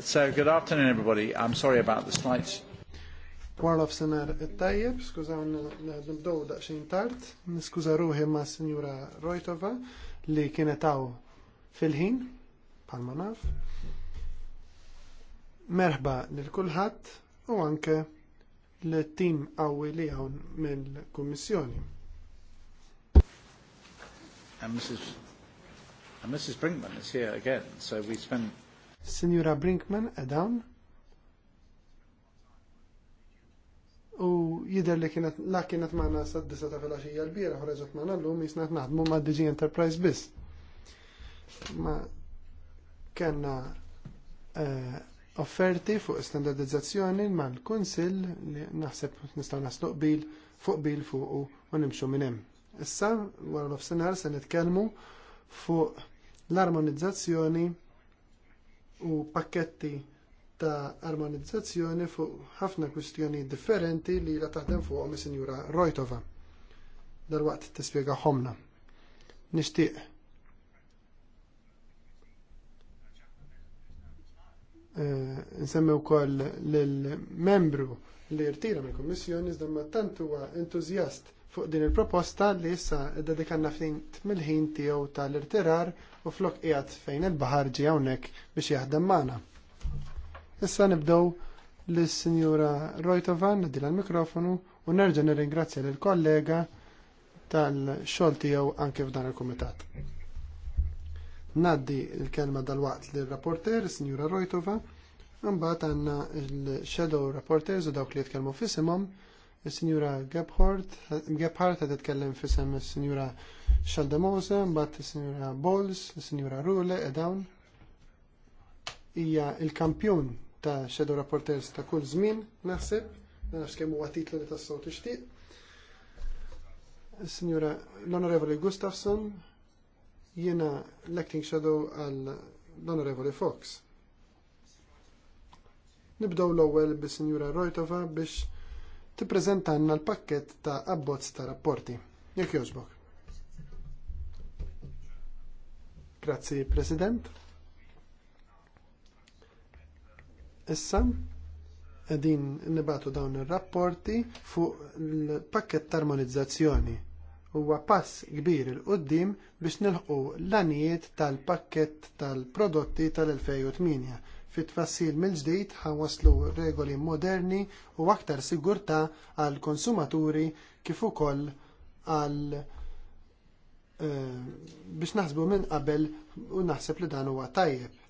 So, good afternoon, everybody. I'm sorry about the slight. Warlof of Senar Tajjeb, skużawn nibdow daqxin tard, niskuża ruħi ma' Sinjura Rojtova li kienet hawn fil-ħin, palma naf. Merħba lil kulħadd u anke l-tim qawwi li hawn mill-Kummissjoni. And Mrs. And Mrs. Brinkman is here again, so we spent Signora Brinkman edan u jider li kienet la kienet maħna s-saddisa ta' filaxija l-bira u maħna l-lum jisnat naħdmu ma' DG Enterprise bis. Ma kena eh, offerti fuq standardizzazzjoni mal kunsill li naħseb nistgħu nasluq bil fuq bil fuq u nimxu minn hemm. Issa wara nofsinhar se nitkellmu fuq l-armonizzazzjoni u pakketti ta' armonizzazzjoni fuq ħafna kwistjoni differenti li la taħdem fuqhom is-Sinjura Rojtova. Dalwaqt tispjega ħomna. Nixtieq. Eh, nsemmi wkoll lill membru li rtira mill kummissjoni iżda ma tant huwa entużjast fuq din il-proposta li issa dedikanna fin tmilħin tiegħu tal-irtirar u flok qiegħed fejn il bahar ġijawnek hawnhekk biex jaħdem magħna. Issa nibdew l sinjura Rojtovan nadil l-mikrofonu u nerġa' nirringrazzja lill-kollega tal-xogħol tiegħu anke f'dan il-kumitat. Naddi l kelma dal-waqt l rapporter Sinjura Rojtova, Mbagħad għandna l-shadow rapporters u dawk li jitkellmu f'isimhom il-Sinjura Gebhardt għed t-tkellem fissem il-Sinjura Xaldemose, mbatt il-Sinjura Bols, il-Sinjura Rule, edawn. Ija il-kampjon ta' Shadow Rapporters ta' kull zmin, naħseb, nafx kemm huwa titlu li tassaw tixtieq. Signora l-Onorevoli Gustafsson, jena l-Acting Shadow għal l-Onorevoli Fox. Nibdow l ewel bis Signora Rojtova biex tippreżentanna l-pakket ta' abbozz ta' rapporti. Jekk jogħġbok. Grazzi, President. Issa, qegħdin nibatu dawn ir rapporti fuq l-pakket ta' armonizzazzjoni. Huwa pass kbir il qudiem biex nilħqu l għanijiet tal-pakket tal-prodotti tal-2008 fit tfassil mill-ġdid waslu regoli moderni u aktar sigurtà għall konsumaturi kif ukoll għal eh, biex naħsbu minn qabel u naħseb li dan huwa tajjeb.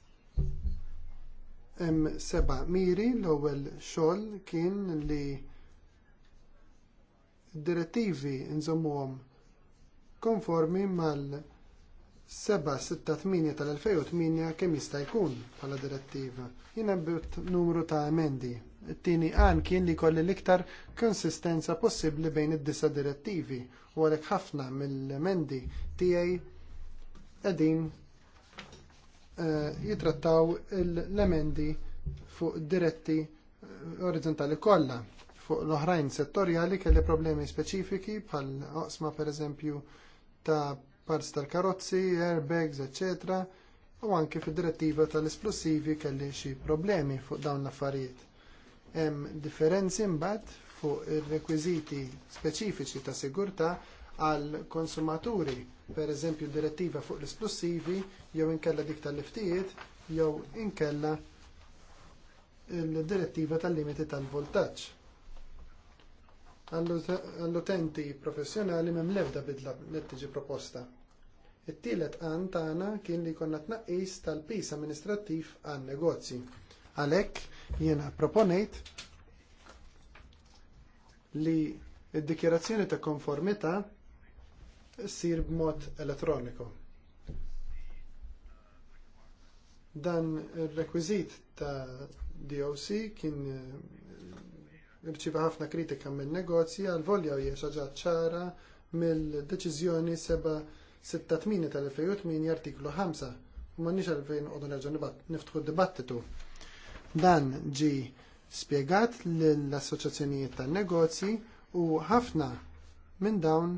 Hemm seba' miri l-ewwel xogħol kien li direttivi nżommuhom konformi mal- 8 tal-2008 kemm jista' jkun bħala direttiva. Jina bħut numru ta' emendi. It-tieni għan kien li jkolli l-iktar konsistenza possibbli bejn id-disa direttivi u għalhekk ħafna mill-emendi tiegħi qegħdin eh, jitrattaw l-emendi fuq diretti eh, orizzontali kollha fuq l-oħrajn settorjali kelli problemi speċifiki bħal oqsma pereżempju ta' parts tal-karozzi, airbags, etc. U anke fid-direttiva tal-esplosivi kelli xi problemi fuq dawn l-affarijiet. Hemm differenzi mbagħad fuq ir-rekwiżiti speċifiċi ta' sigurtà għall konsumaturi, pereżempju direttiva fuq l-esplosivi jew inkella dik tal-liftijiet jew inkella il-direttiva tal-limiti tal-voltaġġ. Għall-utenti professjonali m'hemm l-ebda bidla li tiġi proposta. It-tielet għan tagħna kien li jkollna tnaqqis tal-pis amministrattiv għan negozji. Għalhekk jiena proponejt li id-dikjerazzjoni ta' konformità ssir b'mod elettroniku. Dan ir-rekwiżit ta' DOC kien eh, irċiva ħafna kritika minn negozji għal volja hija xi ċara mill-deċiżjoni seba' 6-8 tal-2008 artiklu 5 u mannix għalfejn u nerġa niftħu dibattitu. Dan ġi spiegat l-assoċazzjonijiet tan negozji u ħafna minn dawn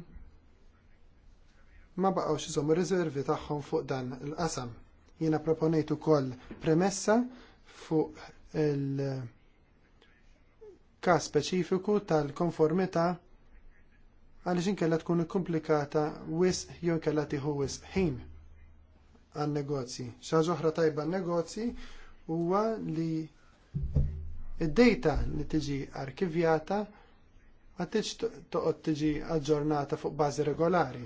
ma baqgħux xizom riservi tagħhom fuq dan il-qasam. Jiena proponejt ukoll premessa fuq il- ka speċifiku tal-konformità għaliex inkella tkun komplikata wisq jew inkella tieħu wisq ħin għal negozji. Xaġa oħra tajba negozji huwa li id-data li tiġi arkivjata ma tiġ toqgħod tiġi aġġornata fuq bażi regolari.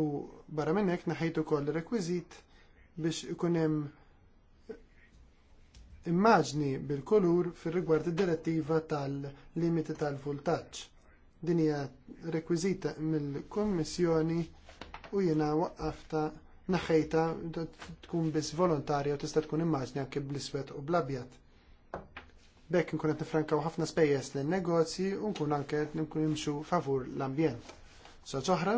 U barra minn hekk naħejtu ukoll rekwiżit biex ikun hemm immaġni bil-kulur fir rigward id-direttiva tal-limiti tal-voltaġġ. Din hija rekwiżita mill-Kummissjoni u jiena waqqafta naħejta tkun biss volontarja u tista' tkun immaġni anke bl-iswed u bl-abjad. Bekk nkun qed nifrankaw ħafna spejjeż lin negozji u nkun anke qed nkun nimxu favur l-ambjent. Sa oħra,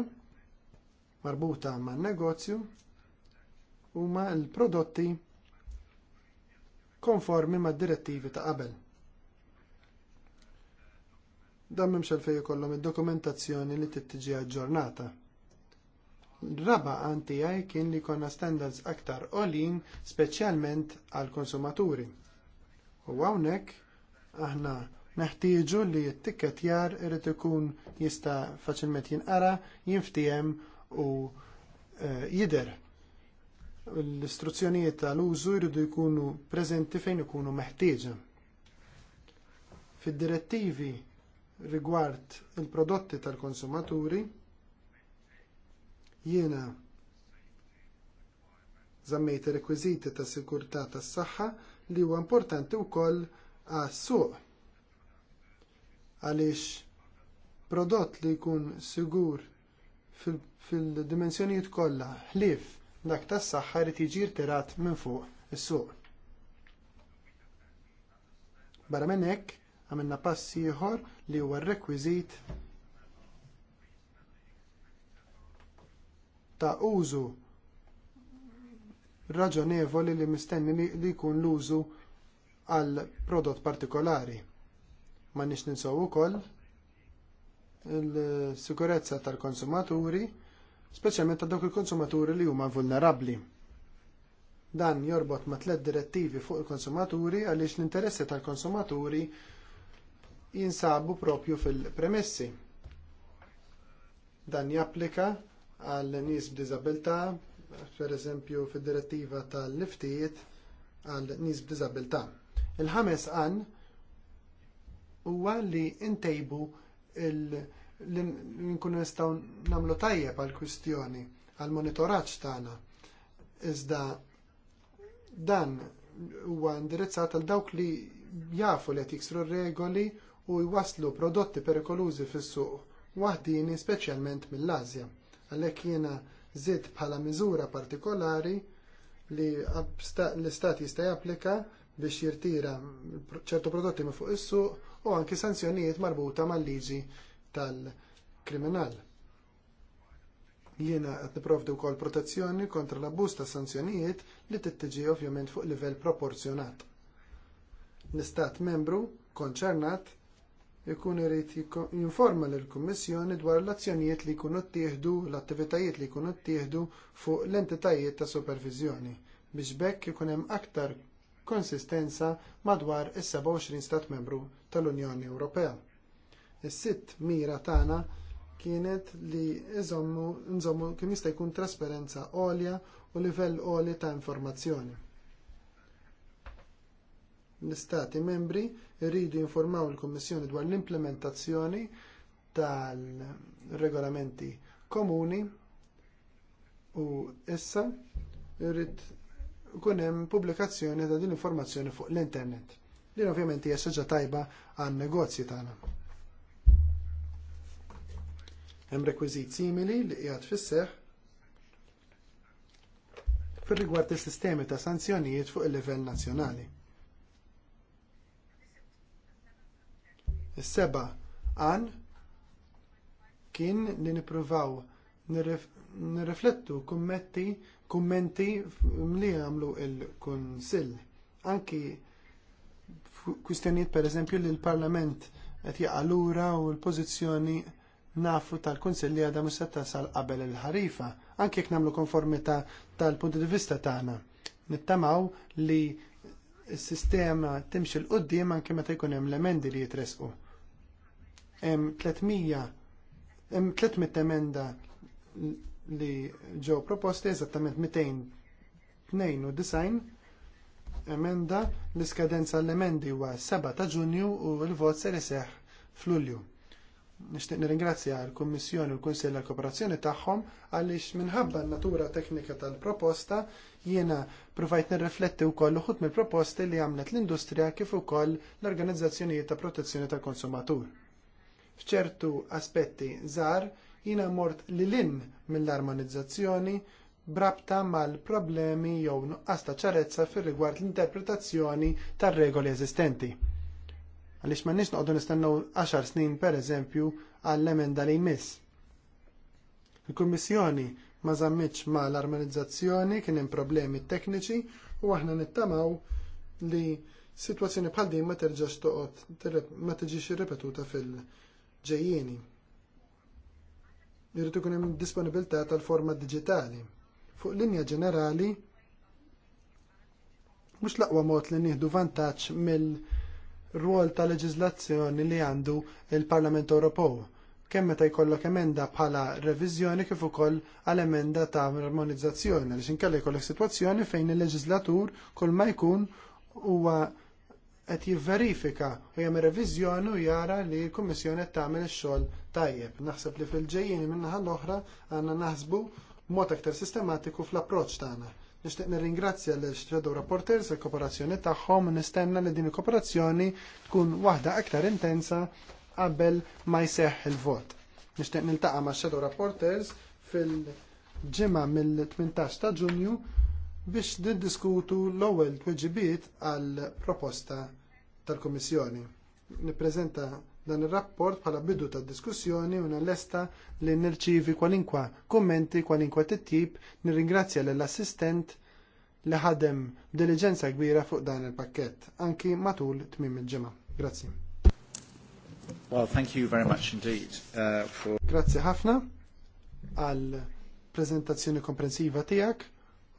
marbuta man negozju huma l-prodotti konformi mad direttivi ta' qabel dan memx għalfej kollom id-dokumentazzjoni li t-tġi aġġornata. Raba għanti għaj kien li konna standards aktar olin specialment għal konsumaturi. U għawnek, aħna neħtieġu li t-tikket jar irrit ikun jista faċilment jinqara, jinftijem u e, jider. L-istruzzjonijiet tal-użu jridu jkunu prezenti fejn ikunu meħtieġa. Fid-direttivi rigward il-prodotti tal-konsumaturi jiena żammejt ir-rekwiżiti ta' sigurtà tas-saħħa li huwa importanti wkoll għas-suq għaliex prodott li jkun sigur fil-dimensjonijiet kollha ħlief dak tas-saħħa rid jiġi rtirat minn fuq is-suq. Barra minn hekk, għamilna pass ieħor li huwa rekwiżit ta' użu raġonevoli li mistenni li jkun l-użu għal prodott partikolari. Ma nix ninsaw ukoll il-sikurezza tal-konsumaturi, speċjalment ta' dawk il-konsumaturi li huma vulnerabbli. Dan jorbot ma' tliet direttivi fuq il-konsumaturi għaliex l-interessi tal-konsumaturi jinsabu propju fil-premessi. Dan japplika għal nies b'diżabilità, pereżempju fid-direttiva tal-liftijiet għal nies b'diżabilità. Il-ħames għan huwa li ntejbu l nkunu nistgħu nagħmlu tajjeb għall kwistjoni għall monitoraġġ tagħna. Iżda dan huwa indirizzat għal dawk li jafu li qed jiksru r regoli u jwaslu prodotti perikolużi fis-suq waħdini speċjalment mill-Asja. Għalhekk jiena żied bħala miżura partikolari li l-istat jista' japplika biex jirtira ċertu prodotti minn fuq is-suq u anki sanzjonijiet marbuta mal-liġi tal-kriminal. Jiena qed niprovdu wkoll protezzjoni kontra l-abbuż ta' sanzjonijiet li tittiġi ovvjament fuq livell proporzjonat. L-istat membru konċernat ikun irid jinforma lill kummissjoni dwar l-azzjonijiet li jkunu ttieħdu l-attivitajiet li jkunu ttieħdu fuq l-entitajiet ta' superviżjoni biex bekk ikun hemm aktar konsistenza madwar is-27 stat membru tal-Unjoni Ewropea. Is-sitt mira tagħna kienet li nżommu kemm jista' jkun trasparenza għolja u livell għoli ta' informazzjoni l-istati membri rridu jinformaw il kummissjoni dwar l-implementazzjoni tal-regolamenti komuni u issa rrid ikun hemm pubblikazzjoni ta' din l-informazzjoni fuq l-internet. Din ovvjament hija ħaġa tajba għan negozji tagħna. Hemm rekwiżit simili li qiegħed fis-seħħ fir-rigward is-sistemi ta' sanzjonijiet fuq il-livell nazzjonali. Is-seba għan kien li nippruvaw nirriflettu kummetti kummenti li għamlu il-Kunsill. Anki kwistjonijiet pereżempju li l-Parlament qed jaqa' lura u l-pożizzjoni nafu tal-Kunsill li għadha mhux tasal qabel il-ħarifa, anke jekk nagħmlu konformità tal-punti di vista tagħna. Nittamaw li s-sistema timxi l-qoddim anke meta jkun hemm l-emendi li jitresqu. Hemm 300 hemm 300 emenda li ġew proposti eżattament 292 emenda l-iskadenza l-emendi huwa 7 ta' Ġunju u l-vot se iseħħ f'Lulju. Nixtieq nirringrazzja l-Kummissjoni u l-Kunsill għall kooperazzjoni tagħhom għaliex minħabba n-natura teknika tal-proposta jiena provajt nirrifletti wkoll uħud mill-proposti li għamlet l-industrija kif ukoll l-organizzazzjonijiet ta' protezzjoni tal-konsumatur f'ċertu aspetti żgħar jiena mort lilin mill-armonizzazzjoni brabta mal-problemi jew nuqqas ta' ċarezza fir-rigward l-interpretazzjoni tar-regoli eżistenti. Għaliex ma nix noqogħdu nistennew 10 snin pereżempju għall-emenda li jmiss. Il-Kummissjoni ma żammitx mal armonizzazzjoni kien hemm problemi tekniċi u aħna nittamaw li sitwazzjoni bħal din ma terġax toqgħod ma tiġix irrepetuta fil- ġejjieni. Irrid ikun hemm disponibilità tal-forma diġitali. Fuq linja ġenerali mhux l-aqwa mod li nieħdu vantaġġ mill-rwol ta' leġiżlazzjoni li għandu l parlament Ewropew kemm meta jkollok emenda bħala reviżjoni kif ukoll għal emenda ta' armonizzazzjoni għaliex inkella jkollok sitwazzjoni fejn il-leġislatur kull ma jkun huwa qed jivverifika u jagħmel reviżjoni u jara li l-Kummissjoni qed tagħmel ix-xogħol tajjeb. Naħseb li fil-ġejjin min-naħa l-oħra għandna naħsbu b'mod aktar sistematiku fl-approċċ tagħna. Nixtieq nirringrazzja l shadow Rapporters il kooperazzjoni tagħhom u nistenna li din il-kooperazzjoni tkun waħda aktar intensa qabel ma jseħħ il-vot. Nixtieq niltaqa' ma' Shadow Rapporters fil-ġimgħa mill-18 ta' Ġunju biex niddiskutu l-ewwel tweġibiet għall proposta tal kummissjoni Nippreżenta dan ir-rapport bħala bidu tad diskussjoni u nallesta li nirċivi kwalinkwa kummenti, kwalinkwa tittib, nirringrazzja lill assistent li ħadem diligenza kbira fuq dan il-pakkett, anki matul tmiem il-ġimgħa. Grazzi. Well, thank you very much indeed uh, for... Grazzi ħafna għal prezentazzjoni komprensiva tiegħek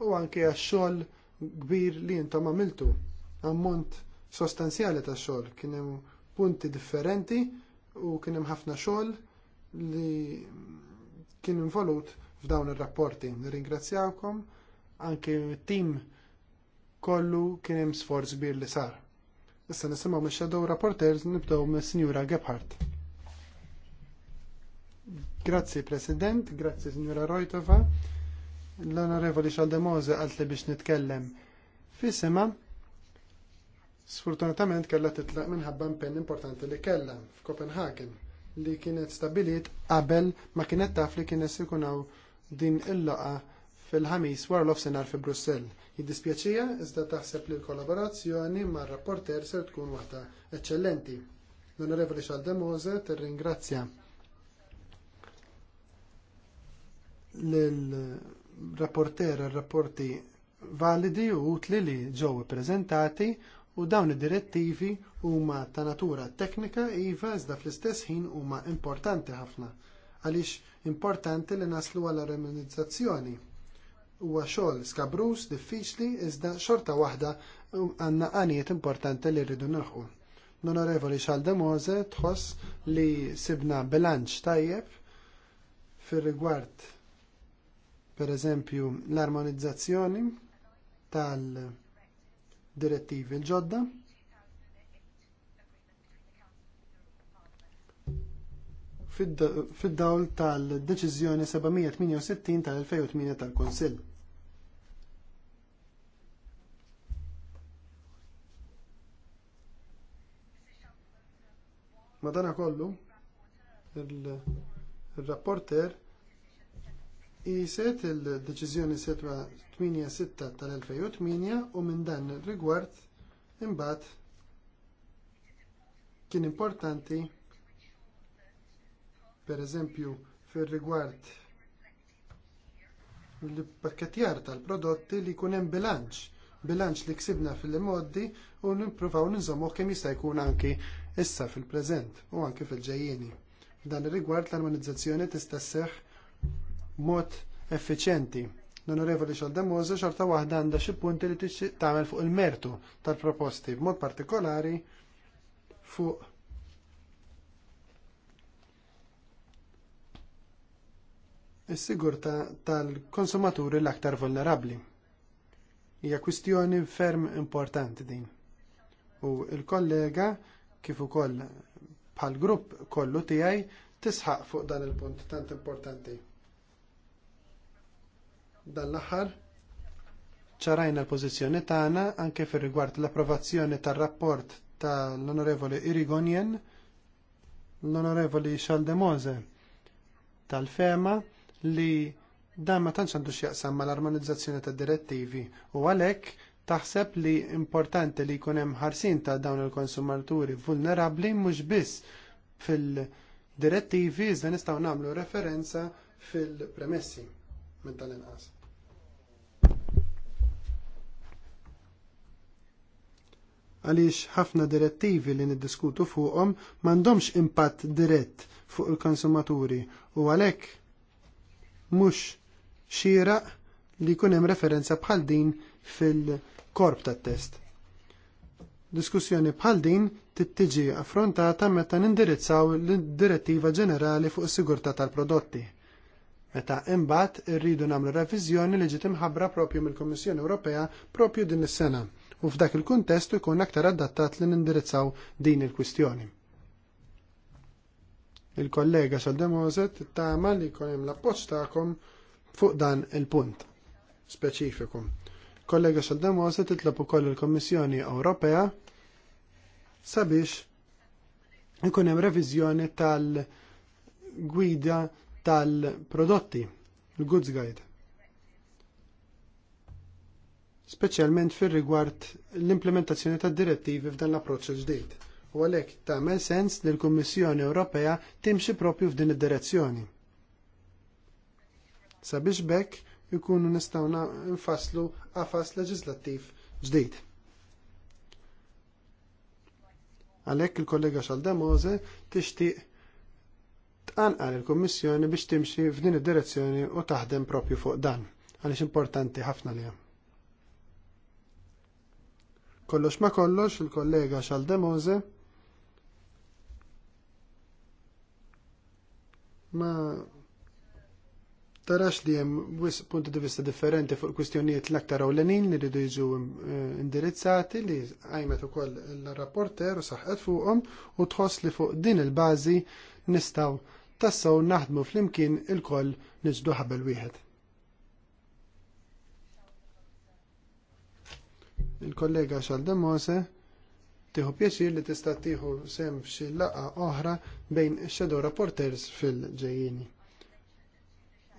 u anke għax xogħol kbir li intom għamiltu ammont sostanzjali tax xogħol, kien hemm punti differenti u kien hemm ħafna xogħol li kien involut f'dawn ir-rapporti. Nirringrazzjawkom anke tim kollu kien hemm sforz kbir li sar. Issa nisimgħu mix-shadow rapporters nibdew mis-Sinjura Gebhardt. Grazzi President, grazzi Sinjura Rojtova. L-Onorevoli Xaldemose għalt li biex nitkellem. sema Sfortunatament kellha titlaq minħabba impenn importanti li kellha f'Copenhagen li kienet stabiliet qabel ma kienet taf li kienet sikunaw din il laqgħa fil-ħamis wara l ofsinhar fi Brussell. Jiddispjaċija iżda taħseb li l-kollaborazzjoni mar rapporter ser tkun waħda eċċellenti. L-Onorevoli Mose tirringrazzja l-rapporter rapporti validi u utli li ġew ippreżentati u dawn id-direttivi huma ta' natura teknika iva iżda fl-istess ħin huma importanti ħafna għaliex importanti li naslu għal armonizzazzjoni. Huwa xogħol skabrus, diffiċli, iżda xorta waħda um, għandna għanijiet importanti li rridu nilħu. L-Onorevoli Xalda Moze tħoss li sibna bilanċ tajjeb fir-rigward pereżempju l-armonizzazzjoni tal- direttivi l-ġodda. fid-dawl tal-deċiżjoni 768 tal-2008 tal-Konsill. Madana kollu, il-rapporter il rapporter Iset il-deċiżjoni setra 86 tal-2008 u minn dan rigward imbagħad kien importanti pereżempju fir-rigward l-pakketjar tal-prodotti li jkun hemm bilanċ bilanċ li ksibna fil-modi u nippruvaw ninżommu kemm jista' jkun anki issa fil-preżent u anke fil-ġejjieni. Dan ir-rigward l-armonizzazzjoni tista' sseħħ mod effiċjenti. L-Onorevoli Xaldemoza xorta waħda għandha xi punti li tixtieq tagħmel fuq il-mertu tal-proposti b'mod partikolari fuq is sigurta tal-konsumaturi l-aktar vulnerabbli. Hija kwistjoni ferm importanti din. U l kollega kif ukoll bħal grupp kollu tiegħi tisħaq fuq dan il-punt tant importanti dan l-aħħar ċarajna l-pożizzjoni tagħna anke fir-rigward l-approvazzjoni tar-rapport tal-Onorevoli Irigonien, l-Onorevoli Xaldemose tal-Fema li dan ma tantx għandu x'jaqsam mal-armonizzazzjoni tad-direttivi u għalhekk taħseb li importanti li jkun hemm ħarsin ta' dawn il-konsumaturi vulnerabbli mhux biss fil-direttivi iżda nistgħu nagħmlu referenza fil-premessi minn dan inqas. Għaliex ħafna direttivi li niddiskutu fuqhom m'għandhomx impatt dirett fuq il-konsumaturi u għalhekk mhux xieraq li jkun hemm referenza bħal din fil-korp tat-test. Diskussjoni bħal din tittiġi affrontata meta nindirizzaw l-direttiva ġenerali fuq is-sigurtà tal-prodotti. Meta imbagħad irridu nagħmlu reviżjoni li ġiet imħabbra propju mill-Kummissjoni Ewropea propju din is-sena u f'dak il-kuntestu jkun aktar adattat li nindirizzaw din il-kwistjoni. Il-kollega Xaldemozet tama li jkun hemm l-appoġġ tagħkom fuq dan il-punt speċifiku. Kollega Xaldemozet titlob ukoll il-Kommissjoni Ewropea sabiex ikun hemm reviżjoni tal-gwida tal-prodotti, il-goods guide. Speċjalment fir rigward l-implementazzjoni tad direttivi f'dan l-approċċ ġdid. U għalhekk tagħmel sens li l-Kummissjoni Ewropea timxi propju f'din id-direzzjoni. Sabiex bekk ikunu nistgħu nfasslu għafas leġislattiv ġdid. Għalhekk il-kollega Xaldamoze tixtieq tqanqal il-Kummissjoni biex timxi f'din id-direzzjoni u taħdem propju fuq dan, għaliex importanti ħafna liha. Kollox ma kollox il-kollega Xaldemose ma tarax li hemm wis punti di vista differenti fuq kwistjonijiet l-aktar ewlenin li rridu jiġu eh, indirizzati li għajmet ukoll l-rapporter u saħħet fuqom u tħoss li fuq din il-bażi nistaw tassaw naħdmu flimkien il-koll niġdu ħabel wieħed. Il-kollega Xalda Mose tiħu pjaċir li tista' tiħu sem xi laqgħa oħra bejn xedo rapporters fil ġejjini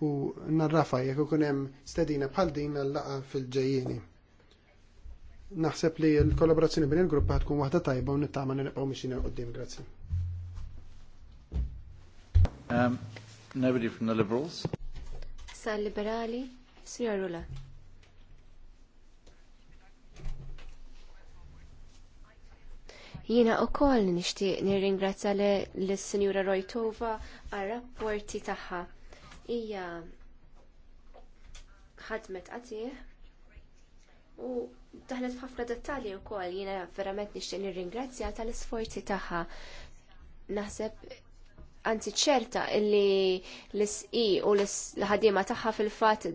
U narrafa jekk ikun hemm stedina bħal din għal-laqgħa fil ġejjini Naħseb li l-kollaborazzjoni bejn il gruppa tkun waħda tajba u nittama nibqgħu mixin qudiem grazzi. Um, nobody from the Liberals. Sal liberali, Signor Rula. Jina u nishti nirringrazza nirringrazzja l-Sinjura Rojtova għal-rapporti taħħa. Ija ħadmet għatih u daħlet f'ħafna dettalji u kol jina verament nishti nirringrazzja tal-isforzi taħħa. Naħseb anzi ċerta illi l-SI u l-ħadima tagħha fil-fatt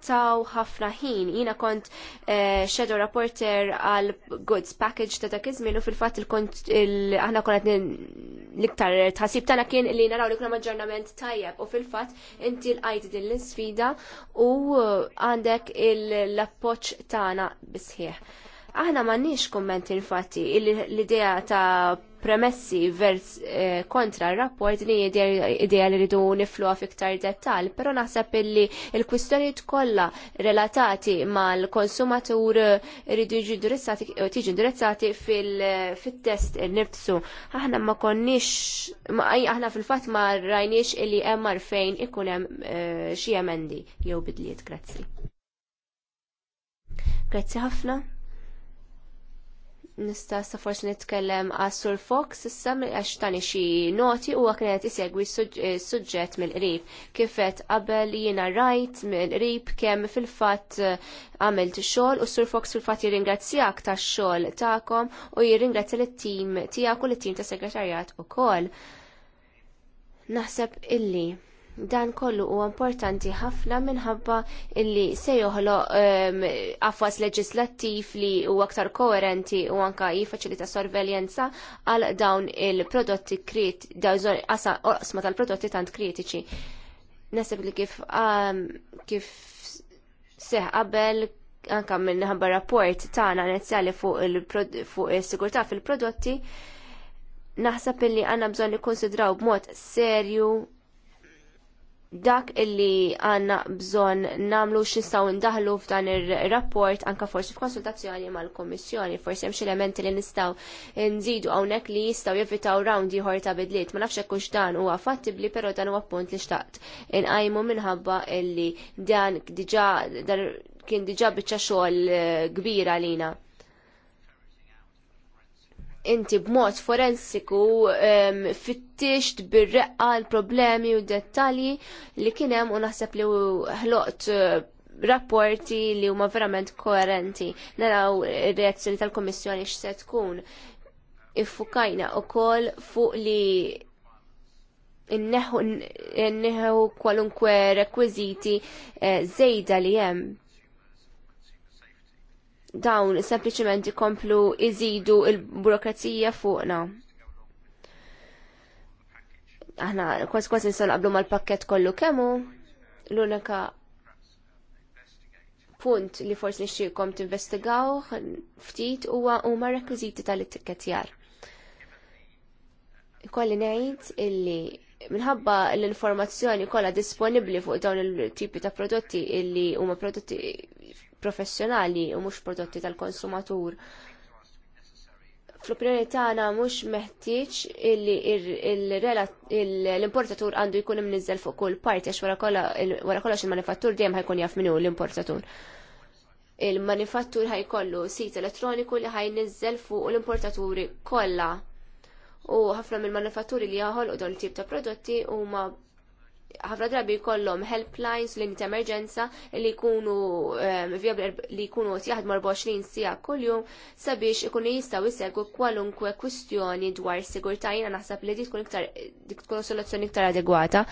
taw ħafna ħin. Jina kont uh, shadow rapporter għal goods package ta' dak iż-żmien u fil-fatt aħna konet l-iktar tħassib tagħna kien li naraw li kuna maġġornament tajjeb u fil-fatt inti l-qajt din l-isfida u għandek l-appoġġ tagħna bisħieħ. Aħna m'għandniex kummenti infatti l-idea ta' premessi vers eh, kontra r-rapport li idea li ridu nifluha fiktar dettal, però naħseb illi il-kwistjonijiet kollha relatati mal-konsumatur ridu tiġi indirizzati fil-test nifsu. Aħna ma konniex, aħna fil-fatt ma rajniex illi hemm marfejn ikun hemm eh, xi emendi jew bidliet, grazzi. Grazzi ħafna. Nista sa forsi nitkellem għas-Sur Fox issa għax tani xi noti huwa kien qed isegwi eh, suġġett mill-qrib. Kif qed qabel jiena rajt mill-qrib kemm fil-fatt eh, għamilt xogħol u Sur Fox fil-fatt jirringrazzjak tax-xogħol tagħkom u jirringrazzja lit-tim tiegħek u lit-tim tas segretarjat ukoll. Naħseb illi Dan kollu huwa importanti ħafna minħabba illi se joħloq affas leġislattiv li huwa aktar koerenti u anka jiffaċilita sorveljenza għal dawn il-prodotti krit, dawn qasma tal-prodotti tant kritiċi. Nasib li kif kif seħ qabel anka minħabba rapport tagħna nezzjali fuq is-sigurtà fil-prodotti, naħseb illi għandna bżonn nikkonsidraw b'mod serju dak illi għanna bżon namlu x'nistgħu ndaħlu f'dan ir-rapport anka forsi f'konsultazzjoni mal komissjoni forsi hemm xi elementi li nistgħu nżidu hawnhekk li jistgħu jevitaw round ieħor ta' bidliet. Ma nafx hekk dan huwa fattibbli però dan huwa punt li xtaqt inqajmu minħabba illi dan diġà kien diġà biċċa xogħol eh, kbira lina inti b'mod forensiku fittixt bir-reqqa l-problemi u dettalji li kien hemm u naħseb li ħloqt eh, rapporti li huma verament koerenti. Naraw ir-reazzjoni tal-Kommissjoni x'se tkun. Iffukajna wkoll fuq li inneħu kwalunkwe rekwiziti eh, zejda li hemm dawn sempliċement ikomplu iżidu il-burokrazija fuqna. Aħna kważi kważi nistgħu naqblu mal-pakkett kollu kemmu, l-unika punt li forsi nixtiekom tinvestigaw ftit huwa huma rekwiżiti tal-ittikketjar. Ikolli ngħid illi minħabba l-informazzjoni kollha disponibbli fuq dawn il-tipi ta' prodotti illi huma prodotti professjonali u mhux prodotti tal-konsumatur. Fl-opinjoni tagħna mhux meħtieġ li l-importatur għandu jkun imniżel fuq kull parti għax wara kollox il-manifattur dejjem ħajkun jaf minnu l-importatur. Il-manifattur ħajkollu sit elettroniku li ħajniżel fuq l-importaturi kollha u ħafna mill-manifatturi li jaħolqu dawn tip ta' prodotti huma ħafna drabi jkollhom helplines lini ta' emerġenza li jkunu ehm, li jkunu jaħdmu 24 sija kuljum sabiex ikunu jistaw jsegwu kwalunkwe kwistjoni dwar sigurtà jiena naħseb li tkun iktar dik tkun soluzzjoni iktar adegwata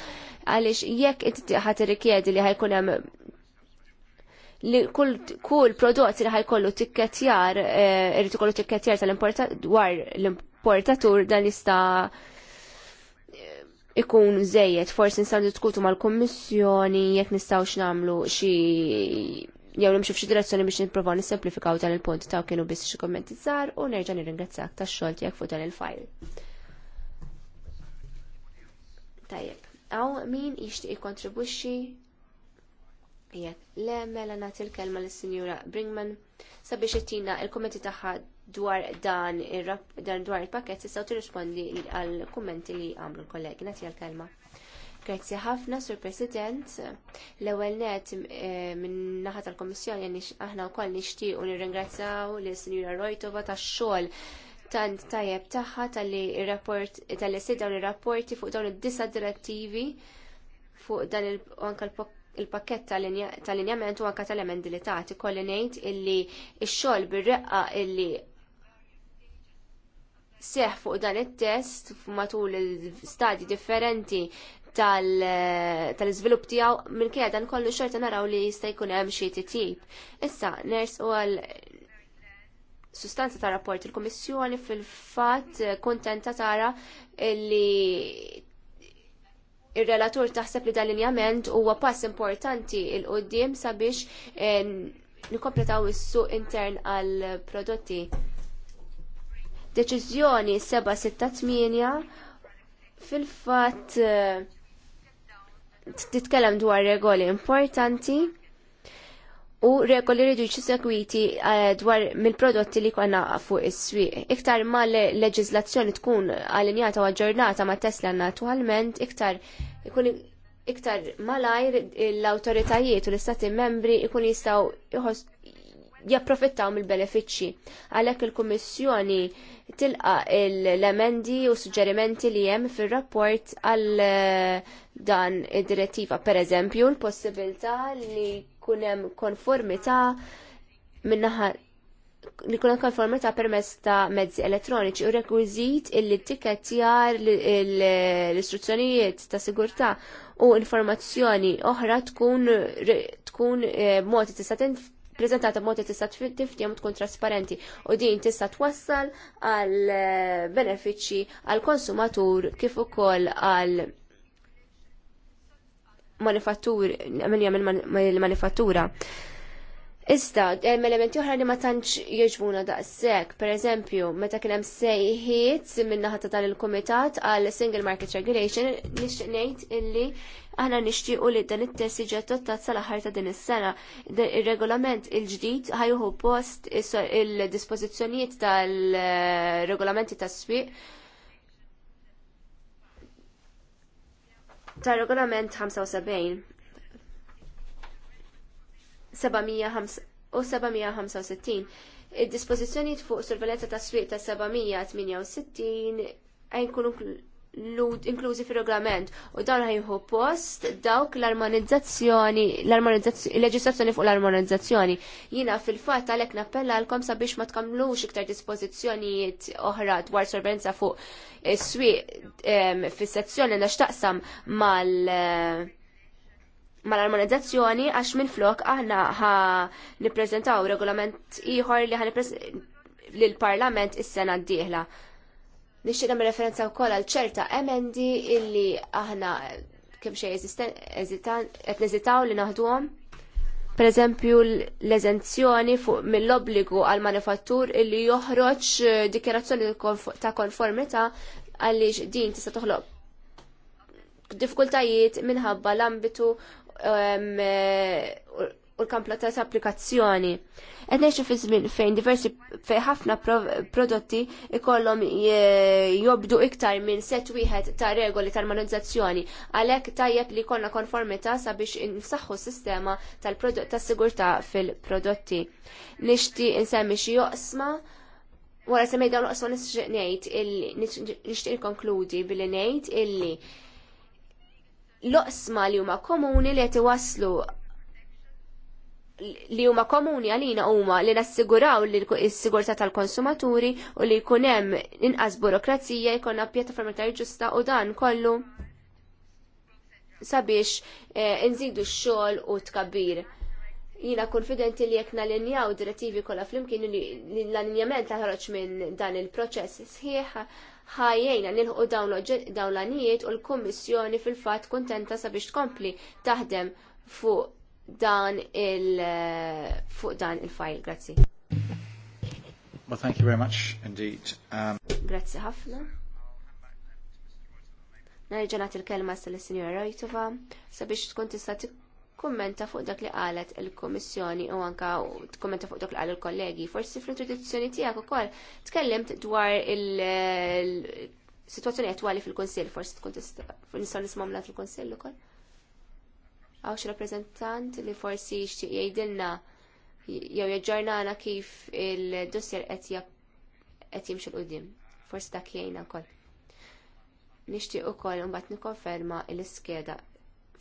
għaliex jekk inti ħadd irrikjedi li ħajkun hemm li kull prodott li ħajkollu tikketjar, eh, irrid ikollu tikketjar tal-importat dwar l-importatur dan jista' ikun zejjed, forsi nistaw diskutu mal-Kummissjoni jekk nistgħux nagħmlu xi jew nimxu f'xie direzzjoni biex nipprova nisemplifikaw dan il-punt taw kienu biss xi kommenti żgħar u nerġa' nirringrazzjak tax-xogħol tiegħek fuq dan il-fajl. Tajjeb, għaw min jixtieq jikkontribwixxi jekk le mela nagħti l-kelma lis-Sinjura Bringman sabiex jittina il-kommenti tagħha dwar dan dan dwar il-pakket tistgħu tirrispondi għal kummenti li għamlu l-kollegi. Nagħti għall-kelma. Grazzi ħafna, Sur President. L-ewwel net eh, minn naħa tal-Kommissjoni aħna wkoll nixtiequ nirringrazzjaw lis Sinjura Rojtova tax-xogħol tant tajjeb tagħha tal-li rapport tal-li dawn ir-rapporti fuq dawn id-disa direttivi fuq dan anke l-pakket il-pakket tal injament u anke tal-emendi li tagħti kolli ngħid illi x-xogħol bir-reqqa illi seħ fuq dan it-test matul il-stadji differenti tal-izvilup tal tijaw minn kħed dan kollu xorta naraw li jista' jkun hemm xi tip. Issa, ners u għal sustanza ta' rapport il-Komissjoni fil-fatt kontenta tara li il-relatur taħseb li dal-linjament huwa pass importanti il-qoddim sabiex eh, nikompletaw is-suq intern għal prodotti Deċiżjoni 768 fil-fatt eh, titkellem dwar regoli importanti u regoli rridu segwiti eh, dwar mill-prodotti li konna fuq is-swieq. Iktar ma l-leġizlazzjoni tkun allinjata u aġġornata ma Tesla naturalment, iktar ikun iktar malajr l-autoritajiet u l-istati membri ikun jistaw japprofittaw mill-benefiċċji. Għalhekk il-Kummissjoni tilqa l-emendi u suġġerimenti li hemm fir-rapport għal eh, dan id-direttiva. Pereżempju, l-possibilità li jkun hemm konformità minnaħa li kuna konformità permess ta' mezzi elettroniċi u rekwizit il t-tikketjar l-istruzzjonijiet ta' sigurtà u informazzjoni oħra tkun tkun eh, mod tista' prezentata b'mod tista' tifhem tkun trasparenti u din tista' twassal għal eh, benefiċċji għal konsumatur kif ukoll għal manifattur, minn manifattura. Iżda, hemm elementi oħra li ma tantx jiġbuna daqshekk, pereżempju, meta kien hemm sejħiet min-naħa ta' dan il-kumitat għal Single Market Regulation, nixtieq ngħid illi aħna nixtiequ li dan it-test jiġi adottat sal-aħħar ta' din is-sena. Ir-regolament il-ġdid ħajjuħu post il-dispożizzjonijiet tal-regolamenti tas-swieq tar regolament 75 u 765. Il-dispozizjoni fuq surveljanza ta' swieq ta' 768 għajnkunu inklużi fil reglament u dan ħajħu post dawk l-armonizzazzjoni, l-leġislazzjoni fuq l-armonizzazzjoni. Jina fil-fat għalek nappella għalkom sabiex ma tkamlux iktar dispozizjonijiet oħra dwar sorvenza fuq s fis fil-sezzjoni naxtaqsam mal- mal-armonizzazzjoni għax minn flok aħna ħa nippreżentaw regolament ieħor li ħa lill-Parlament is-sena d-dieħla. Nixtieq referenza wkoll għal ċerta emendi illi aħna kemm xejn qed neżitaw li naħduhom. Pereżempju l-eżenzjoni fuq mill-obbligu għal manifattur illi joħroġ eh, dikjerazzjoni ta' konformità għaliex din tista' toħloq diffikultajiet minħabba l-ambitu Um, u l kamplatas ta' applikazzjoni. Ed ngħixu fi żmien fejn diversi fejn ħafna prodotti ikollhom jobdu iktar minn set wieħed ta' regoli tal-manizzazzjoni għalhekk tajjeb li jkollna konformità sabiex insaħħu s-sistema tal-prodott tas-sigurtà fil-prodotti. Nixtieq insemmi xi joqsma wara semmej dawn l-oqsma nixtieq ngħid nixtieq nikkonkludi billi ngħid illi loqsma li huma komuni li qed iwasslu li huma komuni għalina huma li nassiguraw li s-sigurtà tal-konsumaturi u li jkun hemm inqas burokrazija jkollna pjattaforma ta' ġusta u dan kollu sabiex eh, nżidu x-xogħol u tkabbir. Jina konfidenti li jekk nalinjaw direttivi kollha flimkien li l-alinjament taħroġ minn dan il-proċess sħiħ ħajjejna nilħu dawn l u l-Kommissjoni fil-fat kontenta sabiex tkompli taħdem fuq dan il- fuq dan il-fajl. Grazzi. Well, thank you very much indeed. Um... Grazzi ħafna. Nerġa' nagħti il-kelma sal-Sinjora Rojtova sabiex tkun tista' kummenta fuq dak li qalet il-Komissjoni u anka tkommenta fuq dak li qal il-kollegi. Forsi fl-introduzzjoni tiegħek ukoll tkellimt dwar il-sitwazzjoni attwali fil-Kunsill, forsi tkun nistgħu nisimgħu mlat il-Kunsill ukoll. Għaw xi rappreżentant li forsi jixtieq jgħidilna jew jaġġornana kif il-dossier qed qed jimxi l-qudiem. Forsi dak jgħinna wkoll. Nixtieq ukoll imbagħad nikkonferma l-iskeda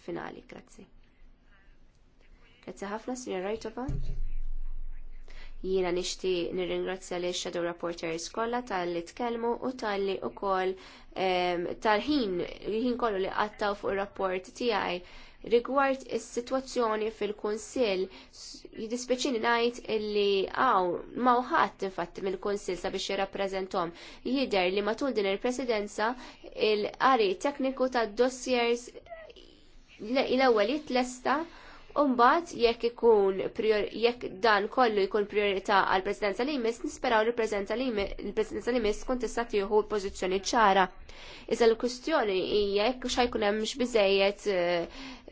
finali. Grazzi. Grazzi ħafna, Sinja Rajtova. Jiena nir nirringrazzja li shadow Reporters kollha tal-li tkellmu u tal-li ukoll ehm, tal-ħin ħin kollu li għattaw fuq ir-rapport tiegħi rigward is-sitwazzjoni fil-Kunsill jiddispjaċini ngħid illi hawn ma ħadd infatti mill-Kunsill sabiex jirrappreżentom. Jidher li matul din il-Presidenza il għari tekniku tad-dossiers l-ewwel jitlesta Umbat, jekk ikun jekk dan kollu jkun priorità għal presidenza li jmiss, nisperaw li l-presidenza li jmiss kun tista' tieħu pożizzjoni ċara. Iżda l-kwistjoni jekk xajkun hemm biżejjed eh,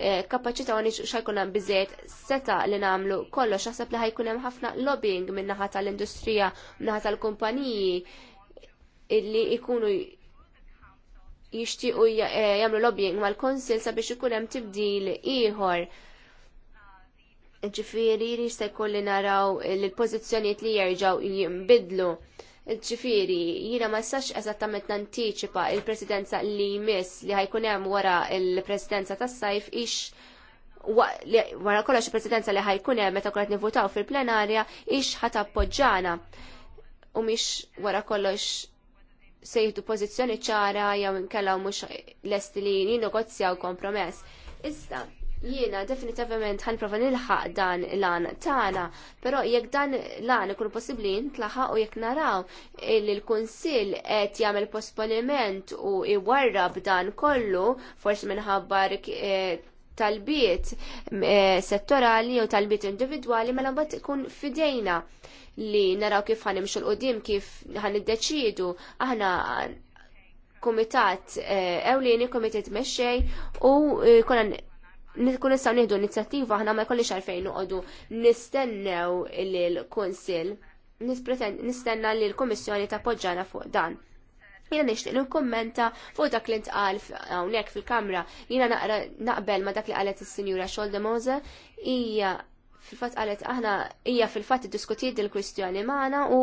eh, kapaċità u xajkun hemm biżejjed seta' li nagħmlu kollox naħseb li ħajkun hemm ħafna lobbying min naħa tal-industrija, min naħa tal-kumpaniji illi ikunu jixtiequ eh, jagħmlu lobbying mal-konsil sabiex ikun hemm tibdil ieħor Ġifiri jista' jkolli naraw l-pożizzjonijiet li jerġgħu jinbidlu. Ġifiri, jiena ma sax eżattament nantiċipa il-presidenza li jmiss li ħajkun hemm wara il-presidenza tas-sajf ix wara kollox il-presidenza li ħajkun hemm meta kunet nivvutaw fil-plenarja ix ħat appoġġana u mhix wara kollox se jieħdu pożizzjoni ċara jew inkella mhux lesti li jinnegozjaw kompromess. Issa Jiena definitivament prova nilħaq dan lan an tagħna, però jekk dan lan ikun possibbli jintlaħaq u jekk naraw li l-Kunsill qed jagħmel posponiment u iwarrab dan kollu, forsi minħabba e, talbiet e, settorali u talbiet individwali mela mbagħad ikun fidejna li naraw kif imxu l qodim kif id-deċidu, aħna kumitat e, ewlieni, komitat mexxej u konan Nitkun nistgħu nieħdu inizjattiva aħna ma jkollix għalfejn noqogħdu nistennew lill-Kunsill. Nistenna li l-Kummissjoni tappoġġana fuq dan. nishtiq nixtieq nikkummenta fuq dak li ntqal hawnhekk fil-kamra. Jiena naqbel ma dak li qalet is-Sinjura Xolde Mose hija fil-fatt qalet aħna hija fil-fatt iddiskutiet il kwistjoni magħna u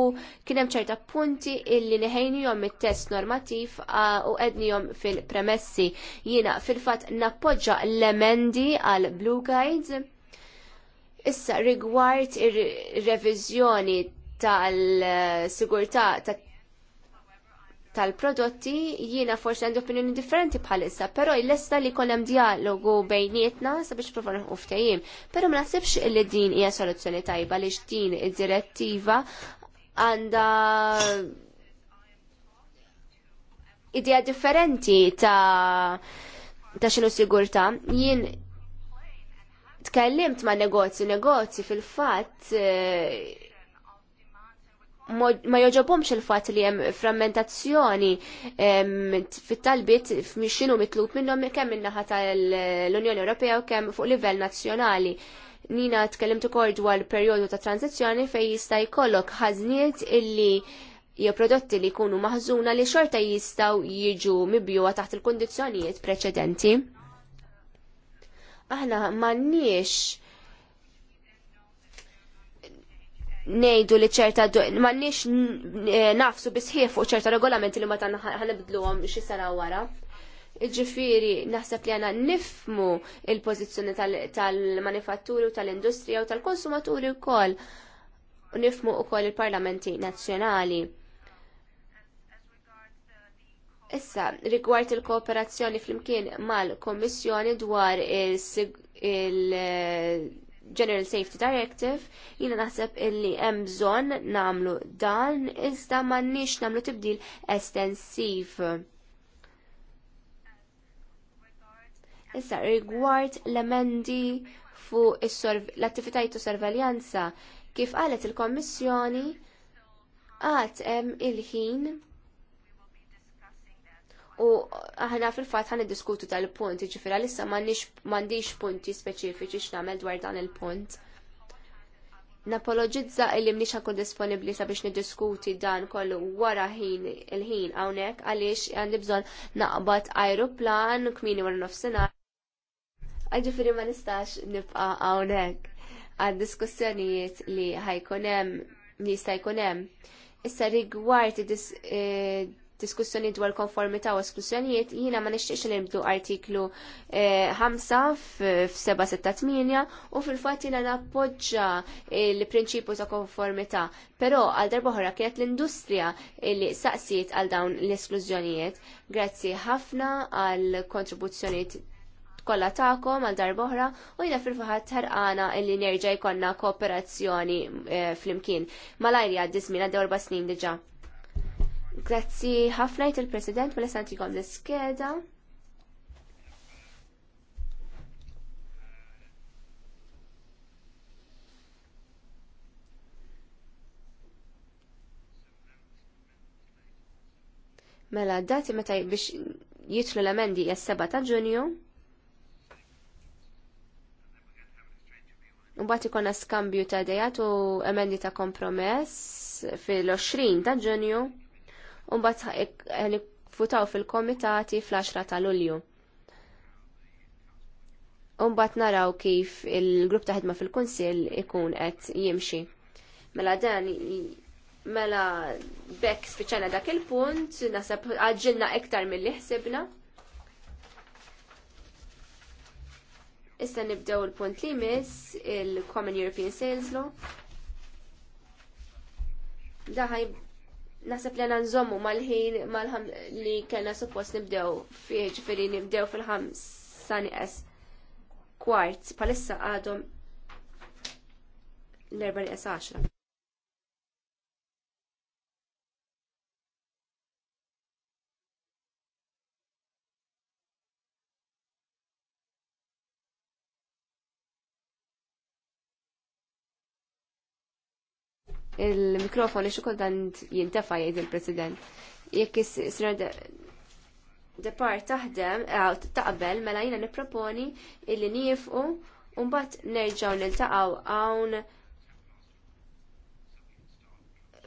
kien hemm ċerta punti illi neħejnihom mit-test normattiv u qednihom fil-premessi. Jiena fil-fatt nappoġġa l-emendi għal Blue Guides. Issa rigward ir-reviżjoni tal-sigurtà ta' tal-prodotti jiena forsi għandu opinjoni differenti bħalissa, però jlesta li kollem dialogu bejnietna sabiex profan uftajim. Però ma naħsibx li din hija soluzzjoni tajba li din id-direttiva għanda idea differenti ta' ta' xinu sigurta. Jien tkellimt ma' negozju negozji fil-fat eh, ma joġobomx il-fat li hemm frammentazzjoni fit-talbiet f'mixinu mitlub minnhom kemm min-naħa tal-Unjoni Ewropea u kemm fuq livell nazzjonali. Nina tkellimt ukoll dwar perjodu ta' tranzizzjoni fejn jista' jkollok ħażniet illi jew prodotti li jkunu maħżuna li xorta jistgħu jiġu mibjuwa taħt il kundizzjonijiet preċedenti. Aħna m'għandniex nejdu li ċerta ma nix eh, nafsu bisħieħ fuq ċerta regolamenti li ma tanna għom xi sena wara. Iġifiri, naħseb li għana nifmu il-pozizjoni tal-manifatturi u tal-industrija u tal-konsumaturi u koll. Nifmu u kol il-parlamenti nazjonali. Issa, rigward il-kooperazzjoni fl-imkien mal-Komissjoni dwar il- General Safety Directive, jina naħseb illi hemm bżonn namlu dan iżda m'għandniex namlu tibdil estensiv. Issa rigward l-emendi fuq l-attivitajiet u sorveljanza kif qalet il-Kommissjoni għad hemm il-ħin U aħna fil-fat ħan diskutu tal-punt, ġifira lissa mandiġ punti speċifiċi x'namel dwar dan il-punt. Napologizza il-li mniċa kun disponibli sabiex nidiskuti dan kollu wara ħin il-ħin hawnhekk għaliex għandi bżonn naqbad ajruplan kmini wara nofsinhar. Ġifieri ma nistax nibqa' hawnhekk għad diskussjonijiet li ħajkun hemm li jista' jkun hemm. Issa rigward eh, diskussjoni dwar konformità u esklusjonijiet, jiena ma nixtiex nibdu artiklu 5 eh, f-768 u fil-fatt jiena nappoġġa eh, l-prinċipju ta' konformità. Però għal darba kienet l-industrija li saqsiet għal dawn l-esklużjonijiet. Grazzi ħafna għal kontribuzzjoniet kollha tagħkom għal darba u jina fil-faħat ħarqana illi nerġa' jkollna kooperazzjoni eh, flimkien. Malajri għad minn d-dorba snin diġà. Grazzi ħafna jt il-President, mela santi għom l-skeda. Mela, dati meta biex jitlu l-emendi jess-7 ta' ġunju. Mbagħad ikonna skambju ta' dejat u emendi ta' kompromess fil-20 ta' ġunju u mbagħad futaw fil-komitati fl-10 ta' Lulju. U naraw kif il-grupp ta' ħidma fil-Kunsill ikun qed jimxi. Mela dan mela bekk spiċċana dak il-punt, nasab għadġilna iktar mill-li ħsibna. Issa nibdew il-punt li miss il-Common European Sales Law. Da nasib li nżommu mal-ħin mal-ħam li kellna suppost nibdew fiħi ġifiri nibdew fil sani es kwart palissa għadhom l-erba' li es il-mikrofon ixu kultant jintefa jgħid il-President. Jekk s-sra depar taħdem, eh, taqbel, mela jina niproponi illi nifqu Umbat nerġaw nil-taqaw għawn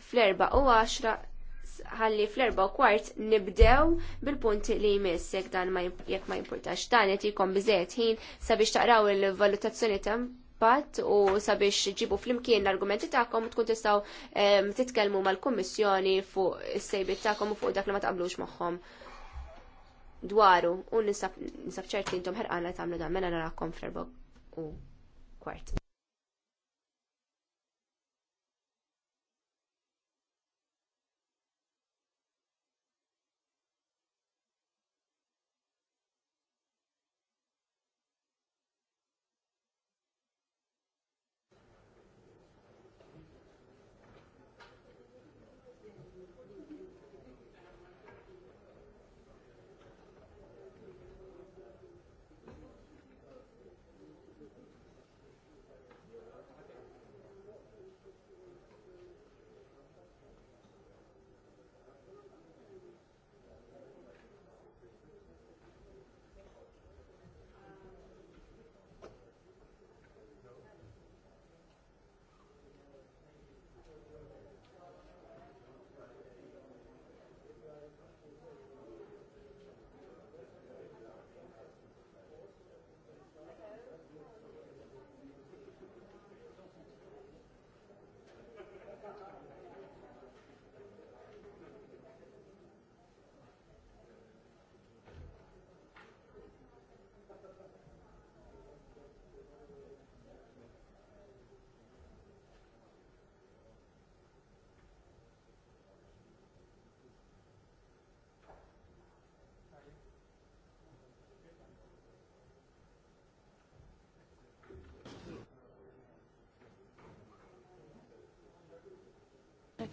fl-erba u għaxra ħalli fl-erba u kwart nibdew bil-punti li jmiss jekk dan ma jekk ma jimpurtax. Dan qed jkun biżejjed ħin sabiex taqraw il-valutazzjoni pat u sabiex ġibu flimkien l-argumenti tagħkom tkun tistgħu titkellmu mal-Kummissjoni fuq is-sejbiet tagħkom u fuq dak li ma taqblux magħhom dwaru u nisab ċerti intom ħerqana tagħmlu dan mela narakom fl u kwart.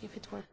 kif it-work.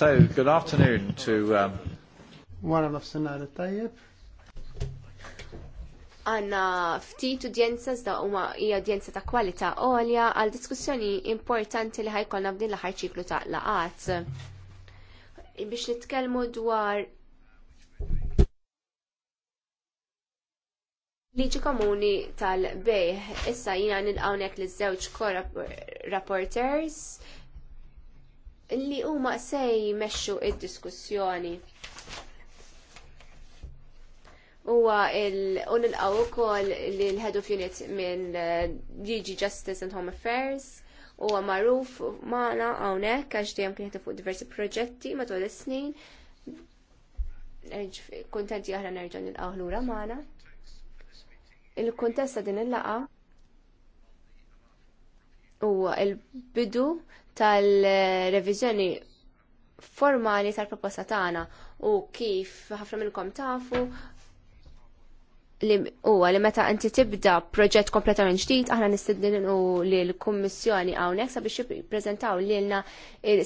So, good afternoon to... Um... Wara Għanna ftit udjenza zda huma hija udjenza ta' kwalità għolja għal diskussjoni importanti li ħajkolna f'din l-aħħar ċiklu ta' laqat. Biex nitkellmu dwar liġi komuni tal bej issa jina nilqawnek li żewġ ko rapporters li huma se jmexxu id-diskussjoni. Huwa u nilqgħu wkoll li l-Head of Unit minn eh, DG Justice and Home Affairs huwa magħruf magħna hawnhekk għax dejjem kien fuq diversi proġetti matul is-snin. Kuntenti aħna nerġa' nilqgħu lura magħna. Il-kuntest ta' din il laqgħa huwa l bidu tal-reviżjoni formali tal-proposta tagħna u kif ħafna minnkom tafu li huwa li meta inti tibda proġett kompletament ġdid aħna nistidnu li l-Kummissjoni hawnhekk sabiex jippreżentaw lilna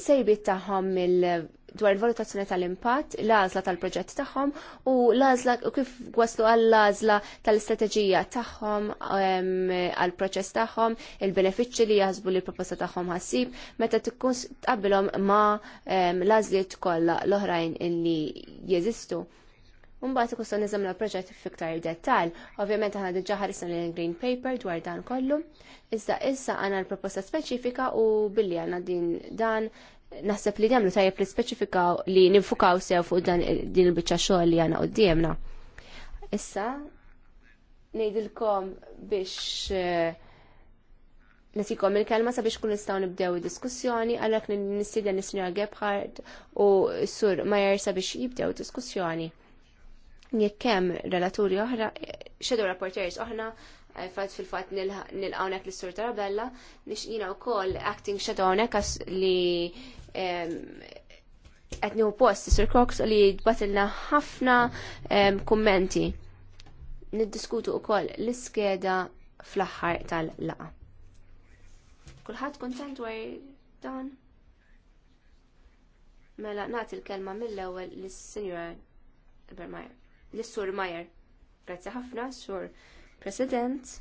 sejbiet tagħhom mill dwar il-valutazzjoni tal-impatt, l-għażla tal-proġett tagħhom u l-għażla kif waslu għall-għażla tal-istrateġija tagħhom għall-proċess tagħhom, il-benefiċċji li jaħsbu li proposta tagħhom ħassib meta tkun tqabbilhom ma' l-għażliet kollha l-oħrajn illi jeżistu. Mbagħad ikun se niżamm l-proġett fiktar dettall. Ovvjament aħna diġà ħarisna lil Green Paper dwar dan kollu. Iżda issa għandna l-proposta speċifika u billi għandna din dan naħseb li demlu tajjeb li speċifikaw li nifukaw sew fuq dan din il-biċċa xogħol li għana qudiemna. Issa ngħidilkom biex eh, nisikom il-kelma sabiex kun nistgħu nibdew id-diskussjoni għalhekk nistieden is-Sinjor Gebhardt u s-Sur Majer sabiex jibdew diskussjoni. Jekk hemm relaturi oħra, xedu eh, rapporters oħra fat fil fatt nil-għawnek l-sur Tarabella, nix jina u koll acting shadownek għas li għetni u post sur Cox li jitbatilna ħafna kommenti. Niddiskutu u koll l-iskeda fl ħar tal-laqa. Kulħat kontent għaj dan? Mela, nagħti l-kelma mill ewwel lis sinjura Bermajer, lis sur Majer. Grazzi ħafna, sur President.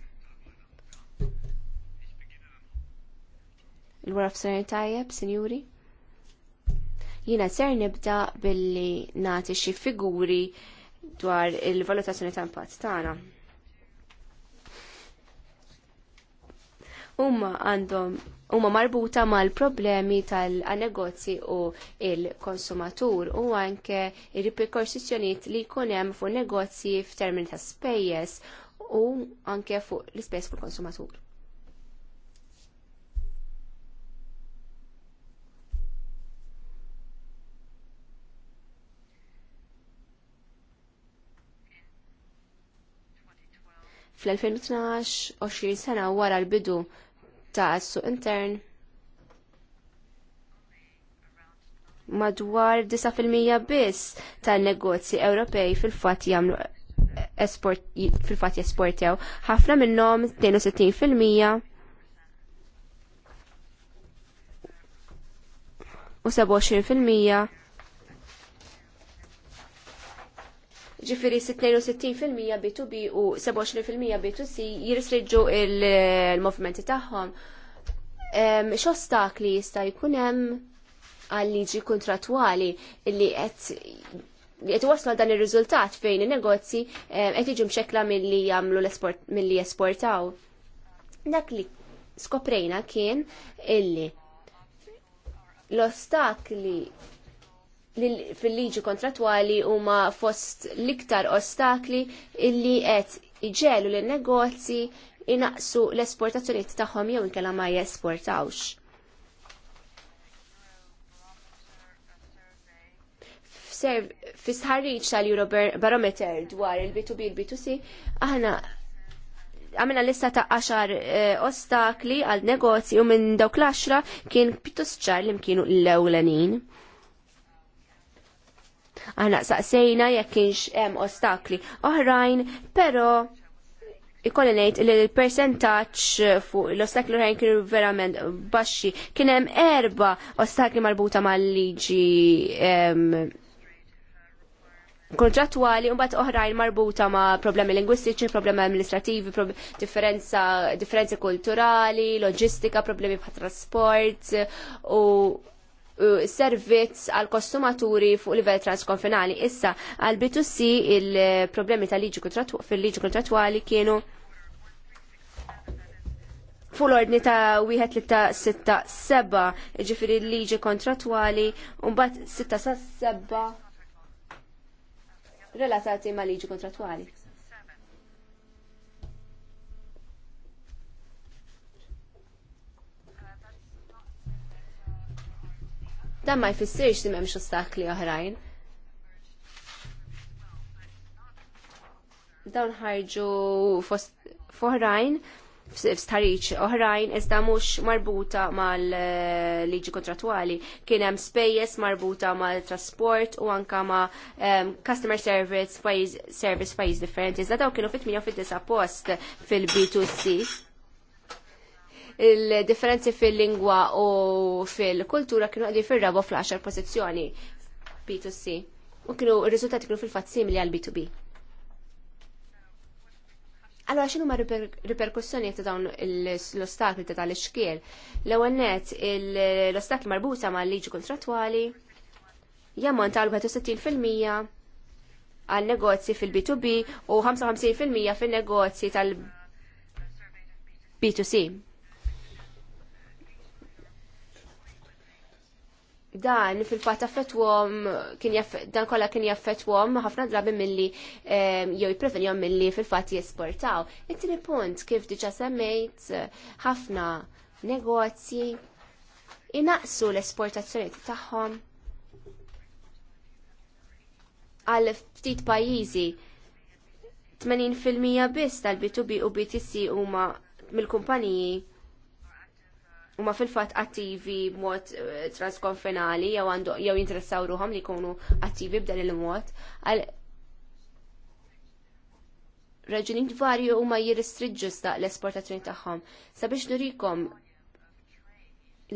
Il-waraf Sr. Tajjeb, Sinjuri. Jina ser nibda billi nati xi figuri dwar il-valutazzjoni ta' impatt tagħna. Huma għandhom huma marbuta mal-problemi tal-negozji u il-konsumatur u anke ir-riperkorsizjonijiet li jkun hemm fuq negozji f'termini ta' spejjeż u anke fuq l-ispess fuq konsumatur. Fl-2012, 20 sena wara l-bidu ta' suq intern, madwar 9% biss tan negozji Ewropej fil-fatt jagħmlu fil-fat jesportew. Ħafna minnhom 62% u 27% ġifiri 62% B2B u 27% B2C jirisreġu il-movimenti tagħhom. X'ostakli jista' jkun hemm għal liġi kontratwali li qed waslu dan ir-riżultat fejn in-negozji eh, qed xekla mill milli jagħmlu l-esport milli jesportaw. Dak li skoprejna kien illi l-ostakli fil-liġi kontratwali huma fost l-iktar ostakli illi qed iġelu l negozzi inaqsu l-esportazzjoniet tagħhom jew inkella ma jesportawx. fis-ħarriġ tal-Eurobarometer dwar il-B2B il-B2C, aħna għamilna lista ta' 10 eh, ostakli għal negozji u minn dawk l-10 kien pjuttost ċar li mkienu l-ewlenin. Aħna saqsejna jekk kienx hemm ostakli oħrajn, però ikolli ngħid li l-percentaġġ fuq l-ostakli oħrajn kienu verament baxxi. Kien hemm erba' ostakli marbuta mal-liġi kontrattwali u mbagħad oħrajn marbuta ma' problemi lingwistiċi, problemi amministrativi, prob differenza, differenzi kulturali, loġistika, problemi bħat trasport u servizz għal kostumaturi fuq livell transkonfinali. Issa, għal B2C il-problemi tal-liġi fil-liġi kontratwali kienu fuq l-ordni ta' wieħed li ta' sitta ġifiri l-liġi kontratwali, u mbagħad sitta sa' relatati ma' liġi kontratwali. Dan ma jfissirx li m'hemmx ostakli oħrajn. Dawn ħarġu fost foħrajn f-stariċ oħrajn iżda mhux marbuta mal-liġi kontratwali. Kien hemm spejjeż marbuta mal-trasport u anka ma' um, customer service fajiz, service fajiz differenti. Iżda daw kienu fit-8 u fit-9 post fil-B2C il-differenzi fil-lingwa u fil-kultura kienu għaddi fil-rabo fl-10 pozizjoni B2C. U kienu il-rizultati kienu fil fatt simili għal B2B. Allora, xinu ma riperkussjoni ta' dawn l-ostakli ta' tal-iċkiel? L-ewwel l-ostakli marbuta ma' liġi kontrattwali jammont għal 61% għal negozji fil-B2B u 55% fil-negozji tal-B2C. dan fil-fat affettwom kien dan kollha kien jaffettwom ħafna drabi milli ehm, jew jipprevenjhom milli fil-fatt jesportaw. It-tieni punt kif diġà semmejt ħafna negozji inaqsu l-esportazzjoni tagħhom għal ftit pajjiżi 80% biss tal-B2B u BTC huma mill-kumpaniji huma fil-fatt attivi b'mod eh, transkonfinali jew għandu jew jinteressaw ruhom li jkunu attivi b'dan il-mod għal raġunijiet varju huma jirristriġġu staq l-esportazzjoni tagħhom. Sabiex nurikom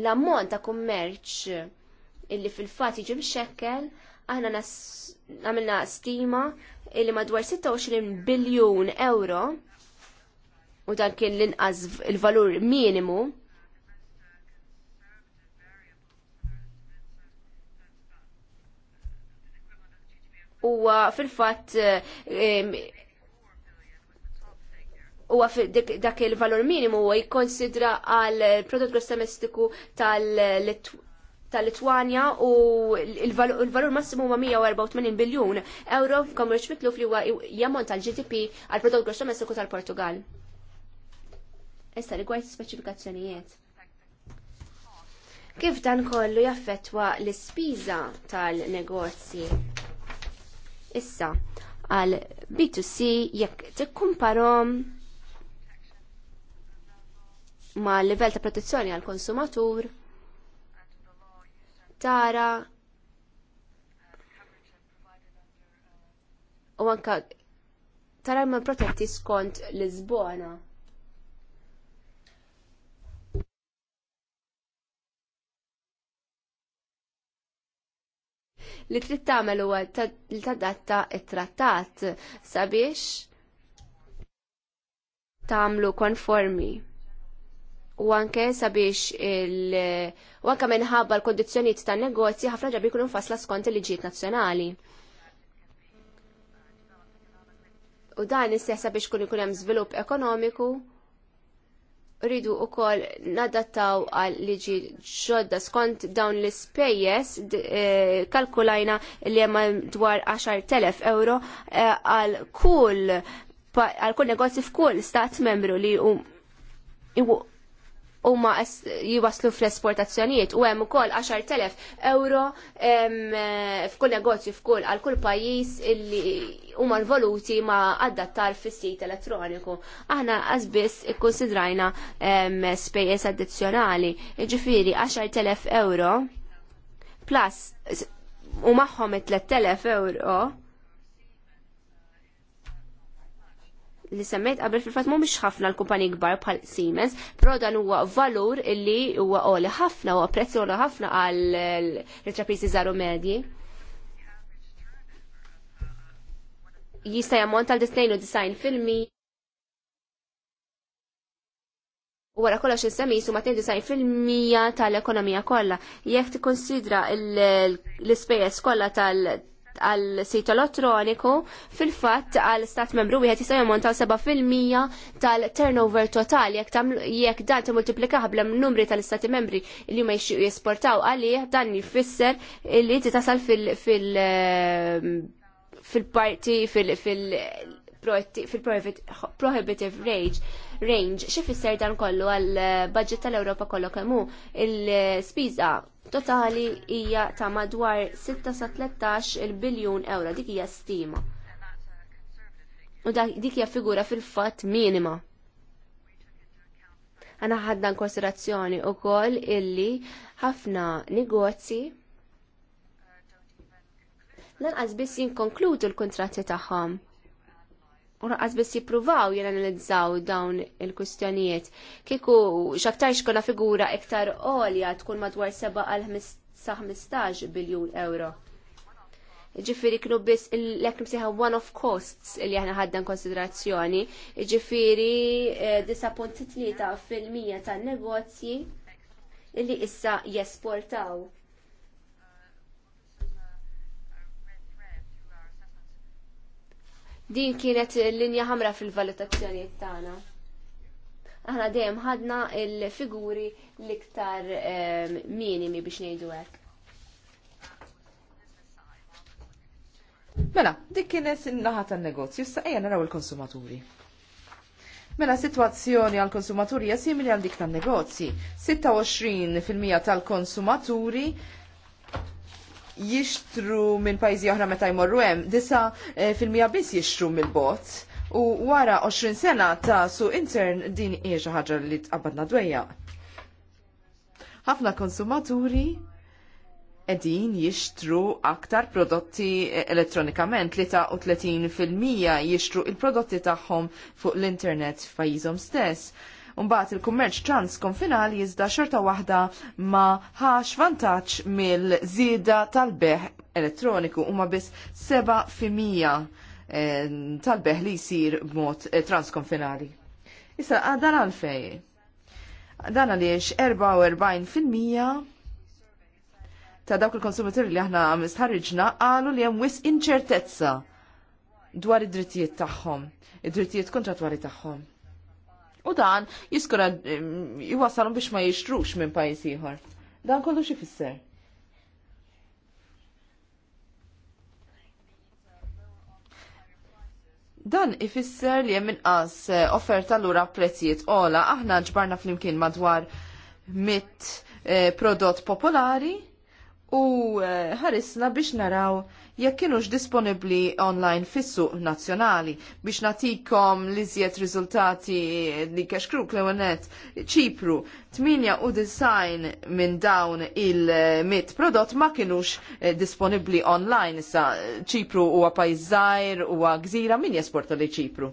l-ammont ta' kummerċ illi fil-fat jiġi mxekkel, aħna għamilna stima illi madwar 26 biljun euro u dan kien l-inqas il-valur minimu huwa fil-fatt huwa dak il-valur minimu u jikkonsidra għal prodott gross domestiku tal litwania u l-valur massimu huwa 184 biljun euro f'kommerċ mitluf li huwa jammont tal-GDP għal prodott gross domestiku tal-Portugal. Issa rigward speċifikazzjonijiet. Kif dan kollu jaffettwa l-ispiża tal-negozji? Issa, għal B2C jekk tikkumparom ma livell ta' protezzjoni għal konsumatur tara u anka tara ma protetti skont l-Lisbona. li trid tagħmel huwa li tadatta t-trattat sabiex tagħmlu konformi u anke sabiex il u anke minħabba l-kondizzjonijiet tan-negozji ħafna ġabi jkunu fasla skont il-liġijiet nazzjonali. U dan issejħ sabiex kun ikun hemm żvilupp ekonomiku rridu u kol nadattaw għal liġi ġodda skont dawn l-spejjes eh, kalkulajna li jemma dwar 10.000 euro eh, għal kull għal kull negozju f'kull stat membru li u huma jiwaslu fl-esportazzjonijiet u hemm ukoll 10,000 euro f'kull negozju f'kull għal kull pajjiż illi huma l-voluti ma' adattar fis-sit elettroniku. Aħna qasbiss ikkonsidrajna spejjeż addizzjonali, jiġifieri 10,000 euro plus u maħħom 3,000 euro li semmejt qabel fil-fatt mhumiex ħafna l-kumpani kbar bħal Siemens, però dan huwa valur illi huwa għoli ħafna u prezz għoli ħafna għal l-intrapriżi żaru medji. Jista' jammont għal u kolla xin semmi wara kollox disajn fil-mija tal-ekonomija kollha. Jekk tikkonsidra l-ispejjeż kollha tal- għal sito elettroniku fil-fatt għal stat membru wieħed jista' jammontaw 7% tal-turnover totali jekk dan timultiplikah bla numri tal-istati membri li ma jesportaw għalih dan jfisser li titasal fil- eh, fil-parti fil- fil-prohibitive range range xifisser dan kollu għal eh, budget tal-Europa kollu kemmu il-spiża totali hija ta' madwar 6 il-biljun euro, dik hija stima. U dik hija figura fil-fatt minima. Għana ħaddan konsiderazzjoni u koll illi ħafna negozji lanqas biss jinkonkludu l-kontratti tagħhom u raqqas biss jippruvaw jelanalizzaw dawn il-kustjonijiet. Kieku xaktar xkona figura iktar għolja tkun madwar 7 għal 15 biljun euro. Ġifiri kienu biss l-ek one of costs li aħna ħaddan konsiderazzjoni. Ġifiri 9.3 eh, fil-mija tan negozji li issa jesportaw. Din kienet linja ħamra fil-valutazzjonijiet tagħna. Aħna dejjem ħadna l-figuri l-iktar ehm, minimi biex ngħidu hekk. Mela, dik kienet in-naħa tan-negozju, issa ejja naraw il-konsumaturi. Mela situazzjoni għal konsumaturi hija simili għal dik tan-negozji. 26% tal-konsumaturi jishtru minn pajjiżi oħra meta jmorru hemm, disa eh, fil-mija biss jishtru mill-bot. U wara 20 sena ta' su intern din hija xi ħaġa li tqabadna dwejja. Ħafna konsumaturi edin jixtru aktar prodotti eh, elettronikament li ta' 30% jixtru il-prodotti tagħhom fuq l-internet f'pajjiżhom stess. Mbagħad il-kummerċ transkonfinali iżda xorta waħda ma ħax vantaġġ mill-żieda tal-beħ elettroniku huma biss 7 fimija eh, tal-beħ li jsir b'mod eh, transkonfinali. Issa għadan ah, għalfej. Dan għaliex 44 ta' dawk il-konsumaturi li aħna mistħarriġna qalu li hemm wisq inċertezza dwar id-drittijiet tagħhom, id-drittijiet kontratwali tagħhom u dan jiskura mm, jwasalhom biex ma jixtrux minn pajjiż ieħor. Dan kollu xi fisser. Dan ifisser li hemm inqas eh, offerta lura prezzijiet ola aħna ġbarna flimkien madwar mit eh, prodott popolari u eh, ħarisna biex naraw jekk kienux disponibbli online fis nazjonali nazzjonali biex natikom li żjed riżultati li kaxkru klewenet ċipru 8 design minn dawn il-mit prodott ma kienux eh, disponibbli online sa ċipru huwa pajjiż żgħir huwa gżira min jesporta li ċipru.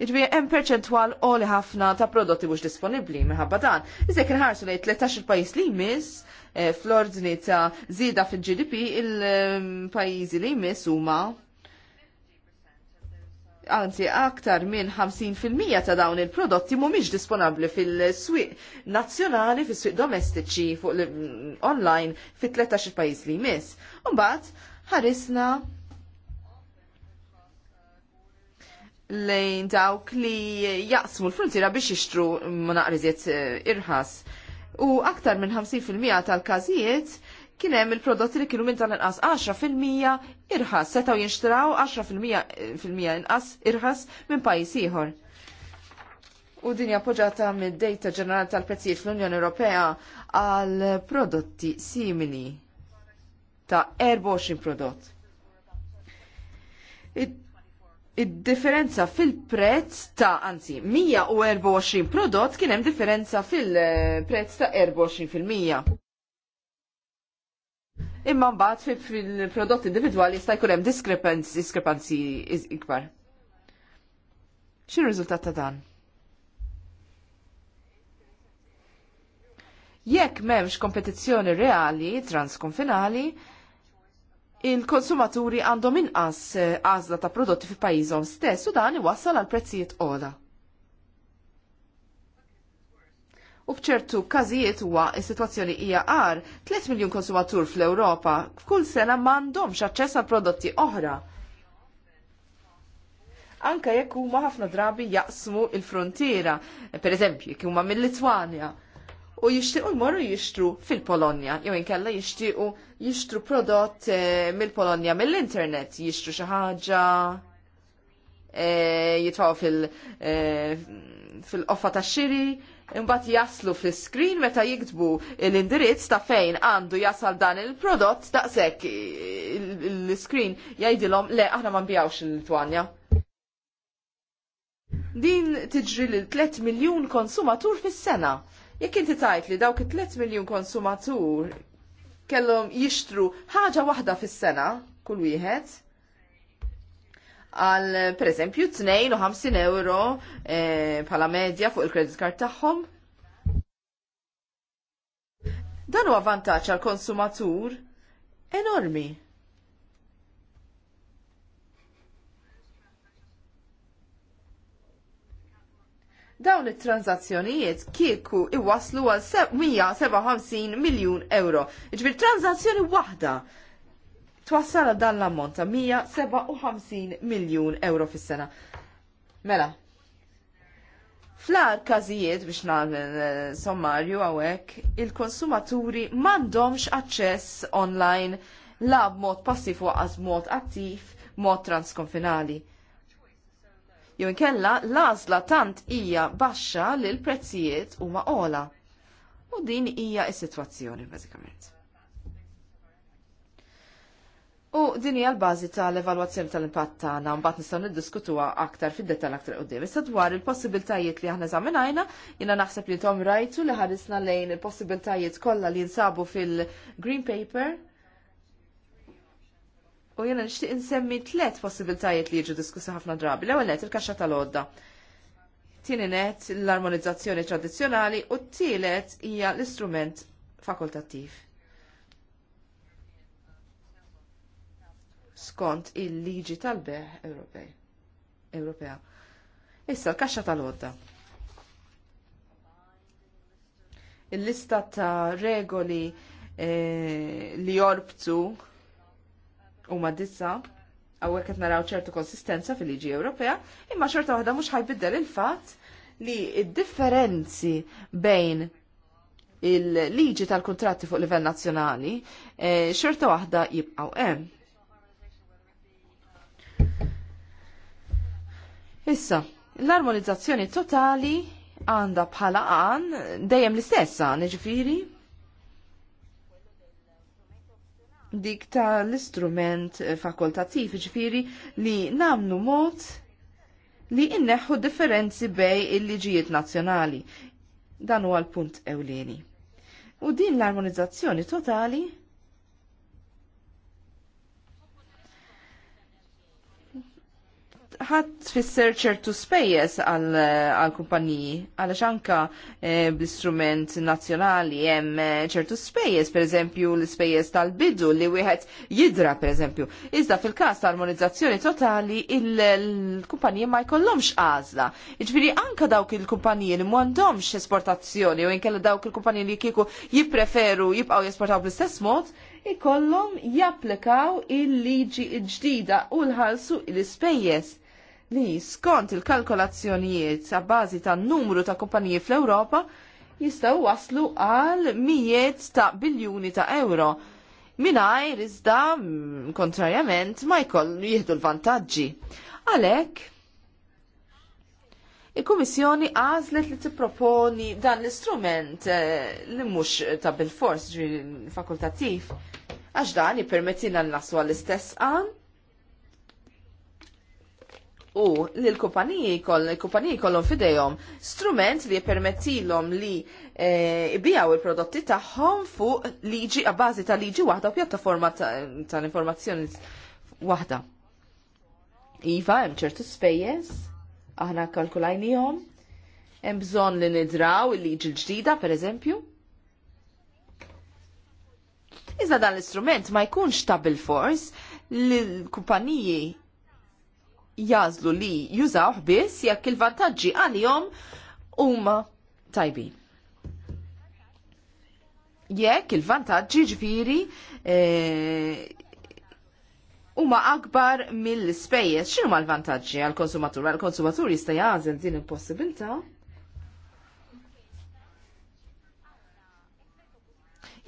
Iġbi, hemm perċentwal oli ħafna ta' prodotti mhux disponibbli minħabba dan. Iżek inħarsu lejn 13 il-pajjiż li jmiss, Eh, fl-ordni ta' zida fil-GDP il-pajizi li jmiss huma anzi aktar minn 50% ta' dawn il-prodotti mhumiex disponabli fil-swieq nazzjonali, fis-swieq domestiċi fuq online fit-13 pajjiż li jmiss. Imbagħad ħarisna lejn dawk li jaqsmu l-frontiera biex jixtru monaqriżiet eh, irħas. Uh, u aktar minn 50% tal-każijiet kien hemm il-prodotti li kienu minn tal-inqas 10% irħas, setgħu jinxtraw 10% inqas irħas minn pajjiż ieħor. U din appoġġata mid-data ġenerali tal-prezzijiet fl-Unjoni Ewropea għal prodotti simili ta' 24 prodott id-differenza fil-prezz ta' anzi 124 prodott kien hemm differenza fil-prezz ta' 24%. Imma mbagħad fil-prodott individwali jista' jkun hemm diskrepanzi ikbar. X'in riżultat ta' dan? Jekk m'hemmx kompetizzjoni reali transkonfinali, il-konsumaturi għandhom inqas eh, għażla ta' prodotti fi pajjiżhom stess u dan iwassal għal prezzijiet ola. U bċertu każijiet huwa is-sitwazzjoni hija għar 3 miljun konsumatur fl-Ewropa f'kull sena m'għandhomx aċċess għal prodotti oħra. Anka jekk huma ħafna drabi jaqsmu il-frontiera, per eżempju, jekk huma mill-Litwanja u jixtiequ jmorru jixtru fil-Polonja, jew inkella jixtiequ jishtru prodott eh, mill-Polonja mill-internet, jishtru xi ħaġa eh, jitfaw fil eh, fil-offa tax xiri, imbat jaslu fl-screen meta jiktbu l-indirizz ta' fejn għandu jasal dan il-prodott daqshekk l-screen jgħidilhom le aħna ma nbijawx il-twanja. Din tiġri l 3 miljun konsumatur fis-sena Jekk inti tajt li dawk 3 miljun konsumatur kellhom jixtru ħaġa waħda fis-sena kull wieħed, għal per eżempju 52 euro eh, bħala e, medja fuq il-credit card tagħhom. Dan huwa vantaġġ għal konsumatur enormi. Dawn it-tranzazzjonijiet kieku iwaslu għal 157 miljun euro. Iġbir tranzazzjoni waħda twassal dan l-ammont ta' 157 miljun euro fis-sena. Mela, Fl-ar kazijiet biex nagħmel eh, sommarju hawnhekk, il-konsumaturi m'għandhomx aċċess online la mod passiv waqas b'mod attiv, mod transkonfinali jew inkella l-għażla tant hija baxxa li l-prezzijiet huma ola. U din hija s-sitwazzjoni bażikament. U din hija l-bażi tal-evalwazzjoni tal-impatt tagħna mbagħad nistgħu niddiskutuha aktar fid-dettall aktar qudiem. Issa dwar il-possibiltajiet li aħna żaminajna, jiena naħseb li tom rajtu li ħarisna lejn il-possibiltajiet kollha li jinsabu fil-Green Paper U jena nixtieq insemmi tliet possibiltajiet li jiġu diskussi ħafna drabi. L-ewwel net il-kaxxa tal odda Tieni net l-armonizzazzjoni tradizzjonali u t-tielet hija l-istrument fakultattiv. Skont il-liġi tal-beħ Ewropej. Ewropea. Issa l-kaxxa tal odda Il-lista ta' regoli eh, li jorbtu ma dissa, għawek qed naraw ċertu konsistenza fil-liġi Ewropea, imma ċerta waħda mhux ħajbiddel il-fatt li id-differenzi bejn il-liġi tal-kontratti fuq livell nazzjonali ċerta eh, xorta waħda jibqgħu hemm. Issa, l-armonizzazzjoni totali għandha bħala għan dejjem l-istessa, neġifiri, dik ta' l-istrument eh, fakultativ ġifiri li namnu mod li inneħħu differenzi bej il-liġijiet nazzjonali. Dan huwa l-punt ewlieni. U din l-armonizzazzjoni totali ħadd tfisser ċertu spejjeż għall kumpaniji għaliex anka eh, bl-istrument nazzjonali hemm eh, ċertu spejjeż, pereżempju l-ispejjeż tal-bidu li wieħed jidra pereżempju. Iżda fil-każ ta' armonizzazzjoni totali il-kumpaniji ma jkollhomx għażla. Jiġifieri anka dawk il-kumpaniji li m'għandhomx esportazzjoni u inkella dawk il-kumpaniji li kieku jippreferu jibqgħu jesportaw bl-istess mod, ikollhom japplikaw il-liġi ġdida u l-ħalsu l-ispejjeż li skont il-kalkolazzjonijiet sa' bażi ta' numru ta' kumpaniji fl-Ewropa jistaw waslu għal mijiet ta' biljuni ta' euro. Minaj iżda mm, kontrarjament ma jkoll jihdu l-vantaġġi. Għalek, il-Kummissjoni għazlet li tipproponi dan l-istrument eh, li mhux ta' bil-fors ġi fakultattiv għax dan l naslu għall-istess għan u li l-kumpaniji koll, l-kumpaniji kollon fidejhom strument li jippermettilhom li eh, ibijaw il-prodotti tagħhom fuq liġi a ta' liġi waħda u pjattaforma tal-informazzjoni waħda. Iva, hemm ċertu spejjeż, aħna kalkulajnihom, hemm bżonn li nidraw il-liġi l-ġdida, pereżempju. Iżda dan l-istrument ma jkunx ta' bil-fors li l-kumpaniji jazlu li jużawh biss jekk il-vantaġġi għalihom huma tajbin. Jekk il-vantaġġi ġifiri e, huma e, akbar mill-spejjeż, x'inhuma l-vantaġġi għall-konsumatur? Għall-konsumatur jista' jagħżel din il-possibilità?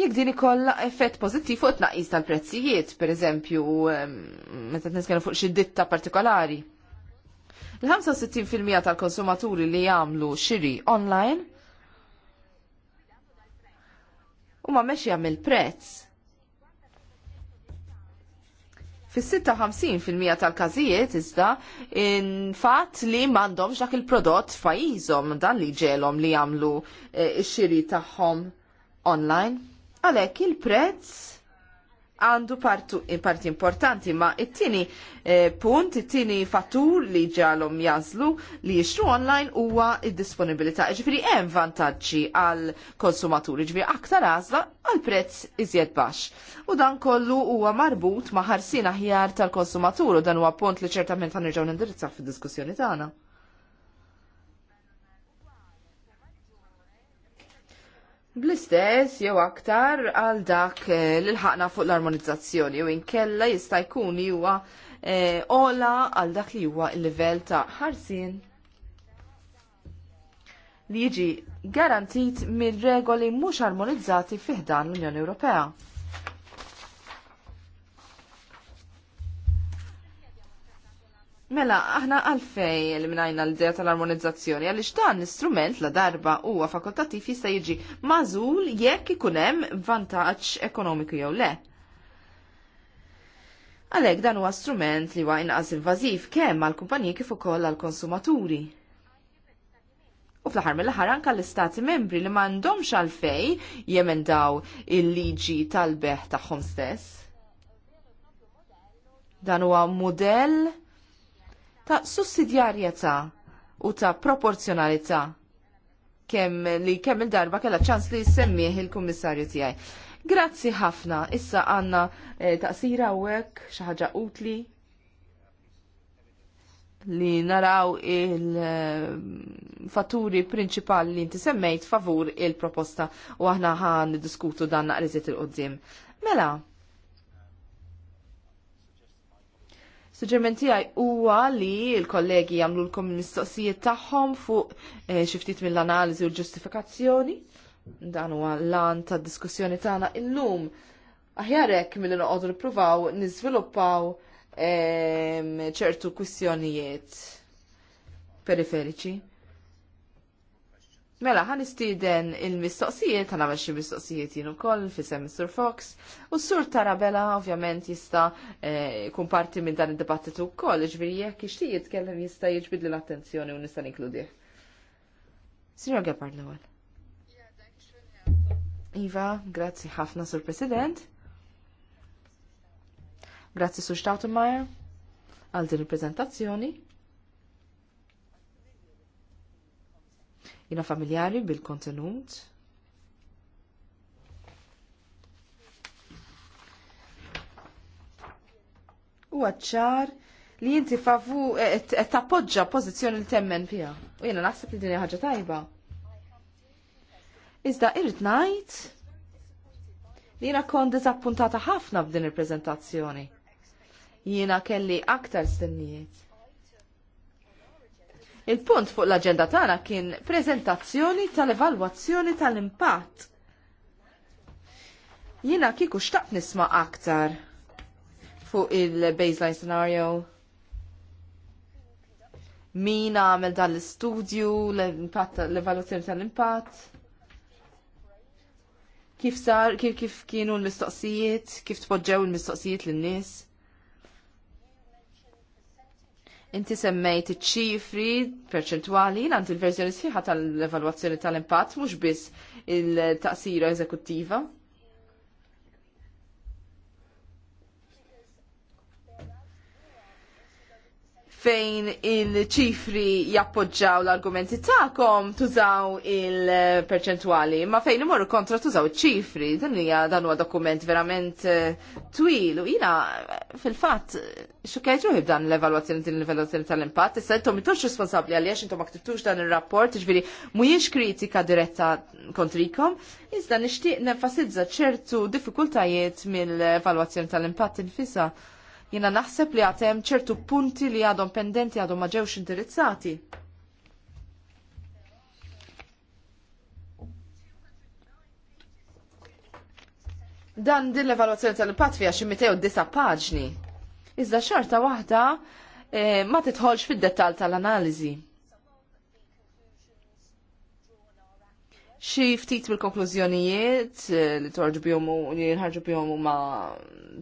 jekk din ikollha effett pożittiv fuq it-tnaqqis tal-prezzijiet, pereżempju meta nitkellmu fuq xi ditta partikolari. Il-65% tal-konsumaturi li jagħmlu xiri online huma mexi mill prezz. Fis-56% tal-każijiet iżda infatt li m'għandhomx dak il-prodott f'pajjiżhom dan li ġelhom li jagħmlu eh, x-xiri tagħhom online Għalhekk il-prezz għandu parti importanti, ma it-tini eh, punt, it-tini fattur li ġalom jazlu li jixtru online huwa id-disponibilità. Ġifiri hemm vantaġġi għal konsumaturi, ġifiri aktar għazla għal prezz iżjed baxx. U dan kollu huwa marbut ma' ħarsina ħjar tal-konsumatur u dan huwa punt li ċertament ħanirġgħu nindirizza fid-diskussjoni tagħna. Bl-istess jew aktar għal dak eh, li ħaqna fuq l-armonizzazzjoni jew inkella jista' jkun huwa eh, ola għal dak li huwa l-livell ta' ħarsien li jiġi garantit minn regoli mhux armonizzati fiħdan l-Unjoni Ewropea. Mela, aħna għalfej eliminajna l-idea tal-armonizzazzjoni, għaliex dan l-istrument la darba huwa fakultattiv jista' jiġi mażul jekk ikun hemm vantaġġ ekonomiku jew le. Għalhekk dan huwa strument li huwa inqas invażiv kemm għall kumpaniji kif ukoll għall konsumaturi. U fl-ħar mill-ħar anka l-istati membri li m'għandhomx għalfej jemendaw il-liġi tal-beħ tagħhom stess. Dan huwa modell ta' sussidjarjetà u ta' proporzjonalità kemm li kemm il-darba kellha ċans li jissemmih il-kummissarju tiegħi. Grazzi ħafna, issa għanna e, eh, u għek, xaħġa utli li naraw il-fatturi eh, prinċipali li inti semmejt favur il-proposta u aħna għan diskutu dan naqrizit il-qoddim. Mela, Suġġerimenti għaj huwa li l-kollegi jagħmlu lkom mistoqsijiet tagħhom fuq eh, xi ftit mill-analiżi u l-ġustifikazzjoni. Dan huwa l-an tad diskussjoni tagħna illum. Aħjar hekk milli noqogħdu nippruvaw niżviluppaw ehm, ċertu kwistjonijiet periferiċi. Mela, għan istiden il-mistoqsijiet, għan għamil xie mistoqsijiet jien ukoll fisem Mr. Fox, u s-sur Tarabella ovvjament jista jkun eh, parti minn dan id-dibattitu wkoll, ġviri jekk ixti jitkellem jista jiġbidli l-attenzjoni u nista' inkludih. Sinjor Gepard l għal. Iva, grazzi ħafna sur President. Grazzi sur Stautenmajer għal din il-prezentazzjoni. Jina familjari bil-kontenut. U għadċar li jinti favu e, e, e, tappoġġa pozizjoni li temmen fija. U jena naħseb li dinja ħagġa tajba. Iżda irrit najt li jina kon dizappuntata ħafna b'din il-prezentazzjoni. Jina kelli aktar stennijiet. Il-punt fuq l-agenda tagħna kien prezentazzjoni tal-evalwazzjoni tal-impatt. Jiena kieku xtaqt nisma' aktar fuq il-baseline scenario. Min għamel dan l-istudju, l-evalwazzjoni tal-impatt. Kif sar, kif, kif kienu l-mistoqsijiet, kif tpoġġew l-mistoqsijiet lin-nies. Inti semmejt iċ ċifri perċentwali għand il-verżjoni sħiħa tal-evalwazzjoni tal-impatt mhux biss il-taqsira eżekuttiva. fejn il-ċifri jappoġġaw l-argumenti ta'kom tużaw il-perċentuali, ma fejn imorru kontra tużaw ċifri, dan hija dan huwa dokument verament eh, twil u jina eh, fil-fatt xukajt dan l-evaluazzjoni din l-evaluazzjoni tal-impatt, issa jtom jtux responsabbli għaliex intom ma ktibtux dan ir-rapport, ġifieri mhijiex kritika diretta kontrikom, iżda nixtieq nenfasizza ċertu diffikultajiet mill-evaluazzjoni tal-impatt infisa' Jina naħseb li għatem ċertu punti li għadhom pendenti għadhom maġewx indirizzati. Dan din l-evaluazzjoni tal-impatt fija xi disa' paġni. Iżda xorta waħda eh, ma titħolx fid-dettall tal-analiżi. Xi ftit mill-konklużjonijiet eh, li torġu bihom u li nħarġu bihom huma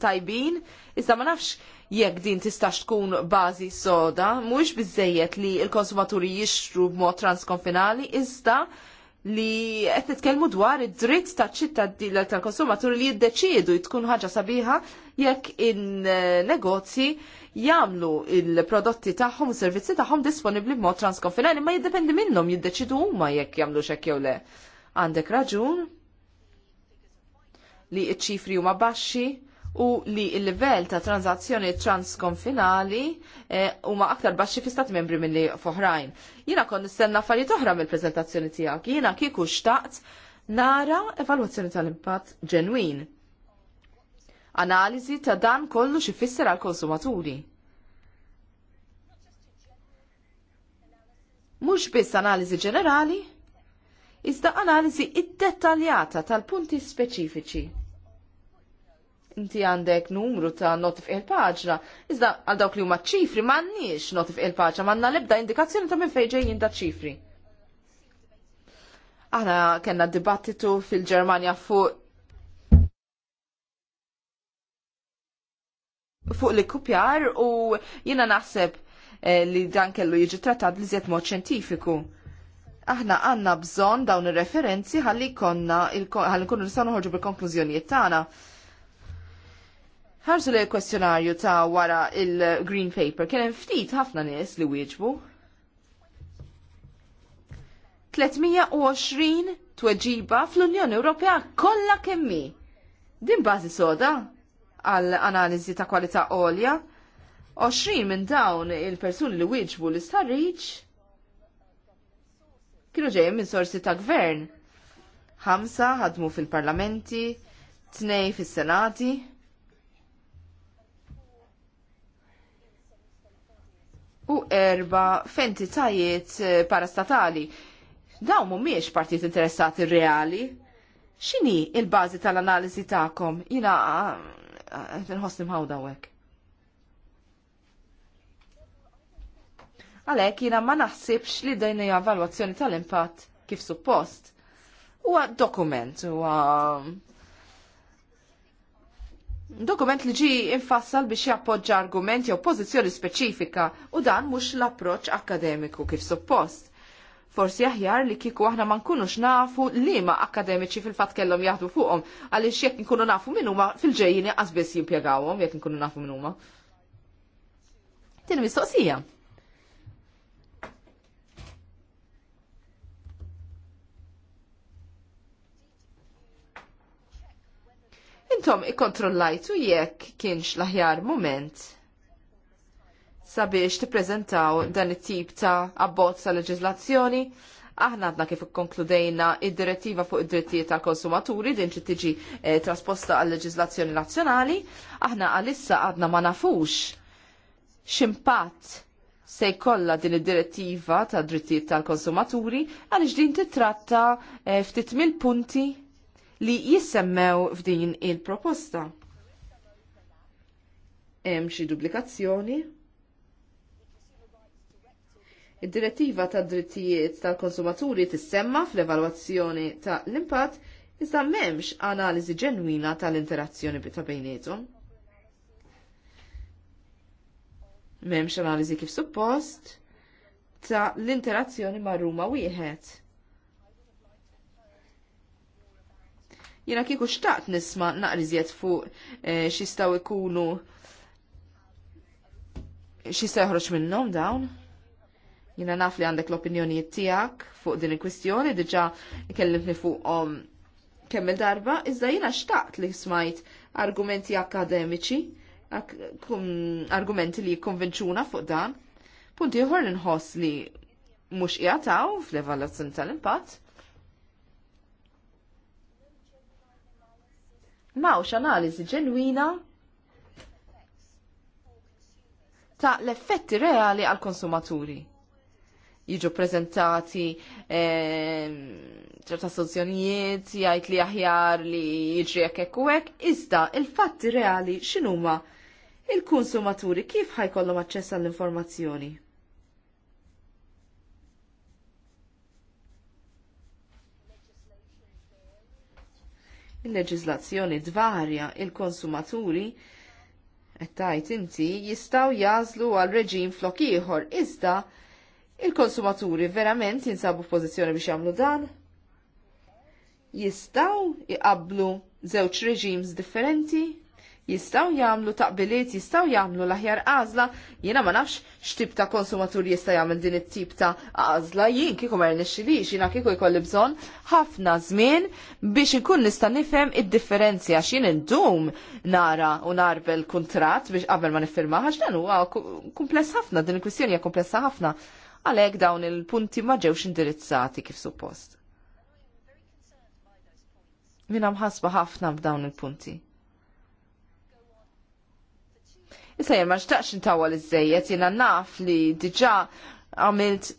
tajbin, iżda ma nafx jekk din tistax tkun bażi soda, mhuwiex biżejjed li l-konsumaturi jixtru b'mod transkonfinali, iżda li qed nitkellmu dwar id-dritt taċ-ċittadin tal-konsumaturi li jiddeċiedu tkun ħaġa sabiħa jekk in-negozji jagħmlu il-prodotti tagħhom u servizzi tagħhom disponibbli b'mod transkonfinali ma jiddependi minnhom jiddeċidu huma jekk jagħmlu xekk jew le. Għandek raġun li iċ-ċifri huma baxxi u li il-livell ta' tranzazzjoni transkonfinali eh, huma e, aktar baxxi fi stati membri mill-li foħrajn. Jiena kon nistenna affarijiet oħra mill-preżentazzjoni tiegħek. Jiena kieku xtaqt nara evalwazzjoni tal-impatt ġenwin. Analiżi ta' dan kollu xifisser għal-konsumaturi. Mhux biss analiżi ġenerali, iżda analiżi id-dettaljata tal-punti speċifiċi. Inti għandek numru ta' notif il-paġna, iżda għal dawk li huma ċifri m'għandniex notif il-paġna, m'għandna l-ebda indikazzjoni ta' minn fejn ġejjin da' ċifri. Aħna kellna dibattitu fil-Ġermanja fuq fuq li kupjar u jiena naħseb eh, li dan kellu jiġi trattat li zjed mod xjentifiku aħna għanna bżon dawn ir-referenzi ħalli konna għalli konna nistgħu noħorġu bil-konklużjonijiet tagħna. Ħarsu l kwestjonarju ta' wara il-Green Paper kien hemm ftit ħafna nies li wieġbu. 320 tweġiba fl-Unjoni Ewropea kollha kemmi. Din bażi soda għal analiżi ta' kwalità għolja. 20 minn dawn il-persuni li wieġbu l-istarriċ kienu ġejjin minn sorsi ta' gvern. Ħamsa ħadmu fil-parlamenti, tnej fis-senati. U erba f'entitajiet eh, parastatali. Dawn mhumiex partit interessati reali. X'inhi il-bażi tal-analiżi tagħkom? Jina eh, eh, nħossni mħawda hekk. Għalhekk jiena ma naħsibx li dajna hija tal-impatt kif suppost. Huwa dokument, huwa Dokument li ġi infassal biex jappoġġa argumenti jew pożizzjoni speċifika u dan mhux l-approċċ akademiku kif suppost. Forsi aħjar li kieku aħna ma nkunux nafu li ma akademiċi fil-fatt kellhom jaħdu fuqhom għaliex jekk nkunu nafu minn huma fil ġejjini qas biss jimpjegawhom jekk nkunu nafu minn huma. Tieni mistoqsija. intom ikkontrollajtu jekk kienx l-aħjar moment sabiex tippreżentaw dan it-tip ta' abbozz ta' leġiżlazzjoni. Aħna għadna kif konkludejna id-direttiva fuq id-drittijiet tal-konsumaturi din xi tiġi e, trasposta għal leġislazzjoni nazzjonali, aħna għalissa għadna ma nafux x'impatt se jkollha din id-direttiva tad drittijiet tal-konsumaturi għaliex din titratta eh, ftit mill punti li jissemmew f'din il-proposta. Hemm xi duplikazzjoni? Id-direttiva tad drittijiet tal-konsumaturi tissemma fl-evalwazzjoni ta' l-impatt iżda m'hemmx analiżi ġenwina tal-interazzjoni ta' bejniethom. M'hemmx analiżi kif suppost ta' l-interazzjoni ma' Ruma wieħed. jina kieku xtaqt nisma naqriżiet fuq eh, xistaw ikunu xistaw jħroċ minnom dawn. Jina naf li għandek l-opinjonijiet tijak fuq din il-kwistjoni, diġa kellimni fuqhom kemm il-darba, iżda jina xtaqt li smajt argumenti akademiċi, argumenti li konvenċuna fuq dan. Punti ieħor nħoss li mhux jgħataw fl-evaluazzjoni tal-impatt, mawx analiżi ġenwina ta' l-effetti reali għal konsumaturi. Jiġu prezentati ehm, ċerta sozzjonijiet, jgħid li aħjar li jiġri hekk hekk iżda il-fatti reali x'inhuma il-konsumaturi kif ħajkollhom aċċess għall-informazzjoni? il-leġizlazzjoni dvarja il-konsumaturi qed tgħid inti jistgħu jażlu għal reġim flok ieħor iżda il-konsumaturi verament jinsabu f'pożizzjoni biex jagħmlu dan? Jistgħu iqablu żewġ reġims differenti? jistaw jamlu taqbiliet, jistaw jamlu laħjar għazla, jina ma nafx xtib ta' konsumatur jista' jagħmel din it-tip ta' għazla, jien kieku ma rnexxilix, jiena kieku jkolli bżonn ħafna żmien biex inkun nista' nifhem id differenzja għax jien indum nara u narbel kuntratt biex qabel ma nifirma għax dan huwa kumpless ħafna, din il-kwistjoni hija komplessa ħafna. Għalhekk dawn il-punti ma ġewx indirizzati kif suppost. Mina ħasba ħafna b'dawn il-punti Issa ma xtaqx intawal iż-żejjed jiena naf li diġà għamilt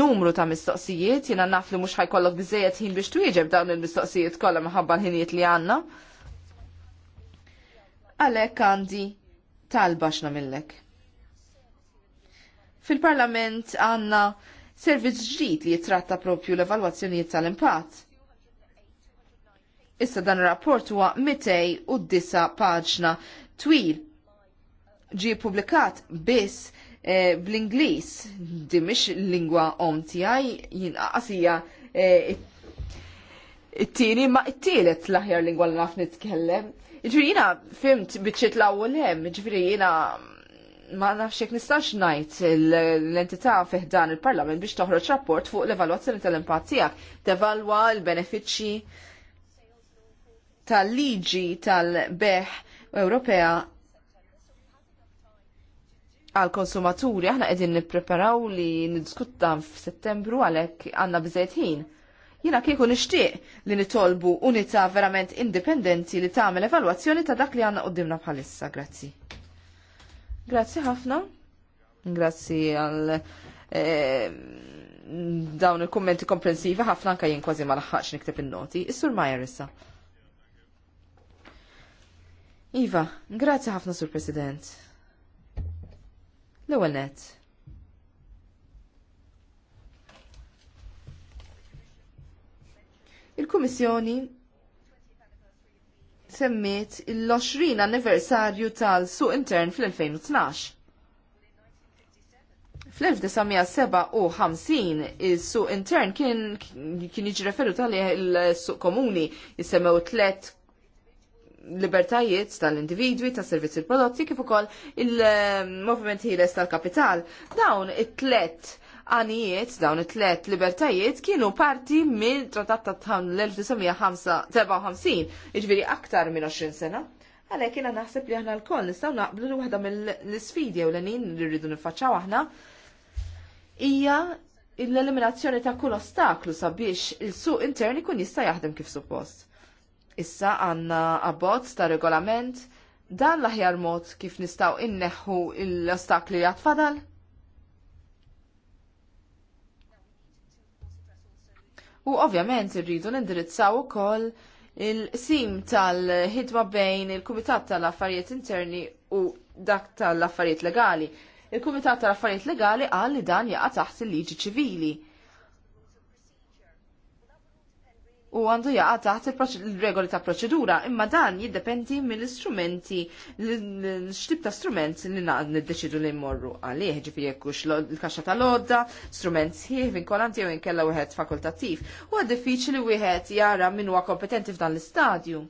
numru ta' mistoqsijiet, jiena naf li mhux ħajkollok biżejjed ħin biex tujġeb dawn il-mistoqsijiet kollha minħabba l-ħinijiet li għandna. Għalhekk għandi talba x'namillek. Fil-Parlament għandna servizz ġdid li jitratta propju l-evalwazzjonijiet tal-impatt. Issa dan ir-rapport huwa 209 paġna twil ġie publikat biss e, bl-Inglis, di mish lingwa om tiegħi jinqas hija eh, it-tieni ma t-tielet l-aħjar lingwa li naf nitkellem. Ġifieri jina fimt biċċiet l-awwel hemm, ġifieri ma nafx jekk nistax ngħid l-entità fih dan il-Parlament biex toħroġ rapport fuq l-evalwazzjoni tal empatijak tiegħek, tevalwa l-benefiċċji tal-liġi tal-beħ Ewropea għal-konsumaturi, aħna qegħdin nippreparaw li niddiskutta f'Settembru għalhekk għandna bżejt ħin. Jiena kieku nixtieq li nitolbu unità verament indipendenti li tagħmel evalwazzjoni ta' dak li għandna qudiemna bħalissa. Grazzi. Grazzi ħafna. Grazzi għal eh, dawn il-kommenti komprensivi ħafna anka jien kważi ma laħħaqx niktib in-noti. Is-Sur Majer issa. Iva, grazzi ħafna Sur President. L-ewwel nett. Il-Kummissjoni semmiet il-20 anniversarju tal-suq intern fl-2012. Fl-1957 il-suq intern kien jiġi referu tal suq komuni jisemmew tlet libertajiet tal-individwi, ta' servizzi prodotti, kif ukoll il-movement ħieles tal-kapital. Dawn it-tlet għanijiet, dawn it-tlet libertajiet kienu parti minn trattat ta' l-1957, iġviri aktar minn 20 sena. Għalek kiena naħseb li aħna l-koll nistaw naqblu waħda mill-sfidi u l-għanin li rridu nifacċaw aħna hija l-eliminazzjoni ta' kull ostaklu sabiex il-suq intern ikun jista' jaħdem kif suppost Issa għanna abbozz ta' regolament dan l-aħjar mod kif nistaw inneħħu l-ostakli li għatfadal? U ovvjament irridu nindirizzaw ukoll il-sim tal-ħidma bejn il-Kumitat tal-Affarijiet Interni u dak tal-Affarijiet Legali. Il-Kumitat tal-Affarijiet Legali qal li dan jaqa' taħt il-liġi ċivili. u għandu jaqa taħt il-regoli ta' proċedura, imma dan jiddependi mill-istrumenti, l-xtib ta' strument li niddeċidu li morru għalih, ġifiri jekkux l-kaxa tal lodda strument sħiħ, vinkolanti u inkella wieħed fakultattiv, u għad diffiċli wieħed jara minn huwa kompetenti f'dan l-istadju.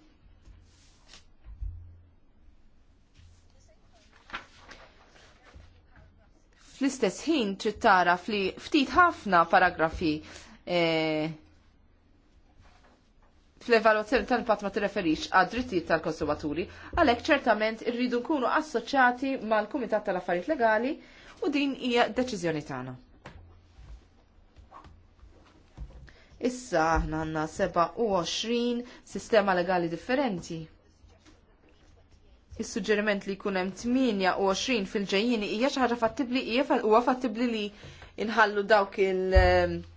Fl-istess ħin trid tara ftit ħafna paragrafi eh, fl-evaluazzjoni tal-impatt ma tirreferix għad drittijiet tal-konsumaturi, għalhekk ċertament irridu nkunu assoċjati mal-Kumitat tal-Affarijiet Legali u din hija deċiżjoni tagħna. Issa aħna għandna 27 sistema legali differenti. Is-suġġeriment li jkun hemm 28 fil-ġejjini hija xi ħaġa fattibbli hija huwa fattibbli li inħallu dawk il-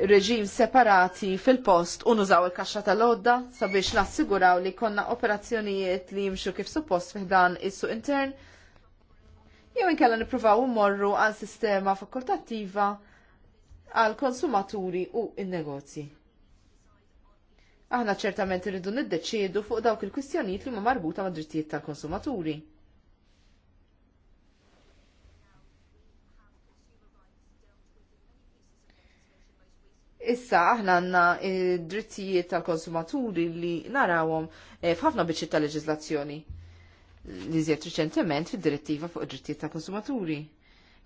reġim separati fil-post u nużaw il-kaxxa tal-odda sabiex nassiguraw li konna operazzjonijiet li jimxu kif suppost fiħdan is-suq intern jew inkella nippruvaw immorru għal sistema fakultattiva għal konsumaturi u in-negozji. Aħna ċertament irridu niddeċiedu fuq dawk il-kwistjonijiet li ma marbuta mad drittijiet tal-konsumaturi. Issa aħna għanna eh, drittijiet tal-konsumaturi li narawom eh, f'ħafna biċċiet tal leġizlazzjoni li żjed riċentement fid-direttiva fuq id-drittijiet tal-konsumaturi.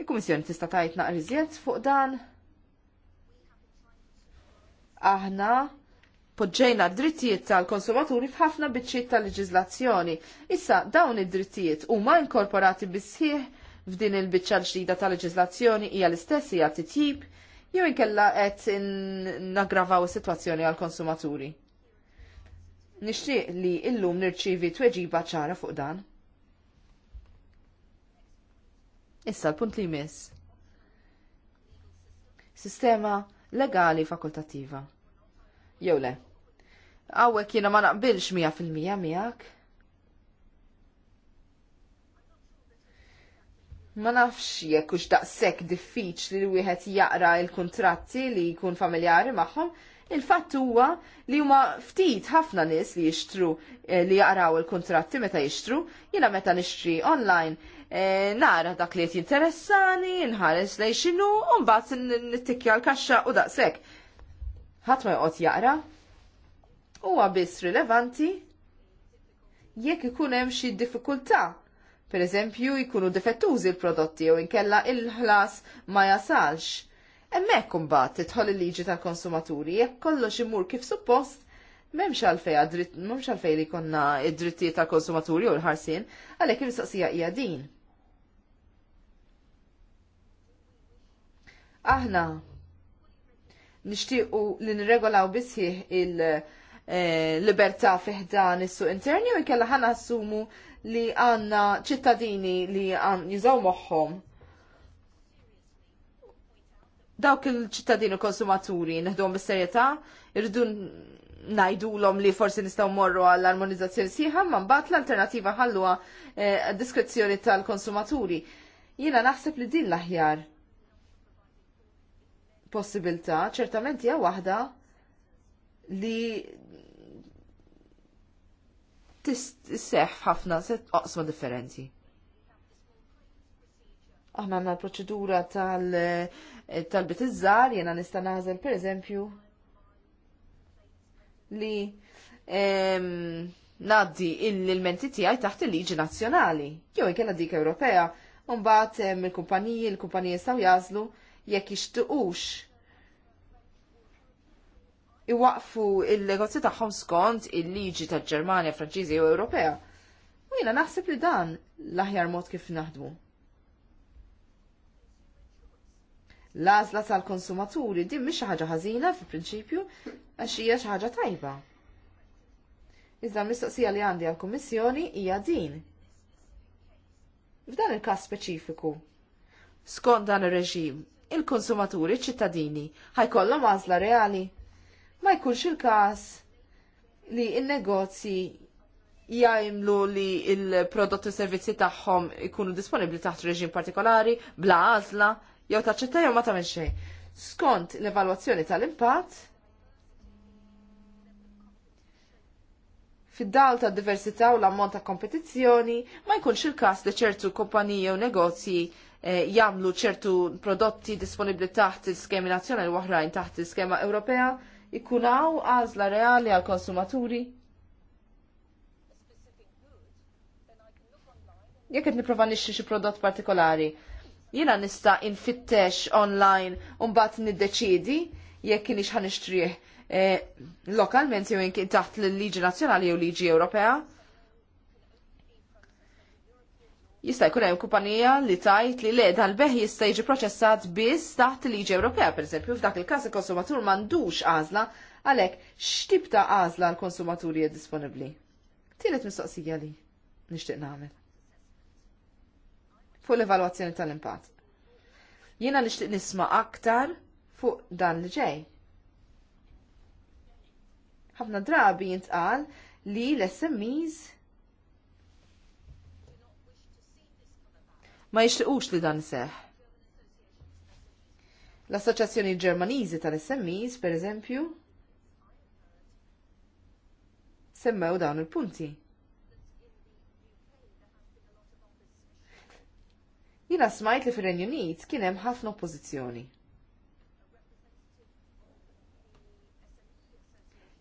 Il-Kummissjoni tista' tajt naqri iżjed fuq dan. Aħna poġġejna d-drittijiet tal-konsumaturi f'ħafna biċċiet tal leġiżlazzjoni. Issa dawn id-drittijiet huma inkorporati bisħieħ f'din il-biċċa l-ġdida tal leġizlazzjoni hija l-istess hija titjib jew inkella qed nagravaw is-sitwazzjoni għall konsumaturi. Nixtieq li illum nirċivi tweġiba ċara fuq dan. Issa l-punt li jmiss. Sistema legali fakultattiva. Jew le. Għawek jiena ma naqbilx 100% miegħek. Ma nafx jekk hux daqshekk diffiċli li wieħed jaqra l-kuntratti li jkun familjari magħhom, il-fatt huwa li huma ftit ħafna nies li jixtru eh, li jaqraw il-kuntratti meta jixtru, jiena meta nixtri online e, nara dak li qed jinteressani, nħares lej xinu, u mbagħad nittikja l-kaxxa u daqshekk. Ħadd ma joqgħod jaqra. Huwa biss rilevanti jekk ikun hemm xi diffikultà Per eżempju, jkunu defettużi l-prodotti jew inkella il-ħlas ma jasalx. Emmek kumbat titħol il-liġi tal-konsumaturi, jekk kollox imur kif suppost, memx għalfej għadrit, memx għalfej li konna id-drittijiet tal-konsumaturi u l-ħarsin, għalek il-mistoqsija hija din. Aħna nixtiequ li nirregolaw bisħi il- eh, libertà fiħdan is-suq interni u jkella ħana assumu li għanna ċittadini li għan jizaw moħħom dawk il-ċittadini konsumaturi neħdom bis-serjetà, irridu najdulom li forsi nistaw morru għall-armonizzazzjoni siħa, ma mbagħad l-alternativa ħalluha eh, diskrezzjoni tal-konsumaturi. Jiena naħseb li din l-aħjar possibilità ċertament hija waħda li tisseħ ħafna se oqsma differenti. Aħna għanna l-proċedura tal eh, iż-żar, jena nista naħzel per eżempju li ehm, ngħaddi naddi il-menti tijaj taħt il-liġi nazjonali, jew ikella dik Ewropea, un-bat il-kumpaniji, il-kumpaniji staw jazlu jekk jixtiequx iwaqfu il-negozju tagħhom skont il-liġi tal-Ġermanja, Franċiżi u Ewropea. U jiena naħseb li dan l-aħjar mod kif naħdmu. L-għażla tal-konsumaturi din mhix xi ħaġa ħażina fil-prinċipju għax hija xi ħaġa tajba. Iżda l-mistoqsija li għandi għall-Kummissjoni hija din. F'dan il-każ speċifiku, skont dan ir-reġim, il-konsumaturi ċittadini ħajkollhom għażla reali ma jkunx il-każ li il-negozji jajmlu li il-prodotti u servizzi tagħhom ikunu disponibbli taħt reġim partikolari, bla għażla, jew taċċetta jew ma tagħmel xejn. Skont l-evalwazzjoni tal-impatt, fid-dal ta' diversità u l-ammont ta' kompetizzjoni, ma jkunx il-kas li ċertu kompaniji u negozji eh, jagħmlu ċertu prodotti disponibbli taħt il-skemi nazzjonali u oħrajn taħt il-skema Ewropea ikunaw għazla reali għal konsumaturi. Jekk qed nipprova nixxi xi prodott partikolari, jiena nista' infittex online u mbagħad niddeċiedi jekk kienx ħanixtrih eh, lokalment jew taħt l-liġi nazzjonali jew liġi Ewropea. jista' jkun hemm kumpanija li tajt li le dan beħ jista' jiġi proċessat biss taħt liġi Ewropea, pereżempju, f'dak il-każ il-konsumatur m'għandux għażla għalhekk x'tip ta' għażla l-konsumaturi hija disponibbli. Tielet mistoqsija li nixtieq nagħmel. Fuq l-evalwazzjoni tal-impatt. Jiena nixtieq nisma' aktar fuq dan li ġej. Ħafna drabi jintqal li l-SMEs ma jixtiqux li dan seħ. L-Assoċjazzjoni Ġermaniżi tal-SMEs, per eżempju, semmew dawn il-punti. Jina smajt li fir-Renju Unit kien hemm ħafna oppożizzjoni.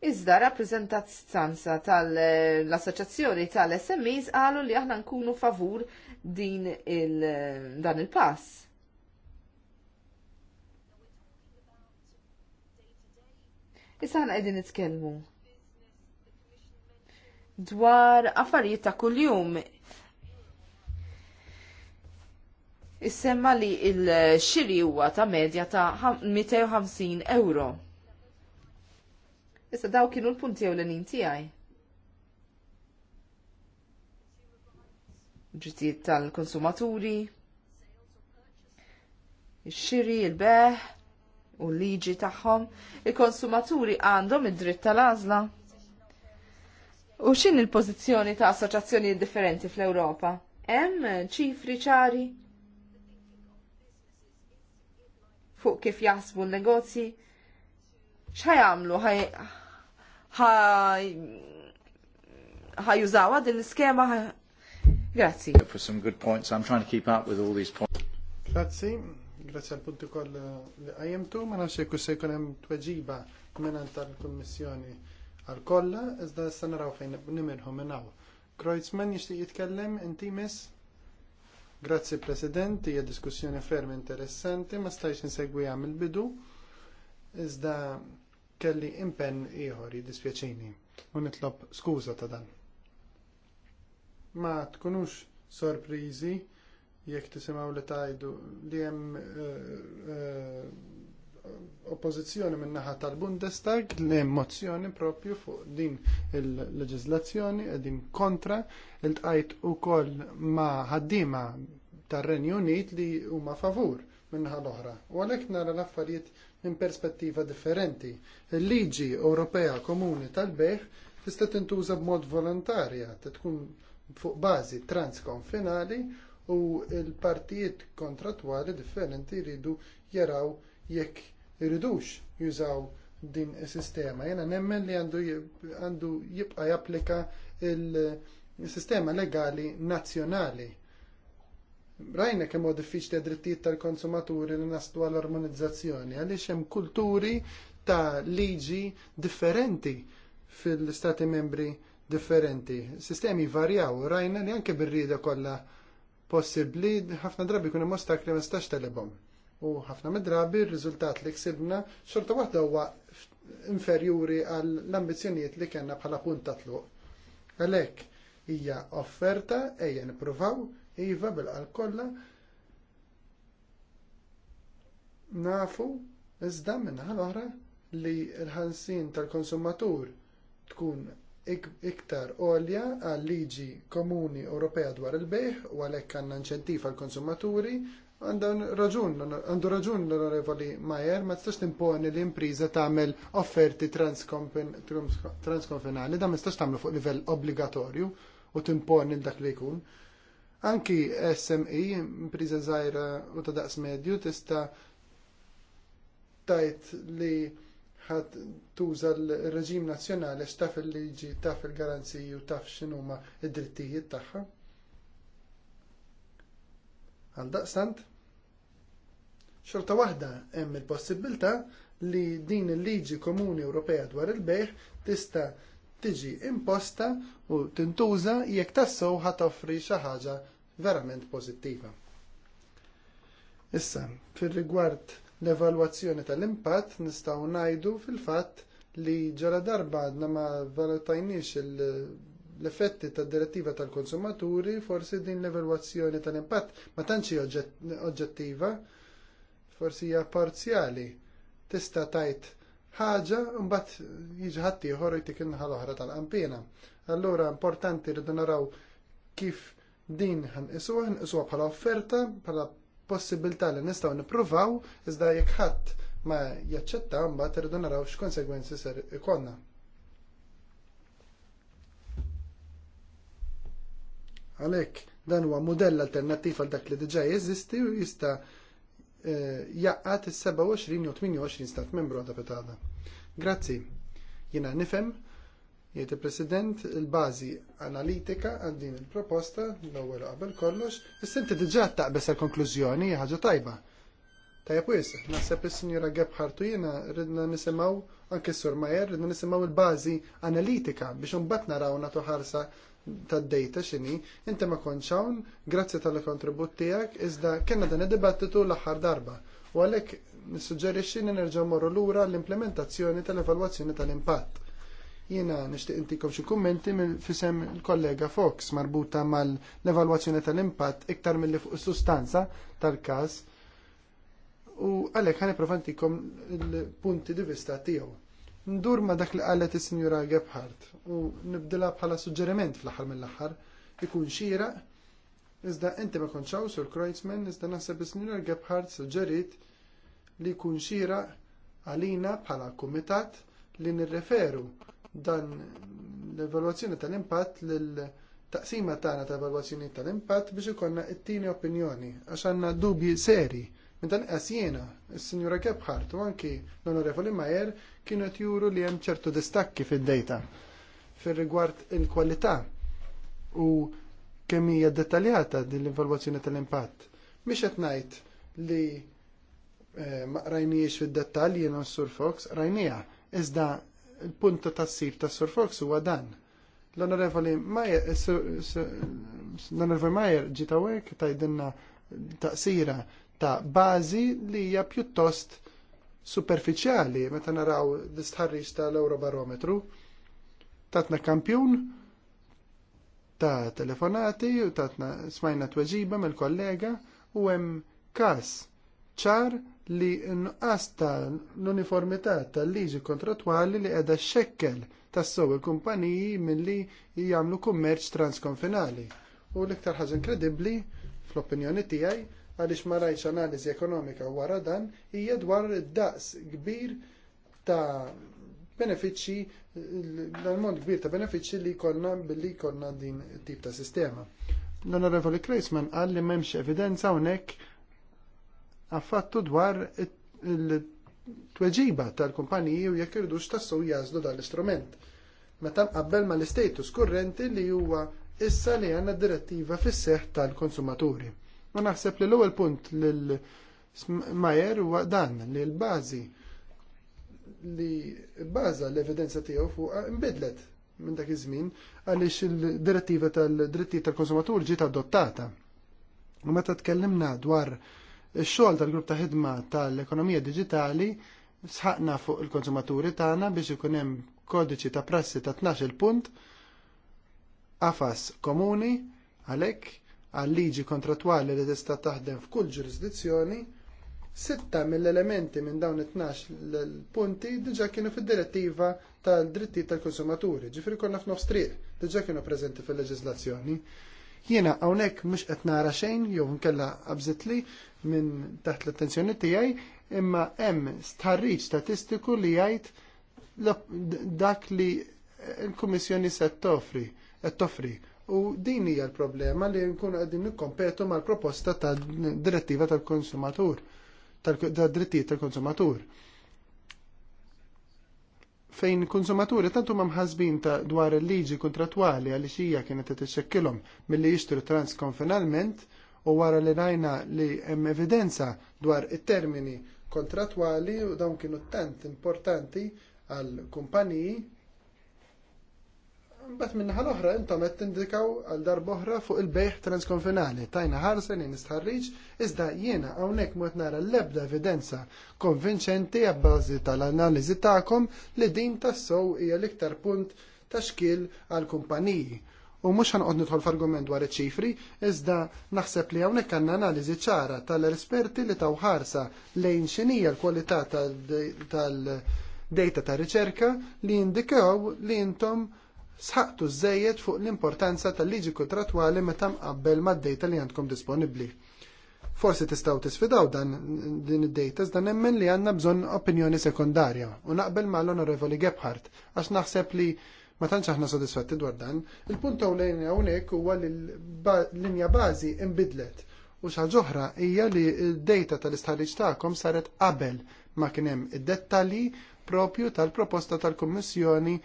Iżda rappreżentanza tal-Assoċjazzjoni tal-SMEs qalu li aħna nkunu favur din il dan il-pass. Issa ħana qegħdin nitkellmu dwar affarijiet ta' kuljum. Issemma li il-xiri huwa ta' medja ta' 250 euro. Issa daw kienu l-punti l-nin tiegħi. Ġitijiet tal-konsumaturi, ix-xiri, il-beħ u l-liġi tagħhom, il-konsumaturi għandhom id-dritt tal-għażla. U xin il-pożizzjoni ta' assoċjazzjoni differenti fl-Ewropa? Hemm ċifri ċari fuq kif jasbu l-negozji? ċħajamlu? ħajużawa din l-iskema. Grazzi. For some good points, I'm trying to keep up with all these points. Grazzi, grazzi al punti koll li għajemtu, ma nafx jekk se jkun hemm tweġiba minn tal-Kummissjoni għal kollha, iżda issa naraw fejn nimirħu minn hawn. Kreuzmann jixtieq jitkellem inti miss? Grazzi President, hija diskussjoni ferm interessanti, ma stajx insegwiha il bidu Iżda kelli impenn ieħor jiddispjaċini u nitlob skuża ta' dan. Ma tkunux sorpriżi jekk tisimgħu li tgħidu li hemm eh, eh, oppożizzjoni min-naħa tal-Bundestag li hemm mozzjoni propju fuq din il-leġiżlazzjoni qegħdin kontra il-tqajt ukoll ma' ħaddiema tar-Renju Unit li huma favur naħa l-oħra. U għalhekk nara l-affarijiet minn perspettiva differenti. Il-liġi Ewropea Komuni tal-beħ tista' tintuża b'mod volontarja, tkun fuq bażi transkonfinali u l-partijiet kontratwali differenti jridu jaraw jekk iridux jużaw din is-sistema. Jena nemmen li għandu jibqa' japplika il-sistema legali nazzjonali Rajna kemm diffiċ diffiċli drittijiet tal-konsumaturi li naslu għall-armonizzazzjoni, għaliex hemm kulturi ta' liġi differenti fil-stati membri differenti. Sistemi varjaw, rajna li anke bir-rieda kollha possibbli ħafna drabi jkunu li ma stax telebhom. U ħafna mid-drabi r-riżultat li ksibna xorta waħda huwa inferjuri għall-ambizzjonijiet li kellna bħala punt ta' tluq. Għalhekk hija offerta ejja nippruvaw iva bil-qalb kollha nafu iżda minnaħa l-oħra li l-ħansien tal-konsumatur tkun iktar għolja għal liġi komuni Ewropea dwar il-bejħ u għalhekk għandna inċentiv għall konsumaturi għandu raġun l-onorevoli Majer ma tistax timponi li impriża tagħmel offerti transkonfinali da ma tistax tagħmlu fuq livell obbligatorju u timponi dak li jkun. Anki SMI, impriza żgħira u ta' daqs medju, tista' tajt li ħad tuża l-reġim nazzjonali x'taf il-liġi, taf il-garanziji u taf x'inhuma id-drittijiet tagħha. Għal daqstant, xorta waħda hemm il-possibilità li din il-liġi komuni Ewropea dwar il-bejħ tista' tiġi imposta u tintuża jekk tassew ħat toffri xi ħaġa verament pożittiva. Issa, fir-rigward l-evalwazzjoni tal-impatt nistgħu ngħidu fil-fatt li ġara darba għadna ma valutajniex l-effetti tad direttiva tal-konsumaturi forsi din l-evalwazzjoni tal-impatt ma tantx oġġettiva, forsi hija parzjali. Tista' tajt ħaġa mbagħad jiġi ħadd ieħor jtik oħra tal-qampina. Allura importanti rridu naraw kif din ħanqisuha ħanqisuha bħala offerta, bħala possibilità li nistgħu nippruvaw iżda jekk ħadd ma jaċċetta mbagħad irridu naraw x'konsegwenzi ser ikonna. Għalhekk dan huwa mudell alternattiv għal dak li diġà jeżisti u jista' jaqqat is-27 u 28 stat membru għadha petada. Grazzi. Jiena nifhem Jiet il-President il-bażi analitika għal din il-proposta l-ewwel qabel kollox, issa inti diġà taqbes l konklużjoni ħaġa tajba. Tajja wis, naħseb is-Sinjura Gebhardt u ridna nisimgħu anke s-Sur Majer ridna nisimgħu il-bażi analitika biex imbagħad naraw natu ħarsa tad-dejta x'inhi, inti ma konċawn, hawn, grazzi tal-kontribut tiegħek, iżda kena dan id-dibattitu l-aħħar darba. U għalhekk nissuġġerixxi xini nerġa' morru lura l-implementazzjoni tal-evalwazzjoni tal-impatt. Jiena nixtieq intikom xi kummenti fisem il-kollega Fox marbuta mal-evalwazzjoni tal-impatt iktar milli fuq is-sustanza tal-każ. U għalhekk ħaniprofa ntikom il-punti di vista tiegħu. Ndur ma dak li qalet is-Sinjura Gebhardt u nibdilha bħala suġġeriment fl-aħħar mill-aħħar ikun xieraq iżda inti ma konċaw sur Kreuzman iżda naħseb is-Sinjura Gebhardt suġġerit li jkun xira għalina bħala kumitat li nirreferu dan l-evalwazzjoni tal-impatt lil taqsima tagħna tal evalwazzjoni tal-impatt biex ikollna it tieni opinjoni għax għandna dubji seri Minn dan jiena, il-Sinjura Gebhardt u anki l-Onorevoli Majer kienu qed juru li hemm ċertu distakki fid-dejta fir-rigward il-kwalità u kemm hija dettaljata din l-evalwazzjoni tal-impatt. Mhix qed ngħid li eh, ma rajniex fid-dettalji jiena Sur Fox, rajnija, iżda il punta ta' sib ta' Sur Fox huwa dan. L-Onorevoli Majer, eh, l-Onorevoli Majer ġitawek tajdinna taqsira ta' bażi li hija pjuttost superfiċjali meta naraw l-istħarriġ tal-Eurobarometru. Tatna kampjun ta' telefonati u tatna smajna tweġiba mill-kollega u hemm każ ċar li nqas ta' l-uniformità tal-liġi kontratwali li qiegħda xekkel tassew il-kumpaniji milli jagħmlu kummerċ transkonfinali. U l-iktar ħaġa inkredibbli, fl-opinjoni tiegħi, għaliex ma rajtx analiżi ekonomika wara dan hija dwar daqs kbir ta' benefiċċji l mond kbir ta' benefiċċji li jkollna billi jkollna din tip ta' sistema. L-Onorevoli Kreisman qal li m'hemmx evidenza hawnhekk affattu dwar il-tweġiba tal-kumpaniji u jekk irdux tassu jażlu dal-istrument. Meta mqabbel mal istatus kurrenti li huwa issa li għandna direttiva fis seħħ tal-konsumaturi. Ma naħseb li l-ewwel punt lil Majer huwa dan li l-bażi li baża l-evidenza tiegħu fuqha inbidlet minn dak iż-żmien għaliex il-direttiva tal-drittijiet tal-konsumatur ġiet adottata. U meta tkellimna dwar ix-xogħol tal-grupp ta' ħidma tal-ekonomija diġitali sħaqna fuq il-konsumaturi tagħna biex ikun hemm kodiċi ta' prassi ta' 12 punt qafas komuni għalhekk għal liġi kontratwali li tista' taħdem f'kull ġurisdizzjoni, sitta mill-elementi minn dawn it-tnax l-punti diġa kienu fid-direttiva tal-dritti tal-konsumaturi, ġifri konna f'nofs triq, diġa kienu preżenti fil-leġislazzjoni. Jiena hawnhekk mhux qed nara xejn jew nkella qabżitli minn taħt l-attenzjoni tiegħi, imma hemm starriċ statistiku li jgħid dak li l-Kummissjoni se toffri, qed toffri U din hija l-problema li nkunu qegħdin nikkompetu mal-proposta ta' direttiva tal-konsumatur, tad-drittijiet tal-konsumatur. Fejn konsumaturi tantu ma mħazbin ta' dwar il-liġi kontratwali għal xija kienet qed ixekkilhom milli jixtru transkonfinalment u wara li rajna li hemm evidenza dwar it-termini kontratwali u dawn kienu tant importanti għal kumpaniji Mbagħad minna l-oħra intom qed tindikaw għal darb'oħra fuq il-bejħ transkonfinali. Tajna ħarsen in istħarriġ iżda jiena hawnhekk mu nara l-ebda evidenza konvinċenti għabbażi tal-analiżi tagħkom li din tassow hija l-iktar punt ta' xkil għal kumpaniji. U mhux għodni nidħol f'argument dwar iċ-ċifri, iżda naħseb li hawnhekk għandna analiżi ċara tal-esperti li taw ħarsa lejn xinija l-kwalità tal-data ta' riċerka li indikaw li intom sħaqtu żejjed fuq l-importanza tal-liġi kontratwali meta mqabbel mad-dejta li għandkom disponibbli. Forsi tistgħu tisfidaw dan din id-dejta iżda nemmen li għandna bżonn opinjoni sekundarja u naqbel mal-Onorevoli Gebhardt għax naħseb li ma tantx aħna sodisfatti dwar dan. Il-punt ewlejn hawnhekk huwa li l-linja bażi inbidlet u ħaġa hija li d-dejta tal-istħarriġ tagħkom saret qabel ma kien hemm id-dettalji propju tal-proposta tal-Kummissjoni tal proposta tal kummissjoni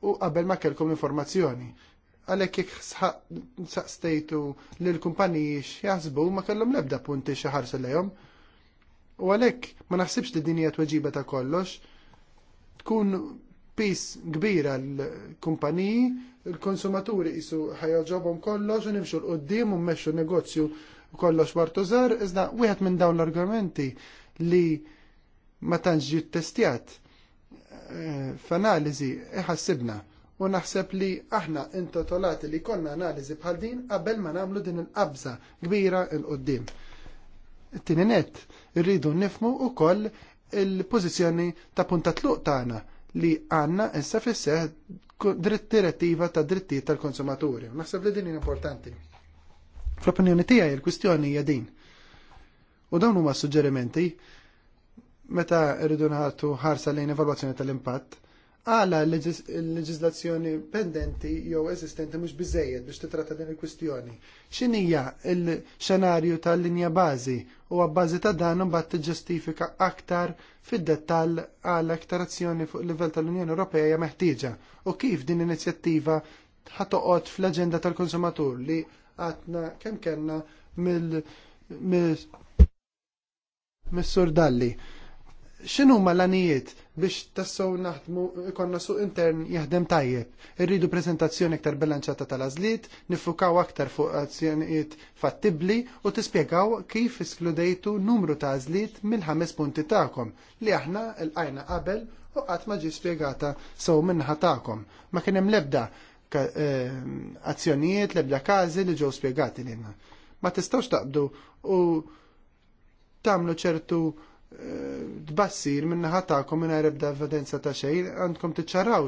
u qabel ma kellkom l-informazzjoni. Għalhekk jekk saqstejtu li l-kumpaniji x'jaħsbu ma kellhom l-ebda punti xi ħarsu U għalhekk ma naħsibx li din hija tweġiba ta' kollox. Tkun pis kbira l-kumpaniji, l konsumaturi jisu ħajġobhom kollox u nimxu l-qoddim u mmexxu negozju kollox zar, iżda wieħed minn dawn l-argumenti li ma tantx ġiet testjat f'analiżi iħassibna u naħseb li aħna intotolati li konna analiżi bħal din qabel ma nagħmlu din il-qabża kbira il qoddim Tini net, irridu nifmu wkoll il-pożizzjoni ta' punta tluq tagħna li għanna issa fisseħ dritt direttiva ta' drittijiet tal-konsumaturi. Naħseb li din importanti. Fl-opinjoni tiegħi il-kwistjoni hija din. U dawn huma suġġerimenti meta rridu nħatu ħarsa lejn evalwazzjoni tal-impatt, għala l-leġizlazzjoni pendenti jew eżistenti mhux biżejjed biex titratta din il-kwistjoni. X'inhija l-xenarju tal-linja bażi u għabbażi ta' dan imbagħad tiġġustifika aktar fid-dettall għal aktar azzjoni fuq livell tal-Unjoni Ewropea hija meħtieġa u kif din inizjattiva ħatoqgħod fl-aġenda tal-konsumatur li għatna kemm kellna mill-Sur Dalli xinu ma l-anijiet biex tassow naħdmu ikonna suq intern jaħdem tajjeb. Irridu prezentazzjoni aktar bilanċata tal-azliet, nifukaw aktar fuq azzjonijiet fattibli u tispjegaw kif iskludejtu numru ta' azliet mill-ħames punti ta'kom li aħna l-ajna qabel u qatt ma ġi spjegata sew minnaħa ta'kom. Ma kien hemm lebda eh, azzjonijiet, lebda każi li ġew spjegati lilna. Ma tistgħux taqbdu u tagħmlu ċertu tbassir minna ħatakom minna ebda evidenza ta' xejn għandkom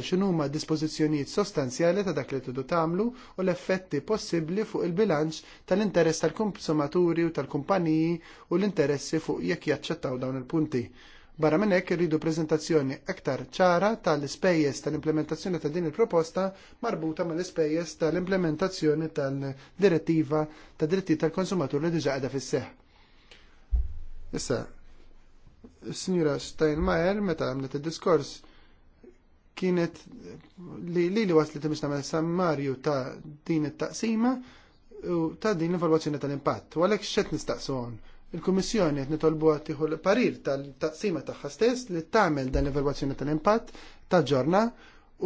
xinu ma' dispożizzjonijiet sostanzjali ta' dak li tridu tagħmlu u l-effetti possibbli fuq il-bilanċ tal-interess tal-konsumaturi u tal-kumpaniji u l-interessi fuq jekk jaċċettaw dawn il-punti. Barra minn hekk rridu preżentazzjoni aktar ċara tal-ispejjeż tal-implementazzjoni ta' din il-proposta marbuta mal-ispejjeż tal-implementazzjoni tal-direttiva ta' diritti tal konsumaturi li diġa qiegħda fis seħ Issa, Signora Steinmeier, meta għamlet il-diskors, kienet li li li waslet imisna nagħmel sammarju ta' din it-taqsima u ta' din l-evalwazzjoni tal-impatt. U għalhekk x'qed nistaqsuhom. Il-Kummissjoni qed nitolbu tieħu l-parir tal-taqsima tagħha stess li tagħmel dan l-evalwazzjoni tal-impatt ta' ġorna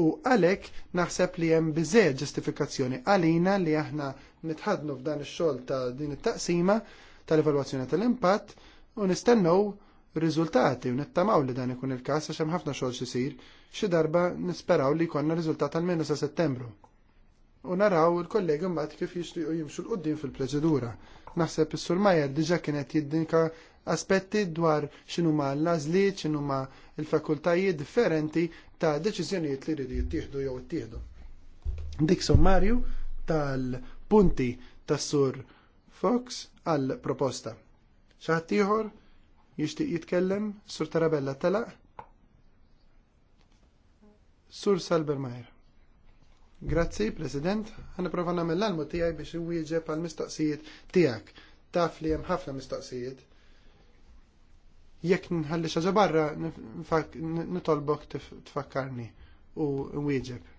u għalhekk naħseb li hemm biżejjed ġustifikazzjoni għalina li aħna nitħadnu f'dan ix-xogħol ta' din it-taqsima tal-evalwazzjoni tal-impatt u nistennew rizultati u nittamaw li dan ikun il-każ għax hemm ħafna xogħol xisir, xi darba nisperaw li jkollna riżultat għalmenu sa Settembru. U naraw il-kollegi mbagħad kif jixtiequ jimxu l fil-proċedura. Naħseb is-Sur Majer diġà kienet jiddinka aspetti dwar x'inhu ma l-għażliet, x'inhu ma l-fakultajiet differenti ta' deċiżjonijiet li jridu jittieħdu jew ittieħdu. Dik sommarju tal-punti tas-Sur Fox għall proposta Xi ieħor? jixtieq jitkellem, Sur Tarabella telaq. Sur Salbermajer. Grazzi, President. Għanna prova namel l-almu tijaj biex u jieġeb għal-mistoqsijiet tijak. Taf li jem ħafna mistoqsijiet. Jekk nħalli xaġa barra, nitolbok tfakkarni u wieġeb.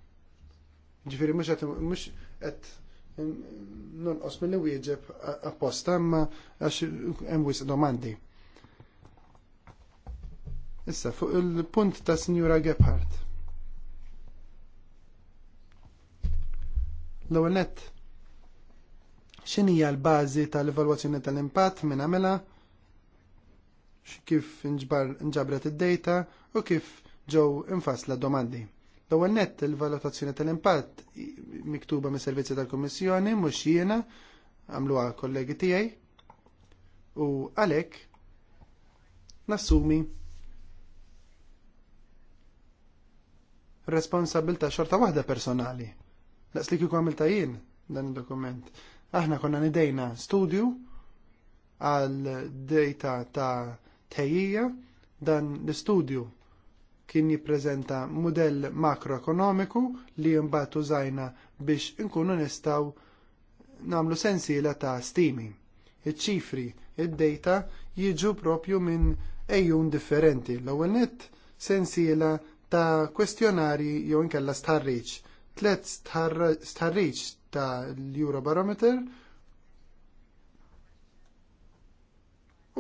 Ġifiri, mux għet nonqos mill-wieġeb apposta, ma għax jem wis domandi. Issa, fuq il-punt ta' Sinjura Gephardt. L-ewwel nett, hija l-bażi tal-evalwazzjoni tal-impatt minn għamela, kif nġabret id-data u kif ġew infasla domandi. L-ewwel nett il-valutazzjoni tal-impatt miktuba mis servizzi tal-Kummissjoni mhux jiena għamluha kollegi tiegħi u għalhekk nassumi responsabilta xorta waħda personali. Daqs li kiku għamilta jien dan il-dokument. Aħna konna nidejna studju għal data ta' tejjija dan l studio kien jippreżenta modell makroekonomiku li mbagħad użajna biex inkunu nistgħu nagħmlu sensiela ta' stimi. Iċ-ċifri, id-data jiġu propju minn ejjun differenti. L-ewwel nett sensiela ta' kwestjonari jew inkella stħarriġ Tlet stħarriċ ta' l-Eurobarometer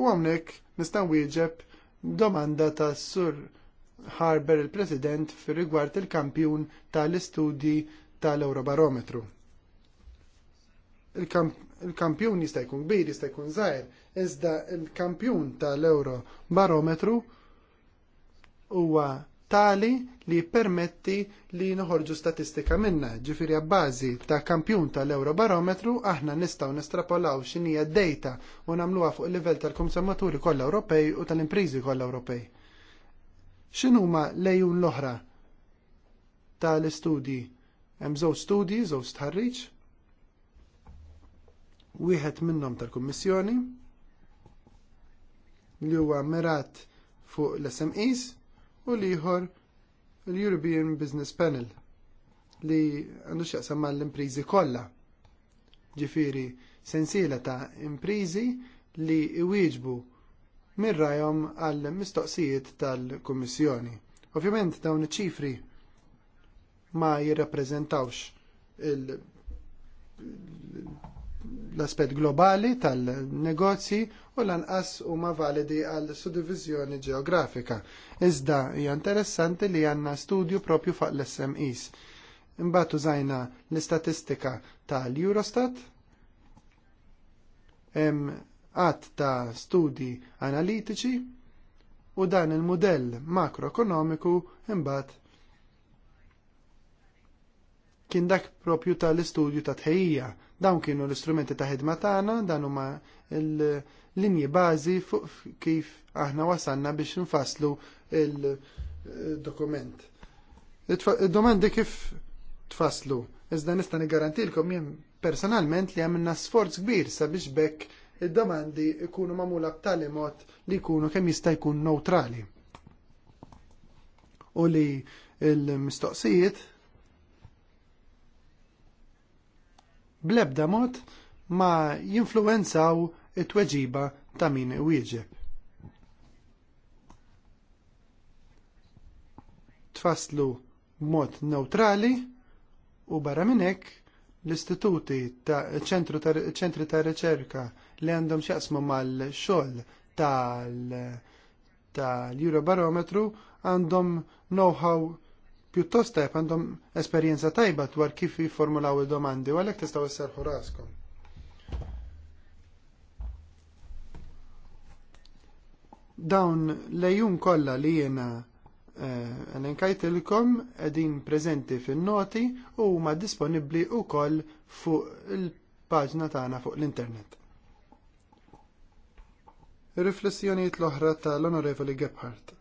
u għamnek nistan wieġeb domanda ta' Sur Harber il-President fir rigward il-kampjun tal-istudji tal-Eurobarometru. Il-kampjun jista' jkun kbir, jista' jkun żgħir, iżda il-kampjun tal-Eurobarometru huwa tali li permetti li noħorġu statistika minna, ġifiri għabbażi ta' kampjun tal-Eurobarometru, aħna nistaw nestrapolaw xinija data u namluwa fuq il-level tal-konsumaturi kollha Ewropej u tal-imprizi kollha Ewropej. X'inhuma lejun l-oħra tal-istudji? Hemm żewġ studji, żewġ tħarriġ. Wieħed minnhom tal-Kummissjoni li huwa mirat fuq l-SMEs u liħor l-European Business Panel li għandu xaqsam l imprizi kollha. Ġifiri, sensiela ta' imprizi li iwieġbu mirrajom għal mistoqsijiet tal-Kummissjoni. Ovvjament dawn iċ-ċifri ma jirrappreżentawx il l-aspet globali tal-negozji u lanqas huma validi għal suddivizjoni ġeografika. Iżda hija interessanti li għandna studju propju fuq l-SMEs. Imbagħad użajna l-istatistika tal-Eurostat, hemm qatt ta' studji analitiċi u dan il-mudell makroekonomiku imbagħad kien dak propju tal-istudju ta' tħejja. Dawn kienu l-istrumenti ta' ħidma tagħna, dan huma l-linji bażi fuq kif aħna wasanna biex nfasslu il-dokument. Id-domandi kif tfasslu? Iżda nista' nigarantilkom jien personalment li għamilna sforz kbir sabiex bekk id-domandi ikunu magħmula b'tali mod li jkunu kemm jista' jkun neutrali. U li l-mistoqsijiet blebda mod ma jinfluenzaw it-tweġiba ta' min wieġeb. Tfaslu b'mod neutrali u barra minn hekk l-istituti ta' ċentri ta' riċerka li għandhom x'jaqsmu mal-xogħol tal-Eurobarometru għandhom know-how pjuttost tajb għandhom esperjenza tajba dwar kif jiformulaw il-domandi u għalhekk tistgħu isserħu raskom. Dawn lejjum kollha li jiena enenkajt eh, kom qegħdin preżenti fin-noti u huma disponibbli wkoll fuq il-paġna tagħna fuq l-internet. Riflessjonijiet l-oħra tal-Onorevoli Gebhardt.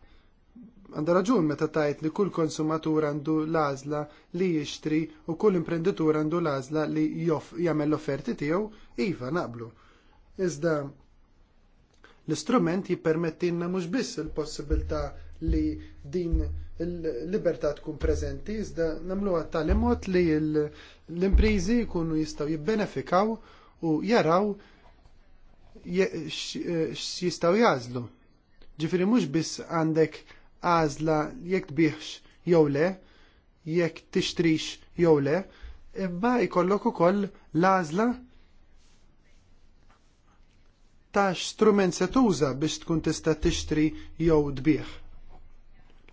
Għanda raġun meta tajt li kull konsumatur għandu l-għażla li jixtri u kull imprenditur għandu l-għażla li jagħmel l-offerti tiegħu, iva naqblu. Iżda l-istrument jippermettilna mhux biss il-possibilità li din il-libertà tkun preżenti, iżda nagħmluha tali mod li l-imprizi jkunu jistgħu jibbenefikaw u jaraw x'jistgħu jażlu. Ġifieri mhux biss għandek għażla jekk tbieħx jew le, jekk tixtrix jew le, imma jkollok ukoll l-għażla ta' strument se tuża biex tkun tista' tixtri jew tbieħ.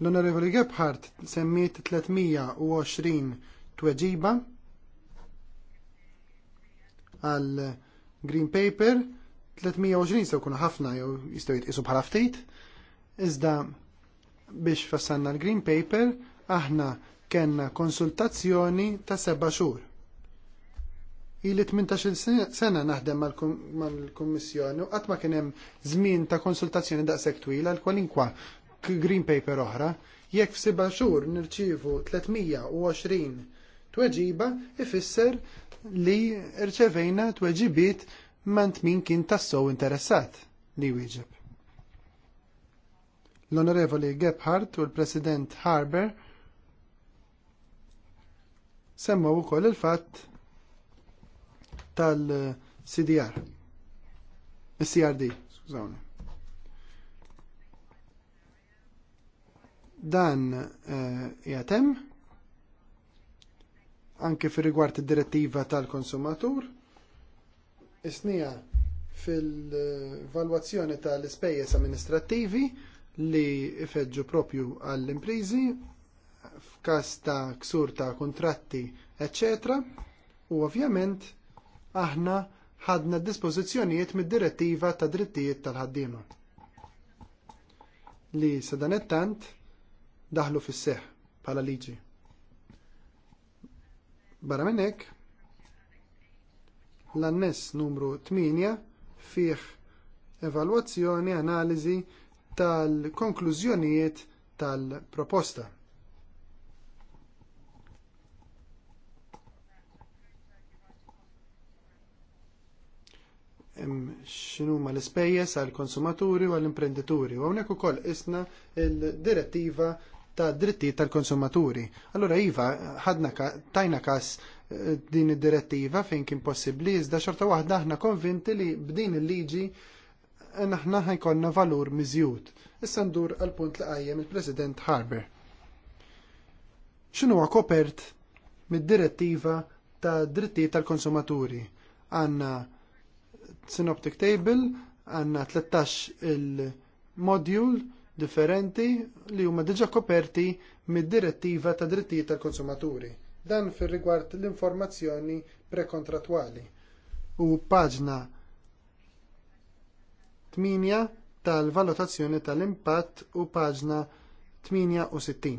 L-Onorevoli Gebhardt semmiet 320 tweġiba għal Green Paper 320 se kun ħafna jew jistgħu jitqisu bħala ftit, iżda biex fassanna l-Green Paper aħna kellna konsultazzjoni ta' seba' xhur. il 18 sena naħdem mal-Kummissjoni u qatt ma kien hemm żmien ta' konsultazzjoni daqshekk twila għal kwalinkwa Green Paper oħra, jekk f'siba' xhur nirċievu 320 tweġiba ifisser li rċevejna tweġibiet mant min kien tassow interessat li wieġeb. L-Onorevoli Gebhardt u l-President Harber semmaw ukoll il-fatt tal-CDR. CRD, Dan eh, jatem anke fir rigward id-direttiva tal-konsumatur. Isnija fil-valwazzjoni tal-ispejjeż amministrattivi li ifeġġu propju għall-imprizi f'każ ta' ksur ta' kuntratti, etc. U ovvjament aħna ħadna d dispożizzjonijiet mid-direttiva ta' drittijiet tal-ħaddiema li sadanettant daħlu fis seħħ bħala liġi. Barra minn hekk, l-annes numru 8 fih evalwazzjoni, analiżi tal-konklużjonijiet tal-proposta. xinu ma l ispejjeż għal konsumaturi u għall imprendituri U għonek u koll isna il-direttiva ta' dritti tal-konsumaturi. Allora, Iva, ħadna ka, tajna kas eh, din id-direttiva fejn kien possibli, iżda xorta waħda aħna konvinti li b'din il-liġi Eh, naħna ħajkonna valur miżjud. Issa ndur għal punt li għajjem il-President Harber. X'inhu kopert mid-direttiva ta' drittijiet tal-konsumaturi? Għanna synoptic table, għanna 13 il-module differenti li huma diġa koperti mid-direttiva ta' drittijiet tal-konsumaturi. Dan fir rigward l-informazzjoni prekontratwali. U paġna 8 tal-valutazzjoni tal-impatt u paġna 68.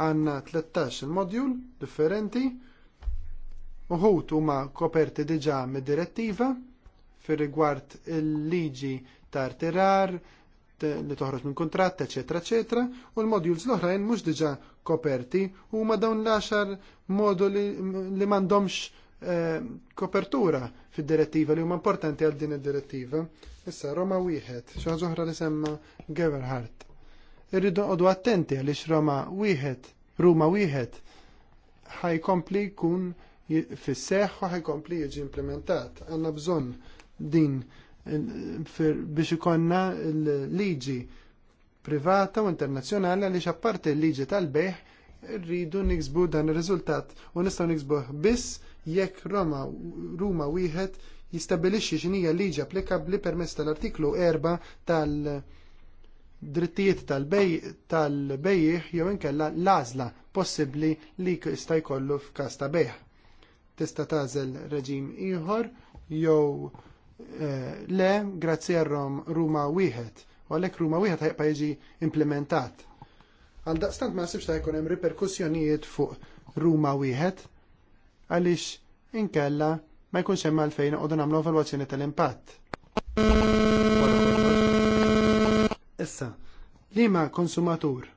Għanna 13 il-modjul differenti uħut huma koperti diġà mid-direttiva fir rigward il-liġi tar tirar li toħroġ minn kuntratt, eċetera, eċetera, u l modjuls l-oħrajn mhux diġà koperti huma dawn l-għaxar moduli li m'għandhomx Eh, kopertura fid-direttiva li huma importanti għal din id-direttiva. Issa Roma wieħed, xi oħra li semma Gerhardt. Irridu qogħdu attenti għaliex Roma wieħed, Ruma wieħed ħajkompli jkun fis-seħħ u ħajkompli jiġi implementat. Għandna bżonn din biex ikonna l-liġi privata u internazzjonali għaliex apparti l-liġi tal-beħ rridu niksbu dan ir-riżultat u nistgħu niksbuh biss jekk Roma Ruma wieħed jistabilixxi x'inhija liġi applikabbli permezz tal-artiklu 4 tal-drittijiet tal-bej tal-bejjih jew inkella l-għażla possibbli li jista' jkollu f'każ ta' bejħ. Tista' tagħżel reġim ieħor jew eh, le grazzi għal Ruma wieħed u għalhekk Ruma wieħed ħajqa jiġi implementat Għaldaqstant ma nasibx ta' jkun hemm riperkussjonijiet fuq Ruma wieħed għaliex inkella ma jkunx hemm għalfejn qogħdu nagħmlu evalwazzjoni tal-impatt. Issa, liema konsumatur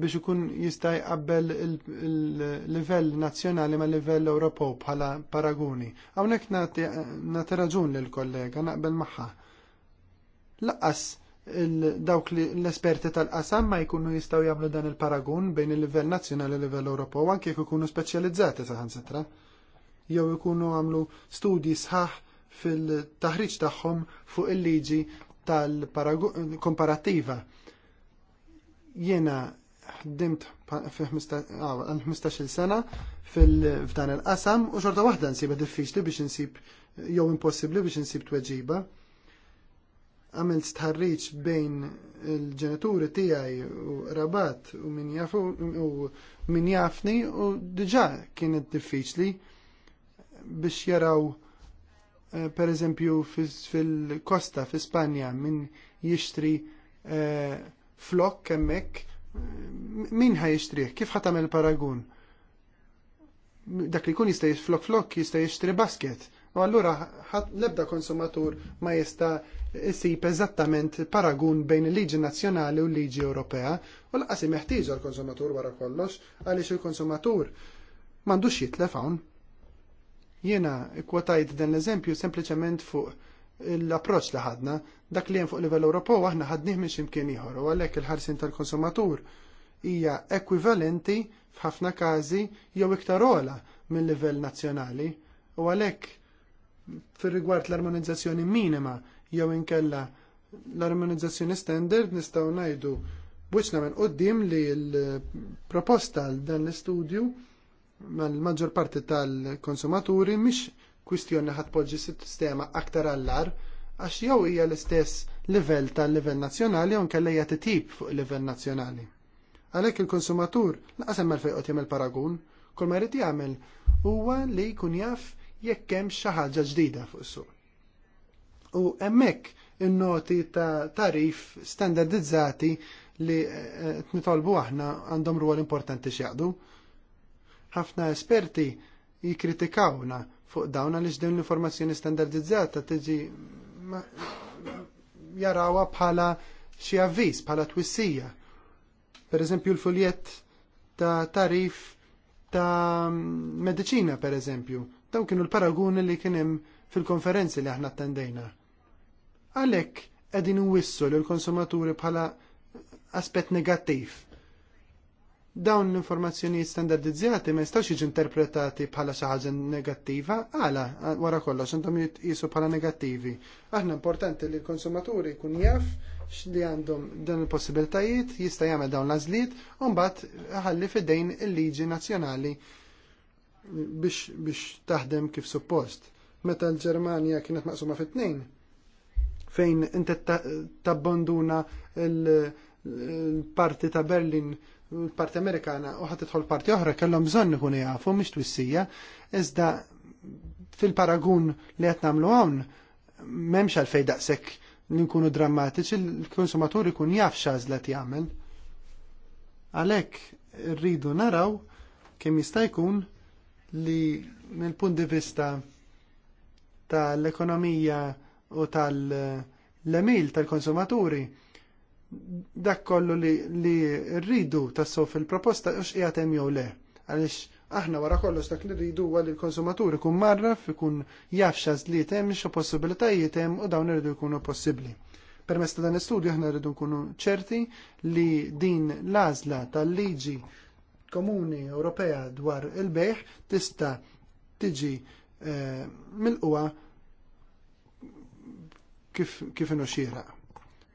biex ikun jista' jqabbel il-livell nazzjonali ma' livell Ewropew bħala paraguni. Hawnhekk nagħti raġun lill kollega naqbel magħha. Laqqas dawk l-esperti tal-qasam ma jkunu jistaw jagħmlu dan il-paragun bejn il-livell nazzjonali u livell Ewropew anke jekk ikunu speċjalizzati saħansitra. Jew ikunu għamlu studji sħaħ fil-taħriġ tagħhom fuq il-liġi tal-komparattiva. Jiena ħdimt ah, għal-15 sena f'dan il-qasam u xorta waħda nsibha diffiċli biex insib jew impossibbli biex insib tweġiba għamilt stħarriġ bejn il-ġenituri tiegħi u rabat u min jafu u min jafni u diġà kienet diffiċli biex jaraw eh, per eżempju fil-kosta fi Spanja min jixtri eh, flok hemmhekk eh, min ħaj jixtrih, kif il paragun? Dak li kun jista' flok flok jista' jixtri basket U allura l-ebda konsumatur ma jista jsib eżattament paragun bejn il-liġi nazzjonali u l-liġi Ewropea u l-qasi meħtieġa l-konsumatur wara kollox għaliex il-konsumatur m'għandux jitlef hawn. Jiena kwotajt dan l-eżempju sempliċement fuq l-approċ li ħadna, dak li jen fuq livell Ewropew aħna ħadnih minn ximkien ieħor, u għalhekk il-ħarsin tal-konsumatur hija ekwivalenti f'ħafna każi jew iktar ola minn livell nazzjonali, u għalhekk fir rigward l-armonizzazzjoni minima jew inkella l-armonizzazzjoni standard nistgħu ngħidu wiċna minn qoddim li l-proposta dan l-istudju mal-maġġor parti tal-konsumaturi mhix kwistjoni ħatpoġġi sistema aktar all-ar għax jew hija l-istess livell tal-livell nazzjonali jew nkella hija titib fuq livell nazzjonali. Għalhekk il-konsumatur laqas hemm fejqot jagħmel paragun, kull ma jrid jagħmel huwa li jkun jaf jekk hemm xi ħaġa ġdida fuq is-suq. U hemmhekk in-noti ta' tarif standardizzati li eh, qed nitolbu aħna għandhom ruwol importanti x'jaqdu. Ħafna esperti jikkritikawna fuq dawn għaliex din l-informazzjoni standardizzata tiġi jarawha bħala xi avviż bħala twissija. Pereżempju l-fuljett ta' tarif ta' mm, medicina per eżempju, Daw kienu l-paraguni li kien hemm fil-konferenzi li aħna attendejna. Għalhekk qegħdin nwissu l konsumaturi bħala aspett negattiv. Dawn l-informazzjonijiet standardizzati ma jistawx jiġi interpretati bħala xi ħaġa negattiva, għala wara kollox għandhom jisu bħala negattivi. Aħna importanti li l-konsumaturi jkun jaf li għandhom dan il-possibilitajiet, jista' jagħmel dawn l-għażliet u mbagħad ħalli fidejn il-liġi nazzjonali biex, biex taħdem kif suppost. Meta l-Ġermanja kienet maqsuma fit tnejn fejn inti tabbonduna l-parti ta' Berlin, l-parti Amerikana, u ħatidħol parti oħra, kellhom bżonn ikun jafu mhix twissija, iżda fil-paragun li qed nagħmlu hawn m'hemmx għalfejn daqshekk li nkunu drammatiċi, l-konsumatur ikun jaf x'għażlet jagħmel. Għalhekk rridu naraw kemm jista' jkun li mill-punt di vista tal-ekonomija u tal-lemil tal-konsumaturi dak kollu li, li rridu tassu fil-proposta ux xqiegħed jew le. Għaliex aħna wara kollox dak li rridu huwa li l-konsumaturi kun marraf ikun jaf x'għażliet hemm xi possibilitajiet hemm u dawn rridu jkunu possibbli. Permess ta' dan l-istudju aħna rridu nkunu ċerti li din l-għażla tal-liġi komuni Ewropea dwar il-bejħ tista' tiġi eh, mill-qwa kif inu xieraq.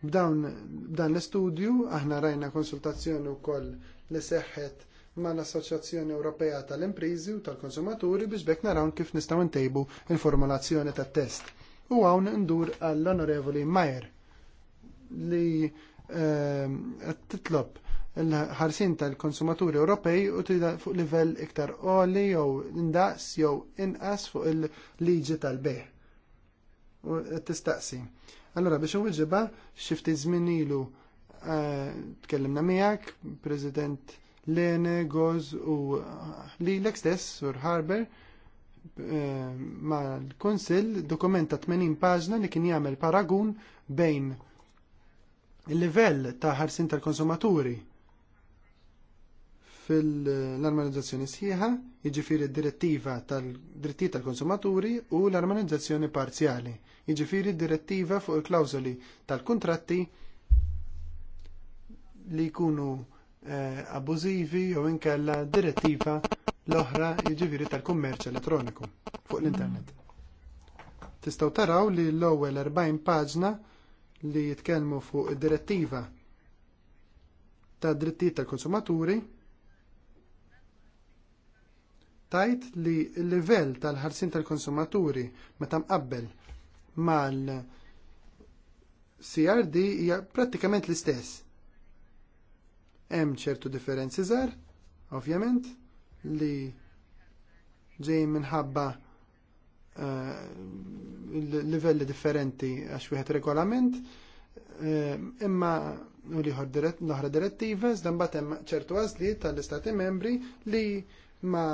B'dan l-istudju aħna rajna konsultazzjoni wkoll li seħħet mal assoċjazzjoni Ewropea tal-Imprizi u tal-Konsumaturi biex bekna naraw kif nistgħu ntejbu il-formulazzjoni tat-test. U hawn ndur għall-Onorevoli Majer li qed eh, titlob il-ħarsin tal-konsumaturi Ewropej u tida fuq livell iktar oli jew indaqs jew inqas fuq il-liġi tal-beħ. U tistaqsi. Allora biex uwiġiba xifti żmien ilu eh, tkellimna miegħek, President Lene, Goz u lilek stess, Sur Harber, eh, ma l-Konsil dokumenta 80 paġna li kien jagħmel paragun bejn il-livell ta' ħarsin tal-konsumaturi fil-armonizzazzjoni sħiħa, jiġifieri d-direttiva tal-dritti tal-konsumaturi u l-armonizzazzjoni parzjali, jiġifieri d-direttiva fuq il klawzoli tal-kontratti li jkunu eh, abbużivi jew inkella direttiva l-oħra jiġifieri tal-kummerċ elettroniku fuq l-internet. Tistgħu taraw li l-ewwel 40 paġna li jitkellmu fuq id-direttiva tad dritti tal-konsumaturi tajt li l-livell tal-ħarsin tal-konsumaturi meta mqabbel mal CRD hija prattikament l-istess. Hemm ċertu differenzi żgħar, ovvjament, li ġejjin minħabba eh, livelli differenti għax wieħed regolament, eh, imma u li l-oħra direttiva, dan hemm ċertu għażliet tal-istati membri li ma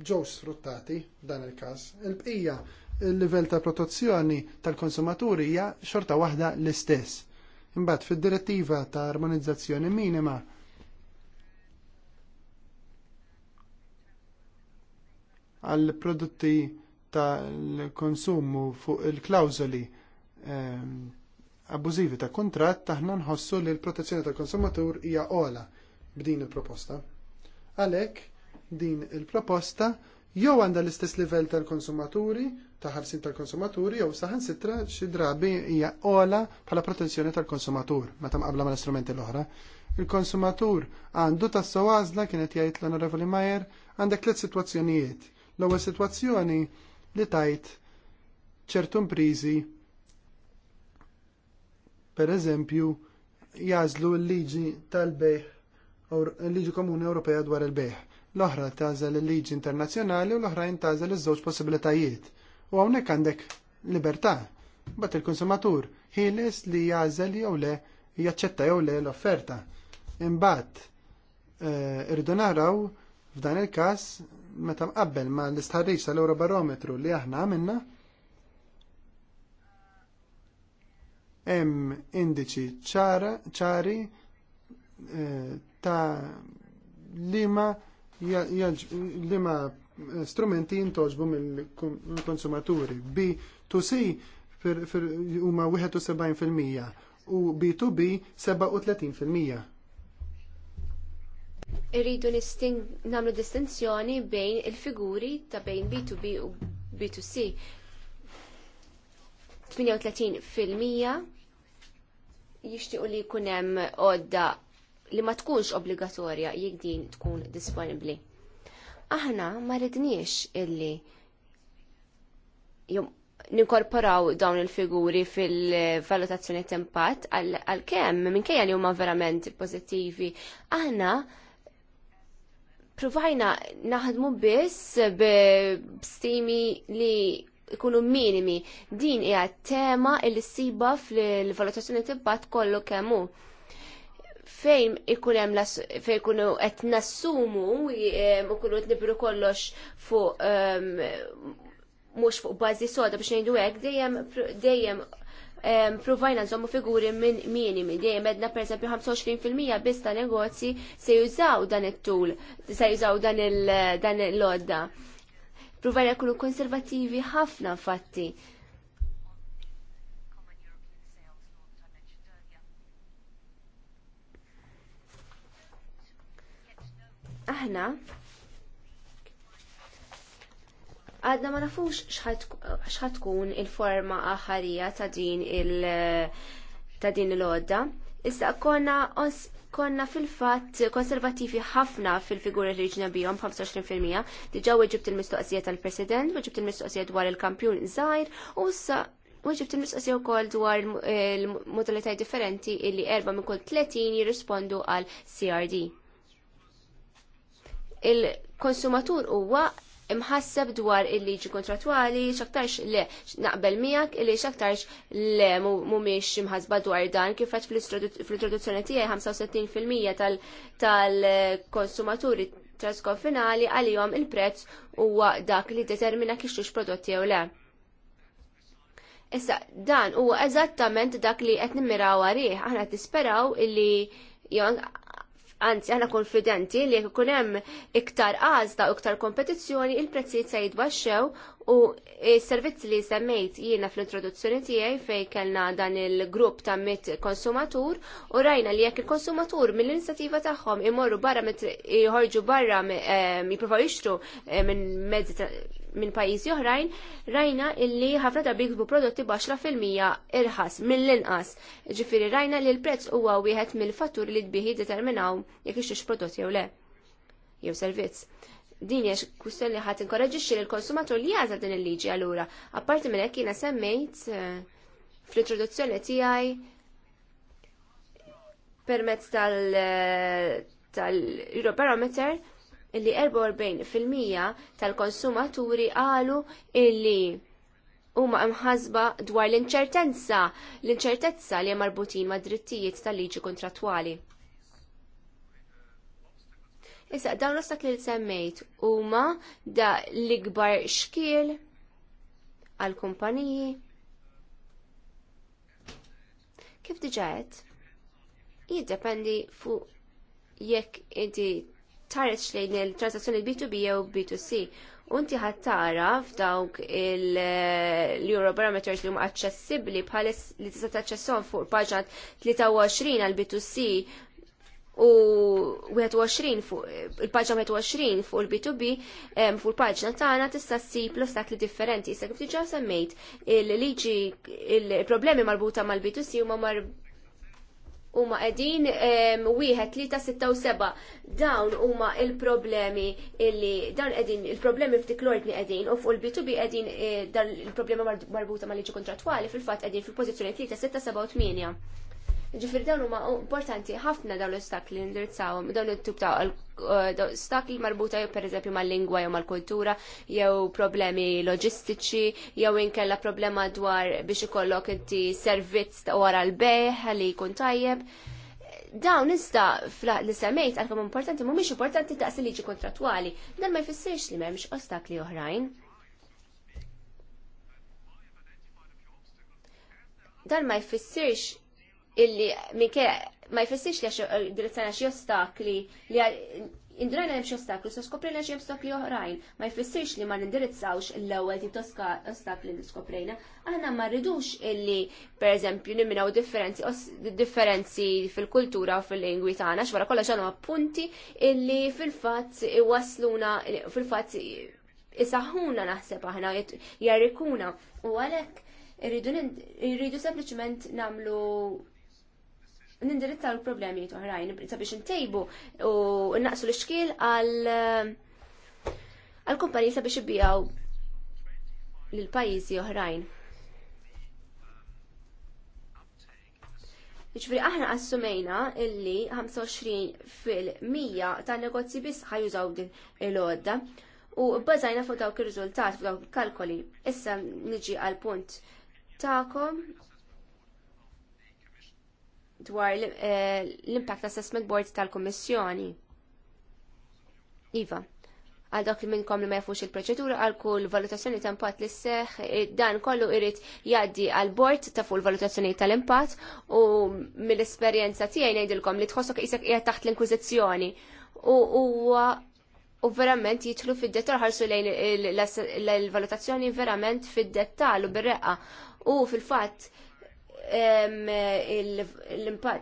ġewx sfruttati dan il-każ. Il-bqija il-livell ta' protezzjoni tal-konsumaturi hija xorta waħda l-istess. Imbagħad fid-direttiva ta' armonizzazzjoni minima għal prodotti tal-konsumu fuq il-klawżoli eh, abbużivi ta' kuntratt aħna nħossu li l-protezzjoni tal-konsumatur hija ola b'din il-proposta. Għalhekk din il-proposta jew għandha l-istess livell tal-konsumaturi, ta' ħarsin tal-konsumaturi, jew saħan sitra xi drabi hija ola bħala protezzjoni tal-konsumatur meta mqabla mal-istrumenti l-oħra. Il-konsumatur għandu tassa għażla kienet jgħid l-Onorevoli Majer għandek tliet sitwazzjonijiet. L-ewwel sitwazzjoni li tajt ċertu imprizi per eżempju jażlu l-liġi tal-bejħ, l-liġi komuni Ewropea dwar il-bejħ l-oħra tażel il-liġi internazzjonali u l-oħrajn tażel iż-żewġ possibilitajiet. U hawnhekk għandek libertà. Bat il-konsumatur ħieles li jażel jew le jaċċetta jew le l-offerta. Imbagħad eh, irridu naraw f'dan il-każ meta mqabbel ma l-istħarriġ tal-Eurobarometru li aħna għamilna hemm indiċi ċara ċari eh, ta' lima li ma eh, strumenti jintoġbu mill-konsumaturi. B2C huma 71% u B2B 37%. Irridu nagħmlu distinzjoni bejn il-figuri ta' bejn B2B u B2C. 38% jixtiequ li jkun hemm għodda li ma tkunx obbligatorja jekk din tkun disponibbli. Aħna ma ridniex illi ninkorporaw dawn il-figuri fil-valutazzjoni tempat għal-kem, minkejja li huma verament pozittivi, aħna provajna naħdmu biss b'stimi li ikunu minimi. Din hija tema li ssiba fil-valutazzjoni tempat kollu kemmu. hu fejn ikun hemm fejn ikunu qed nassumu e, u kunu qed nibru kollox fuq mhux fuq bażi soda biex ngħidu hekk dejjem dejjem provajna nżommu figuri minn minimi. Dejjem edna per eżempju 25% biss ta' negozji se jużaw dan it-tul, se jużaw dan il-lodda. Provajna kunu konservativi ħafna fatti aħna għadna ma nafux xħatkun il-forma aħarija ta' din il- ta' din l-odda. Issa konna konna fil-fatt konservativi ħafna fil-figuri li bijom bihom 25% diġa weġibt il-mistoqsija tal-president, weġibt il-mistoqsija dwar il-kampjun zaħir u issa weġibt il-mistoqsija u koll dwar il-modalitaj differenti illi erba minn kol 30 jirrispondu għal CRD il-konsumatur huwa imħasseb dwar il-liġi kontratwali, xaktarx le, naqbel miegħek li xaktarx le mhumiex imħasba dwar dan kif qed fl-introduzzjoni tiegħi 65% tal-konsumaturi trasconfinali għalihom il-prezz huwa dak li determina kif prodotti jew le. Issa, dan huwa eżattament dak li qed nimmiraw għalih, aħna tisperaw illi Anzi, aħna konfidenti li jekk ikun hemm iktar għazda u iktar kompetizzjoni, il-prezzijiet se jitbaxxew U s-servizz li semmejt jiena fl-introduzzjoni tiegħi fejn kellna dan il-grupp ta' mit konsumatur u rajna li jekk il-konsumatur mill-inizjattiva tagħhom imorru barra mit jħorġu barra jippruvaw jixtru minn mezzi minn pajjiżi oħrajn, rajna illi ħafna drabi jiksbu prodotti baxra fil-mija irħas mill-inqas. Ġifieri rajna li l-prezz huwa wieħed mill-fatturi li tbieħi determinaw jekk ixtiex prodotti jew le jew servizz din hija kwistjoni li ħadd l konsumatur li jazza din il-liġi allura. Apparti minn hekk jiena semmejt eh, fl-introduzzjoni tiegħi permezz tal- eh, tal-Eurobarometer illi 44% tal-konsumaturi għalu illi huma imħasba dwar l-inċertenza, l-inċertezza li marbutin ma' drittijiet tal-liġi kontrattwali. Issa, dawn l ostak li semmejt huma da l-ikbar xkiel għal kumpaniji. Kif diġaħet? Jiddependi fuq jekk inti tarret xlejn il-transazzjoni B2B jew B2C. Unti ħattara f'dawk l-Eurobarometers li huma aċċessibbli bħalis li tista' taċċesshom fuq paġna 23 għal B2C u 21 fuq il-paġna 21 fuq il-B2B fuq il-paġna tagħna tista' ssib l-ostakli differenti. Issa kif diġà semmejt il-liġi il-problemi marbuta mal-B2C huma mar huma qegħdin wieħed tlieta sitta u seba dawn huma il-problemi illi dawn qegħdin il-problemi ftik l-ordni qegħdin u fuq il-B2B qegħdin eh, dan il-problema marbuta mal-liġi kontrattwali fil-fatt qegħdin fil-pożizzjoni tlieta sitta seba' u tminja. Ġifir dawn huma importanti ħafna dawn l-ostakli indirizzawhom, dawn it-tub ta' eh, ostakli marbuta jew pereżempju mal-lingwa jew mal-kultura, jew problemi loġistiċi, jew inkella problema dwar biex ikollok inti servizz wara l-beħ li jkun tajjeb. Dawn iżda li semmejt għalkemm importanti mhumiex importanti daqs liġi kontrattwali, dan ma jfissirx li m'hemmx ostakli oħrajn. Dan ma jfissirx illi minke ma jfessiex li eh, direzzjoni għax ostakli li indurajna hemm xi ostakli, so skoprejna xi ostakli oħrajn, ma jfissirx li ma nindirizzawx l-ewwel tip ta' ostakli li skoprejna. Aħna ma rridux illi pereżempju niminaw differenzi differenzi fil-kultura u fil-lingwi tagħna x'wara kollox għandhom appunti illi fil-fatt iwasluna fil-fatt isaħħuna naħseb aħna jarrikuna u għalhekk irridu sempliċement namlu nindirizzaw il-problemi oħrajn sabiex intejbu u naqsu l-xkil għal kumpanijiet eh, kumpaniji sabiex ibijaw l-pajizi oħrajn. Iċfri aħna assumejna illi 25 fil-100 ta' negozji biss ħajużaw din il-għodda u bbażajna fuq dawk ir-riżultat fuq dawk il-kalkoli. Issa niġi għal punt ta'kom dwar eh, l-Impact Assessment Board tal-Kommissjoni. Iva, għal dak li minnkom li ma jafux il-proċedura għal kull valutazzjoni ta' impatt li seħ, eh, dan kollu irrit jaddi għal bord ta' fuq valutazzjoni tal-impatt u mill-esperjenza tiegħi ngħidilkom li tħossok isek qiegħed taħt l-inkwiżizzjoni. U verament jitlu fid-dettal ħarsu lejn l-valutazzjoni verament fid-dettal u bir U fil-fatt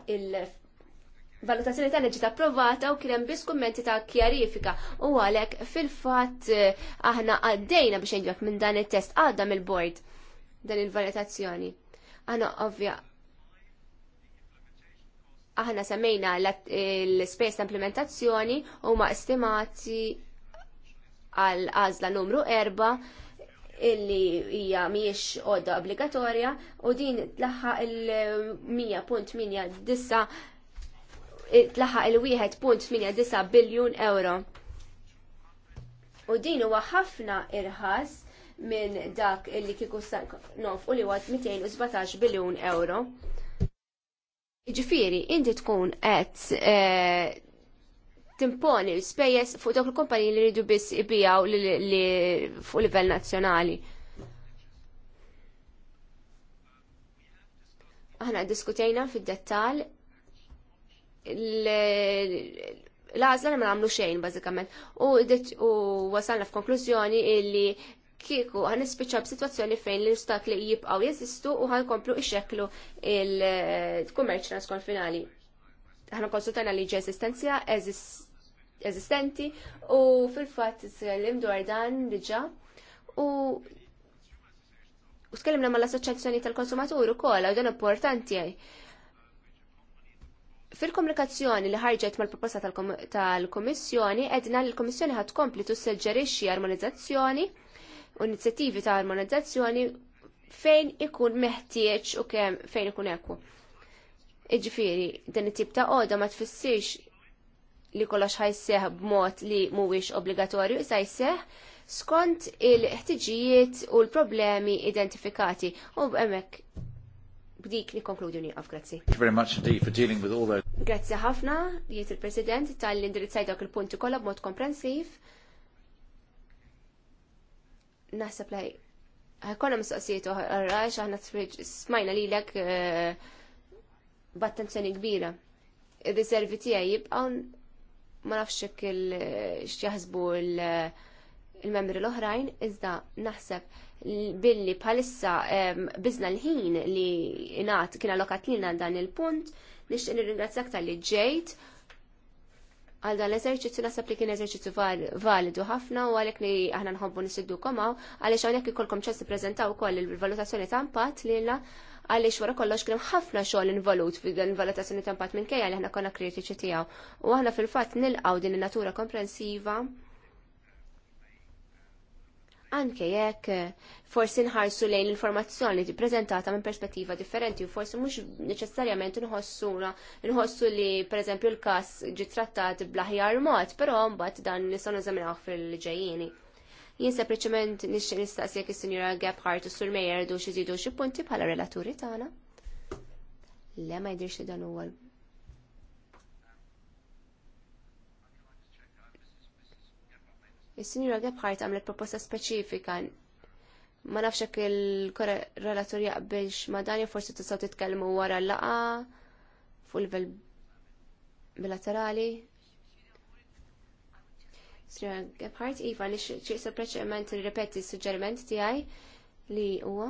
il-valutazzjoni tal ta' approvata u kien hemm biss kummenti ta' kjarifika u għalhekk fil-fatt eh, aħna għaddejna biex jendjok minn dan it-test għadda mill-bord dan il-valutazzjoni. Aħna ovvja aħna semmejna l-space ta' implementazzjoni u ma' estimati għal għażla numru erba' illi hija mhijiex għodda obbligatorja u din tlaħħa il 1008 tlaħħa il-1.89 biljun euro. U din huwa ħafna irħas minn dak illi kieku nof u li għad 217 biljun euro. Ġifiri, inti tkun qed eh, timponi l-spejjeż fuq dawk il-kumpaniji li rridu biss ibijaw li fuq livell nazzjonali. Aħna diskutejna fid-dettal l-għazla ma nagħmlu xejn bażikament u wasalna f'konklużjoni illi kieku għan nispiċa b'sitwazzjoni fejn l-istat li jibqaw jeżistu u għan komplu iċeklu il-kummerċ transkonfinali. Għan konsultajna liġi eżist eżistenti u fil-fatt tkellim dwar dan diġà u u tkellimna mal-assoċjazzjoni tal-konsumatur ukoll u dan importanti Fil-komunikazzjoni li ħarġet mal-proposta tal-Komissjoni edna li l-Komissjoni ħad kompli tusseġġerixxi armonizzazzjoni u inizjattivi ta' armonizzazzjoni fejn ikun meħtieġ u kemm fejn ikun ekku. Iġifieri, din it-tip ta' għoda ma tfissirx li kollox ħajseħ b'mod li mhuwiex obbligatorju sa jseħ skont il-ħtiġijiet u l-problemi identifikati. U b'emmek b'dik li konkludi nieqaf, grazzi. Thank you very much indeed for dealing with all Grazzi ħafna, jiet il-President tal-indirizzaj dawk il-punti kollha b'mod komprensiv. Naħseb lej, ħajkonna mistoqsijiet t aħna smajna lilek eh, b'attenzjoni kbira. ir deservi tijaj jibqaw ma nafx hekk x'jaħsbu il-membri l-oħrajn, iżda naħseb billi bħalissa biżna l-ħin li ingħat kien allokat lilna dan il-punt, nixtieq nirringrazzjak tal-li ġejt għal dan l-eżerċizzju naħseb li kien eżerċizzju validu ħafna u għalhekk li aħna nħobbu nisiddu komaw għalix hawnhekk ikolkom ċess prezentaw ukoll il-valutazzjoni ta' impatt li għaliex wara kollox kien ħafna xogħol involut fi dan valutazzjoni ta' impatt minkejja li ħna konna kritiċi tiegħu. U aħna fil-fatt nilqgħu din in-natura komprensiva anke jekk eh, forsi nħarsu lejn l-informazzjoni li prezentata minn perspettiva differenti u forsi mhux neċessarjament nħossuna nħossu li pereżempju l-każ ġi trattat bla ħjar mod, però mbagħad dan nistgħu neżaminaw fil-ġejjieni. Jien sempliċement nixtieq nistaqsi is-Sinjura Gebhardt u Sur Mejer du xi xi punti bħala relaturi tagħna. Le ma jdirx li dan huwa Is-Sinjura Gebhardt għamlet proposta speċifika ma nafx hekk il-relatur jaqbilx ma dan forsi tistgħu titkellmu wara l-laqa fuq il-bilaterali Sra Gebhardt, Iva, li xieqsa il-repeti s ti għaj li huwa.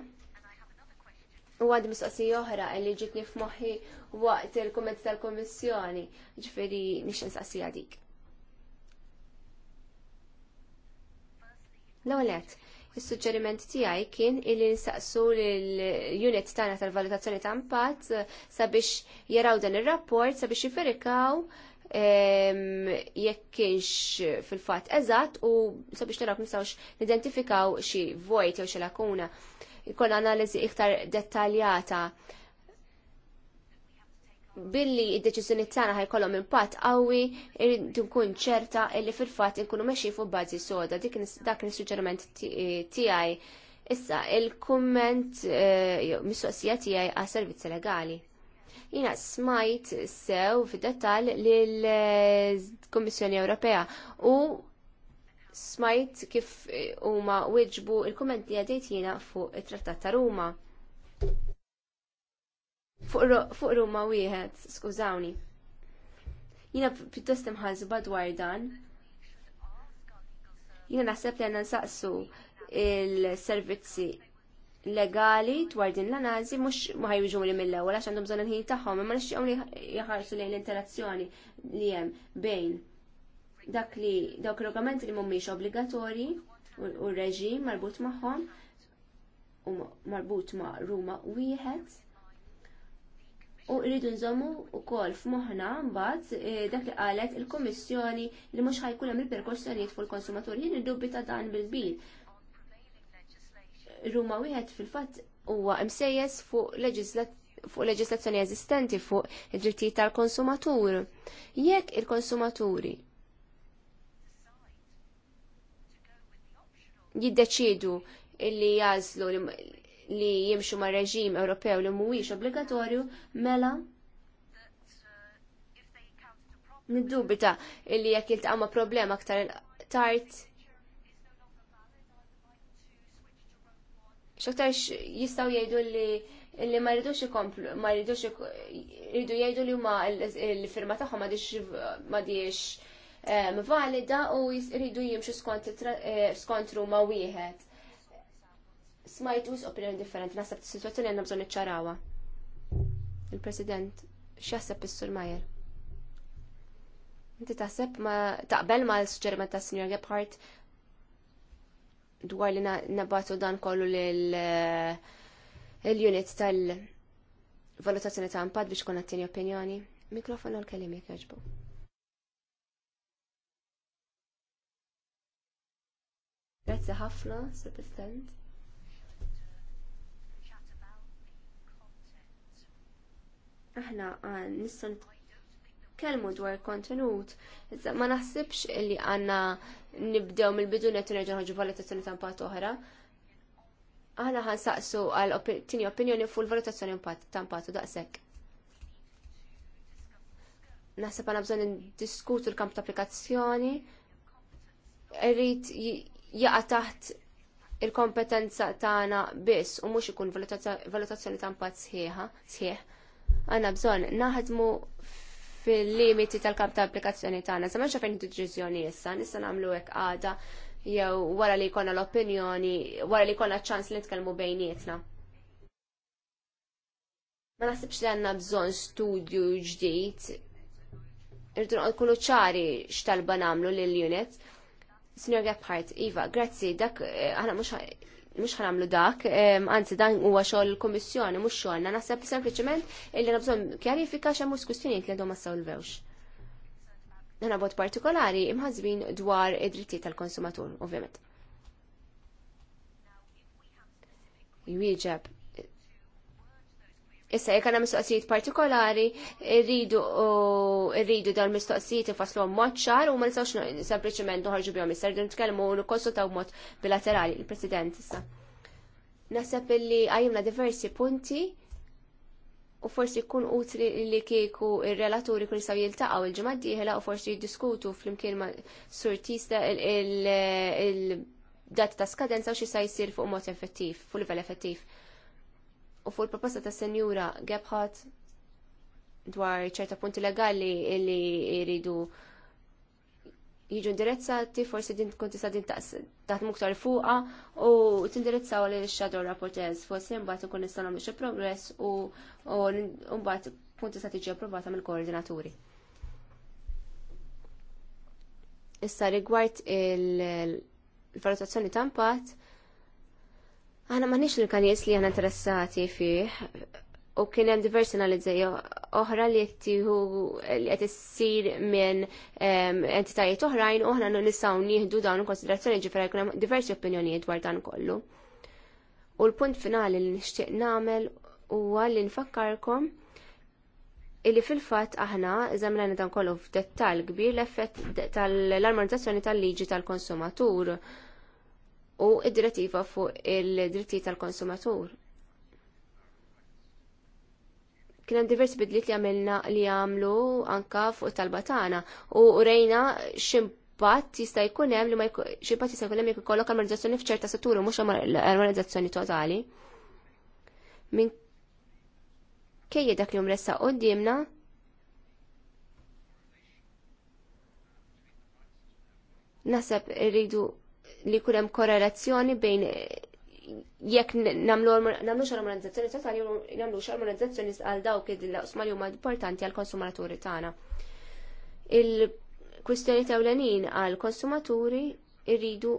U għad mistoqsi oħra li ġitni f'moħħi waqt il-komment tal-Komissjoni, ġifiri nix nistaqsi għadik. L-għolet, il-sugġeriment tijaj kien il-li nistaqsu l-unit tana tal-valutazzjoni ta' impatt sabiex jaraw dan il-rapport sabiex jiferikaw jekk kienx fil-fatt eżatt u sabiex naraw nistawx nidentifikaw xi vojt jew xi lakuna. Jkoll analiżi iktar dettaljata billi id-deċiżjoni tagħna ħajkollhom impatt qawwi irrid nkun ċerta illi fil-fatt inkunu mexxi fuq bażi soda. dak is-suġġeriment tiegħi. Issa il-kumment eh, mistoqsija tiegħi għas servizzi legali. Jina smajt sew fid-dettal lill-Kummissjoni Ewropea u smajt kif eh, huma wieġbu il kummenti li għadejt fuq it-Trattat ta' Ruma. Fuq Ruma wieħed, skużawni. Jiena pjuttost imħazba dwar dan. Jiena naħseb li għanna nsaqsu il-servizzi legali dwar din l analizi mhux ma li mill-ewwel għax għandhom bżonn il-ħin tagħhom, imma nixtieqhom li jħarsu lejn l-interazzjoni li hemm bejn dak li dawk il-rogamenti li mhumiex obbligatorji u r-reġim marbut magħhom u marbut ma' Ruma wieħed u rridu nżommu wkoll f'moħħna mbagħad e, dak li qalet il kummissjoni li mhux ħajkun hemm il-perkussjonijiet fuq il-konsumaturi jien ta' dan bil-bil Ruma wieħed fil-fatt huwa msejjes fuq leġislat fuq leġislazzjoni eżistenti fuq id-drittijiet tal-konsumatur. Jekk il-konsumaturi jiddeċidu illi jazlu li jimxu ma' reġim Ewropew li mhuwiex obbligatorju, mela niddubita illi jekk jiltaqgħu ma' problema aktar tard xaktarx jistaw jgħidu li li ma rridux ikomplu, ma rridux rridu jgħidu li huma l-firma tagħhom diex eh, valida u jridu jimxu skont eh, ma wieħed. Smajt us opinjoni differenti, naħseb is-sitwazzjoni għandna bżonn iċċarawha. Il-President x'jaħseb is-Sur Majer? Inti taħseb ma taqbel ma l-suġġeriment ta' Sr. Gebhardt dwar li nabatu dan kollu eh, l-unit tal-valutazzjoni ta' impad biex kun għattini opinjoni. Mikrofon l kelim jek Grazie ħafna, Sir Aħna ah, nissan kelmu dwar kontenut, ma naħsibx li għanna nibdew mill-bidu net nerġa' ħoġu valutazzjoni ta' impatt oħra. Aħna ħan saqsu għal tini opinjoni fuq il-valutazzjoni ta' impatt u daqshekk. Naħseb għandna bżonn diskutu l-kamp ta' applikazzjoni. Irrid jaqa' taħt il-kompetenza tagħna biss u mhux ikun valutazzjoni ta' impatt sħiħa, sħiħ. Għandna bżonn naħdmu fil-limiti tal-kap ta' applikazzjoni tagħna. Sa m'hemmx fejn deċiżjoni issa, nista' nagħmlu hekk għada jew wara li jkollna l-opinjoni, wara li jkollna ċans li nitkellmu bejnietna. Ma naħsibx li għandna bżonn studju ġdid. noqgħod kulu ċari x'talba nagħmlu lill unit Signor Gephardt, Iva, grazzi, dak eh, aħna mhux mux ħanamlu dak, anzi dan huwa xogħol l-Kummissjoni mhux xogħolna, naħseb sempliċement illi nabżon kjarifika xa mux kustjoniet li għandhom l-vewx. Nana bot partikolari imħazbin dwar id-drittijiet tal-konsumatur, ovvjament. Jwieġab Issa jekk għandna mistoqsijiet partikolari, irridu irridu dan mistoqsijiet infaslu mod ċar u ma nistgħux sempliċement noħorġu bihom issa rridu nitkellmu u taw mod bilaterali il-President issa. Naħseb illi għajimna diversi punti u forsi jkun utli li kieku il relaturi kun jistaw jiltaqgħu il-ġimgħa d u forsi jiddiskutu flimkien ma' sur tista il dat ta' skadenza u xi jista' jsir fuq mod effettiv, fuq livell effettiv u fuq il-proposta ta' senjura Gebhardt dwar ċerta punti legali li jridu jiġu indirizzati, forsi din tkun tista' din taħdmu muktar fuqha u tindirizzaw lil shadow rapportez forsi mbagħad ikun nistgħu nagħmlu xi progress u mbagħad tkun tista' tiġi approvata mill-koordinaturi. Issa rigward il-valutazzjoni ta' impatt, Aħna maħniex l-kanjes li għana interessati fih u kien hemm diversi analizzija oħra li qed li qed issir minn ehm, entitajiet oħrajn u aħna nistgħu nieħdu dawn konsiderazzjoni ġifier jkun hemm diversi opinjonijiet dwar dan kollu. U l-punt finali li nixtieq nagħmel huwa li nfakkarkom illi fil-fatt aħna eżamnajna dan kollu f'dettall kbir l-effett tal-armonizzazzjoni tal-liġi tal-konsumatur. tal liġi tal konsumatur u id-direttiva fuq il-dritti tal-konsumatur. Kien hemm diversi bidliet li għamilna li għamlu anka fuq tal-batana u rejna ximpat jista' jkun hemm li ma ximpat jista' jkun hemm jekk ikollok armonizzazzjoni f'ċerta setturi mhux armonizzazzjoni totali. Min kejja dak li mressa qoddimna naħseb rridu li kunem korrelazzjoni bejn eh, jekk namlu armonizzazzjoni ta' tal namlu armonizzazzjoni għal dawk id-laqsma li huma importanti għal konsumaturi tagħna. Il-kwistjoni ta' ewlenin għal konsumaturi irridu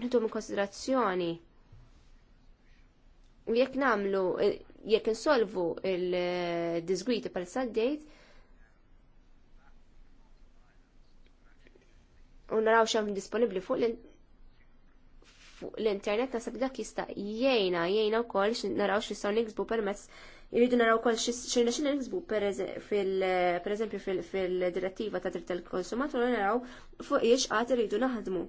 nħidhom konsiderazzjoni. U jekk namlu jekk insolvu il-disgwiti pal saddejt u naraw xem disponibli fuq fuq l-internet nasab dak jista' jgħina jgħina wkoll naraw xi son niksbu permezz jiridu naraw wkoll x'irna xi per pereżempju fil-direttiva ta' dritt tal-konsumatur naraw fuq iċ qatt jiridu naħdmu.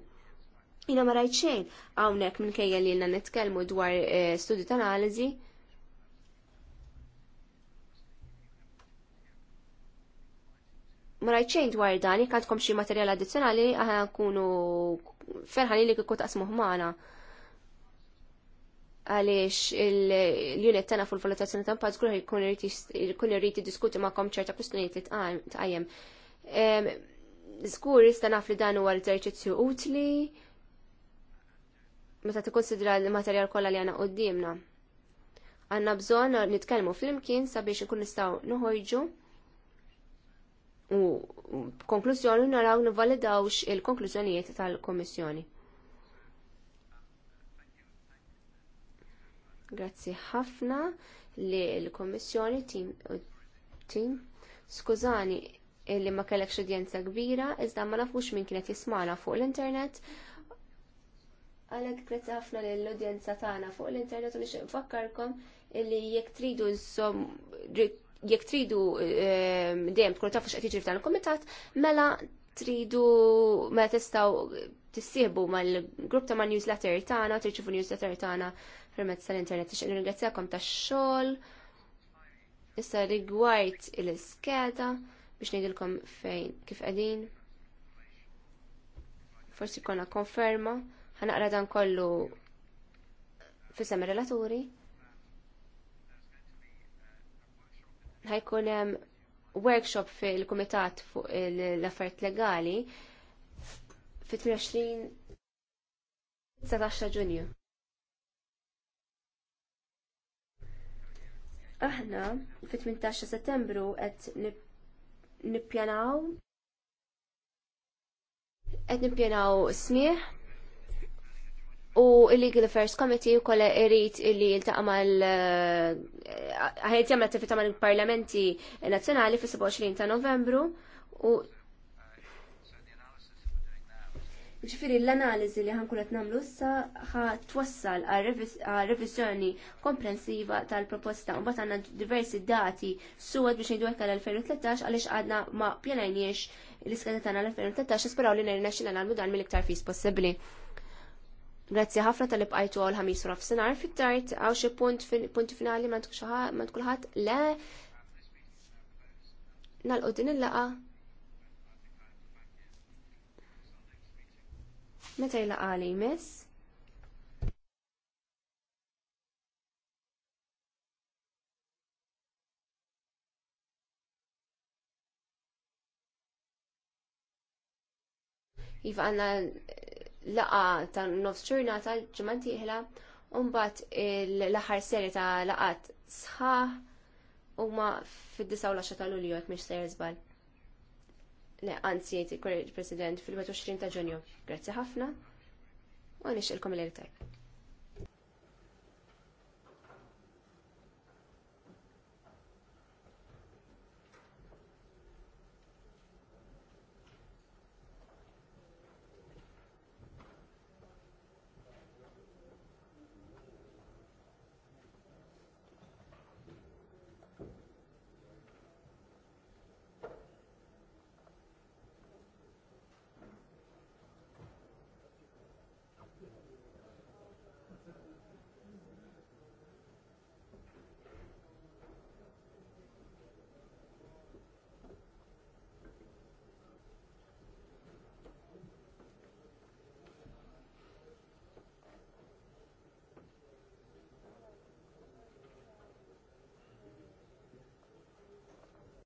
Jina ma rajt xejn hawnhekk kajja li jina nitkellmu dwar eh, studju ta' analiżi ma rajt xejn dwar dan, jekk għandkom xi materjal addizzjonali aħna nkunu ferħani li kikku taqsmuh maħna għaliex l-unit tana fuq l-valutazzjoni ta' impatt kun jkun diskuti jiddiskuti kom ċerta kwistjonijiet li tqajjem. Żgur jista' naf li dan huwa l-eżerċizzju utli meta tikkonsidra l-materjal kollha li għandna Għanna bżon bżonn nitkellmu flimkien sabiex inkun nistgħu noħorġu U konklużjoni naraw nivalidawx il-konklużjonijiet tal-Komissjoni. Grazzi ħafna li l-Komissjoni tim, tim skużani li ma kellekx udjenza kbira, iżda ma nafux min kienet jismana fuq l-internet. Għalhekk grazzi ħafna li l-udjenza tagħna fuq l-internet u nix nfakkarkom li jekk tridu jekk tridu ehm, dejjem tkun tafu x'qed jiġri f'dan il-kumitat, mela tridu mela tistgħu tissieħbu mal-grupp ta' ma' newsletter tagħna, tirċifu newsletter tagħna permezz tal-internet. Tixtieq nirringrazzjakom tax-xogħol. Issa rigward il iskeda biex ngħidilkom fejn kif qegħdin. Forsi konna konferma, ħanaqra dan kollu fis-semi relaturi. ħajkun hemm workshop fil-Kumitat fuq l-affarijiet legali fit-28 19 Ġunju. Aħna fit-18 Settembru qed nippjanaw qed nippjanaw smieħ U il-Legal Affairs Committee u kolla irrit illi jiltaqa mal eh, ħajt jamla attività mal parlamenti nazzjonali fi 27 ta' novembru u Ġifiri l-analizi li ħankun qed nagħmlu issa ħa twassal għal revizjoni komprensiva tal-proposta u mbagħad għandna diversi dati suwed biex ngħidu l għal-2013 għaliex għadna ma pjanajniex l-iskeda tagħna l-2013 isperaw li nerna xi nagħmlu dan mill-iktar fis possibbli. Grazzi ħafna tal bqajtu għal ħamis u nafsinar fit-tart, għaw xie punt punti finali ma tkun kulħadd le nalqu din il-laqa. Meta jil-laqa li jmiss? Iva għanna laqa ta' nofs ġurnata ġimanti iħla unbat l-aħħar seri ta' laqat sħaħ u ma fid-19 ta' l għet miex sejr zbal. Le, anzi, jgħid il-President fil-21 ta' ġunju. Grazzi ħafna u nixilkom l-irtaj.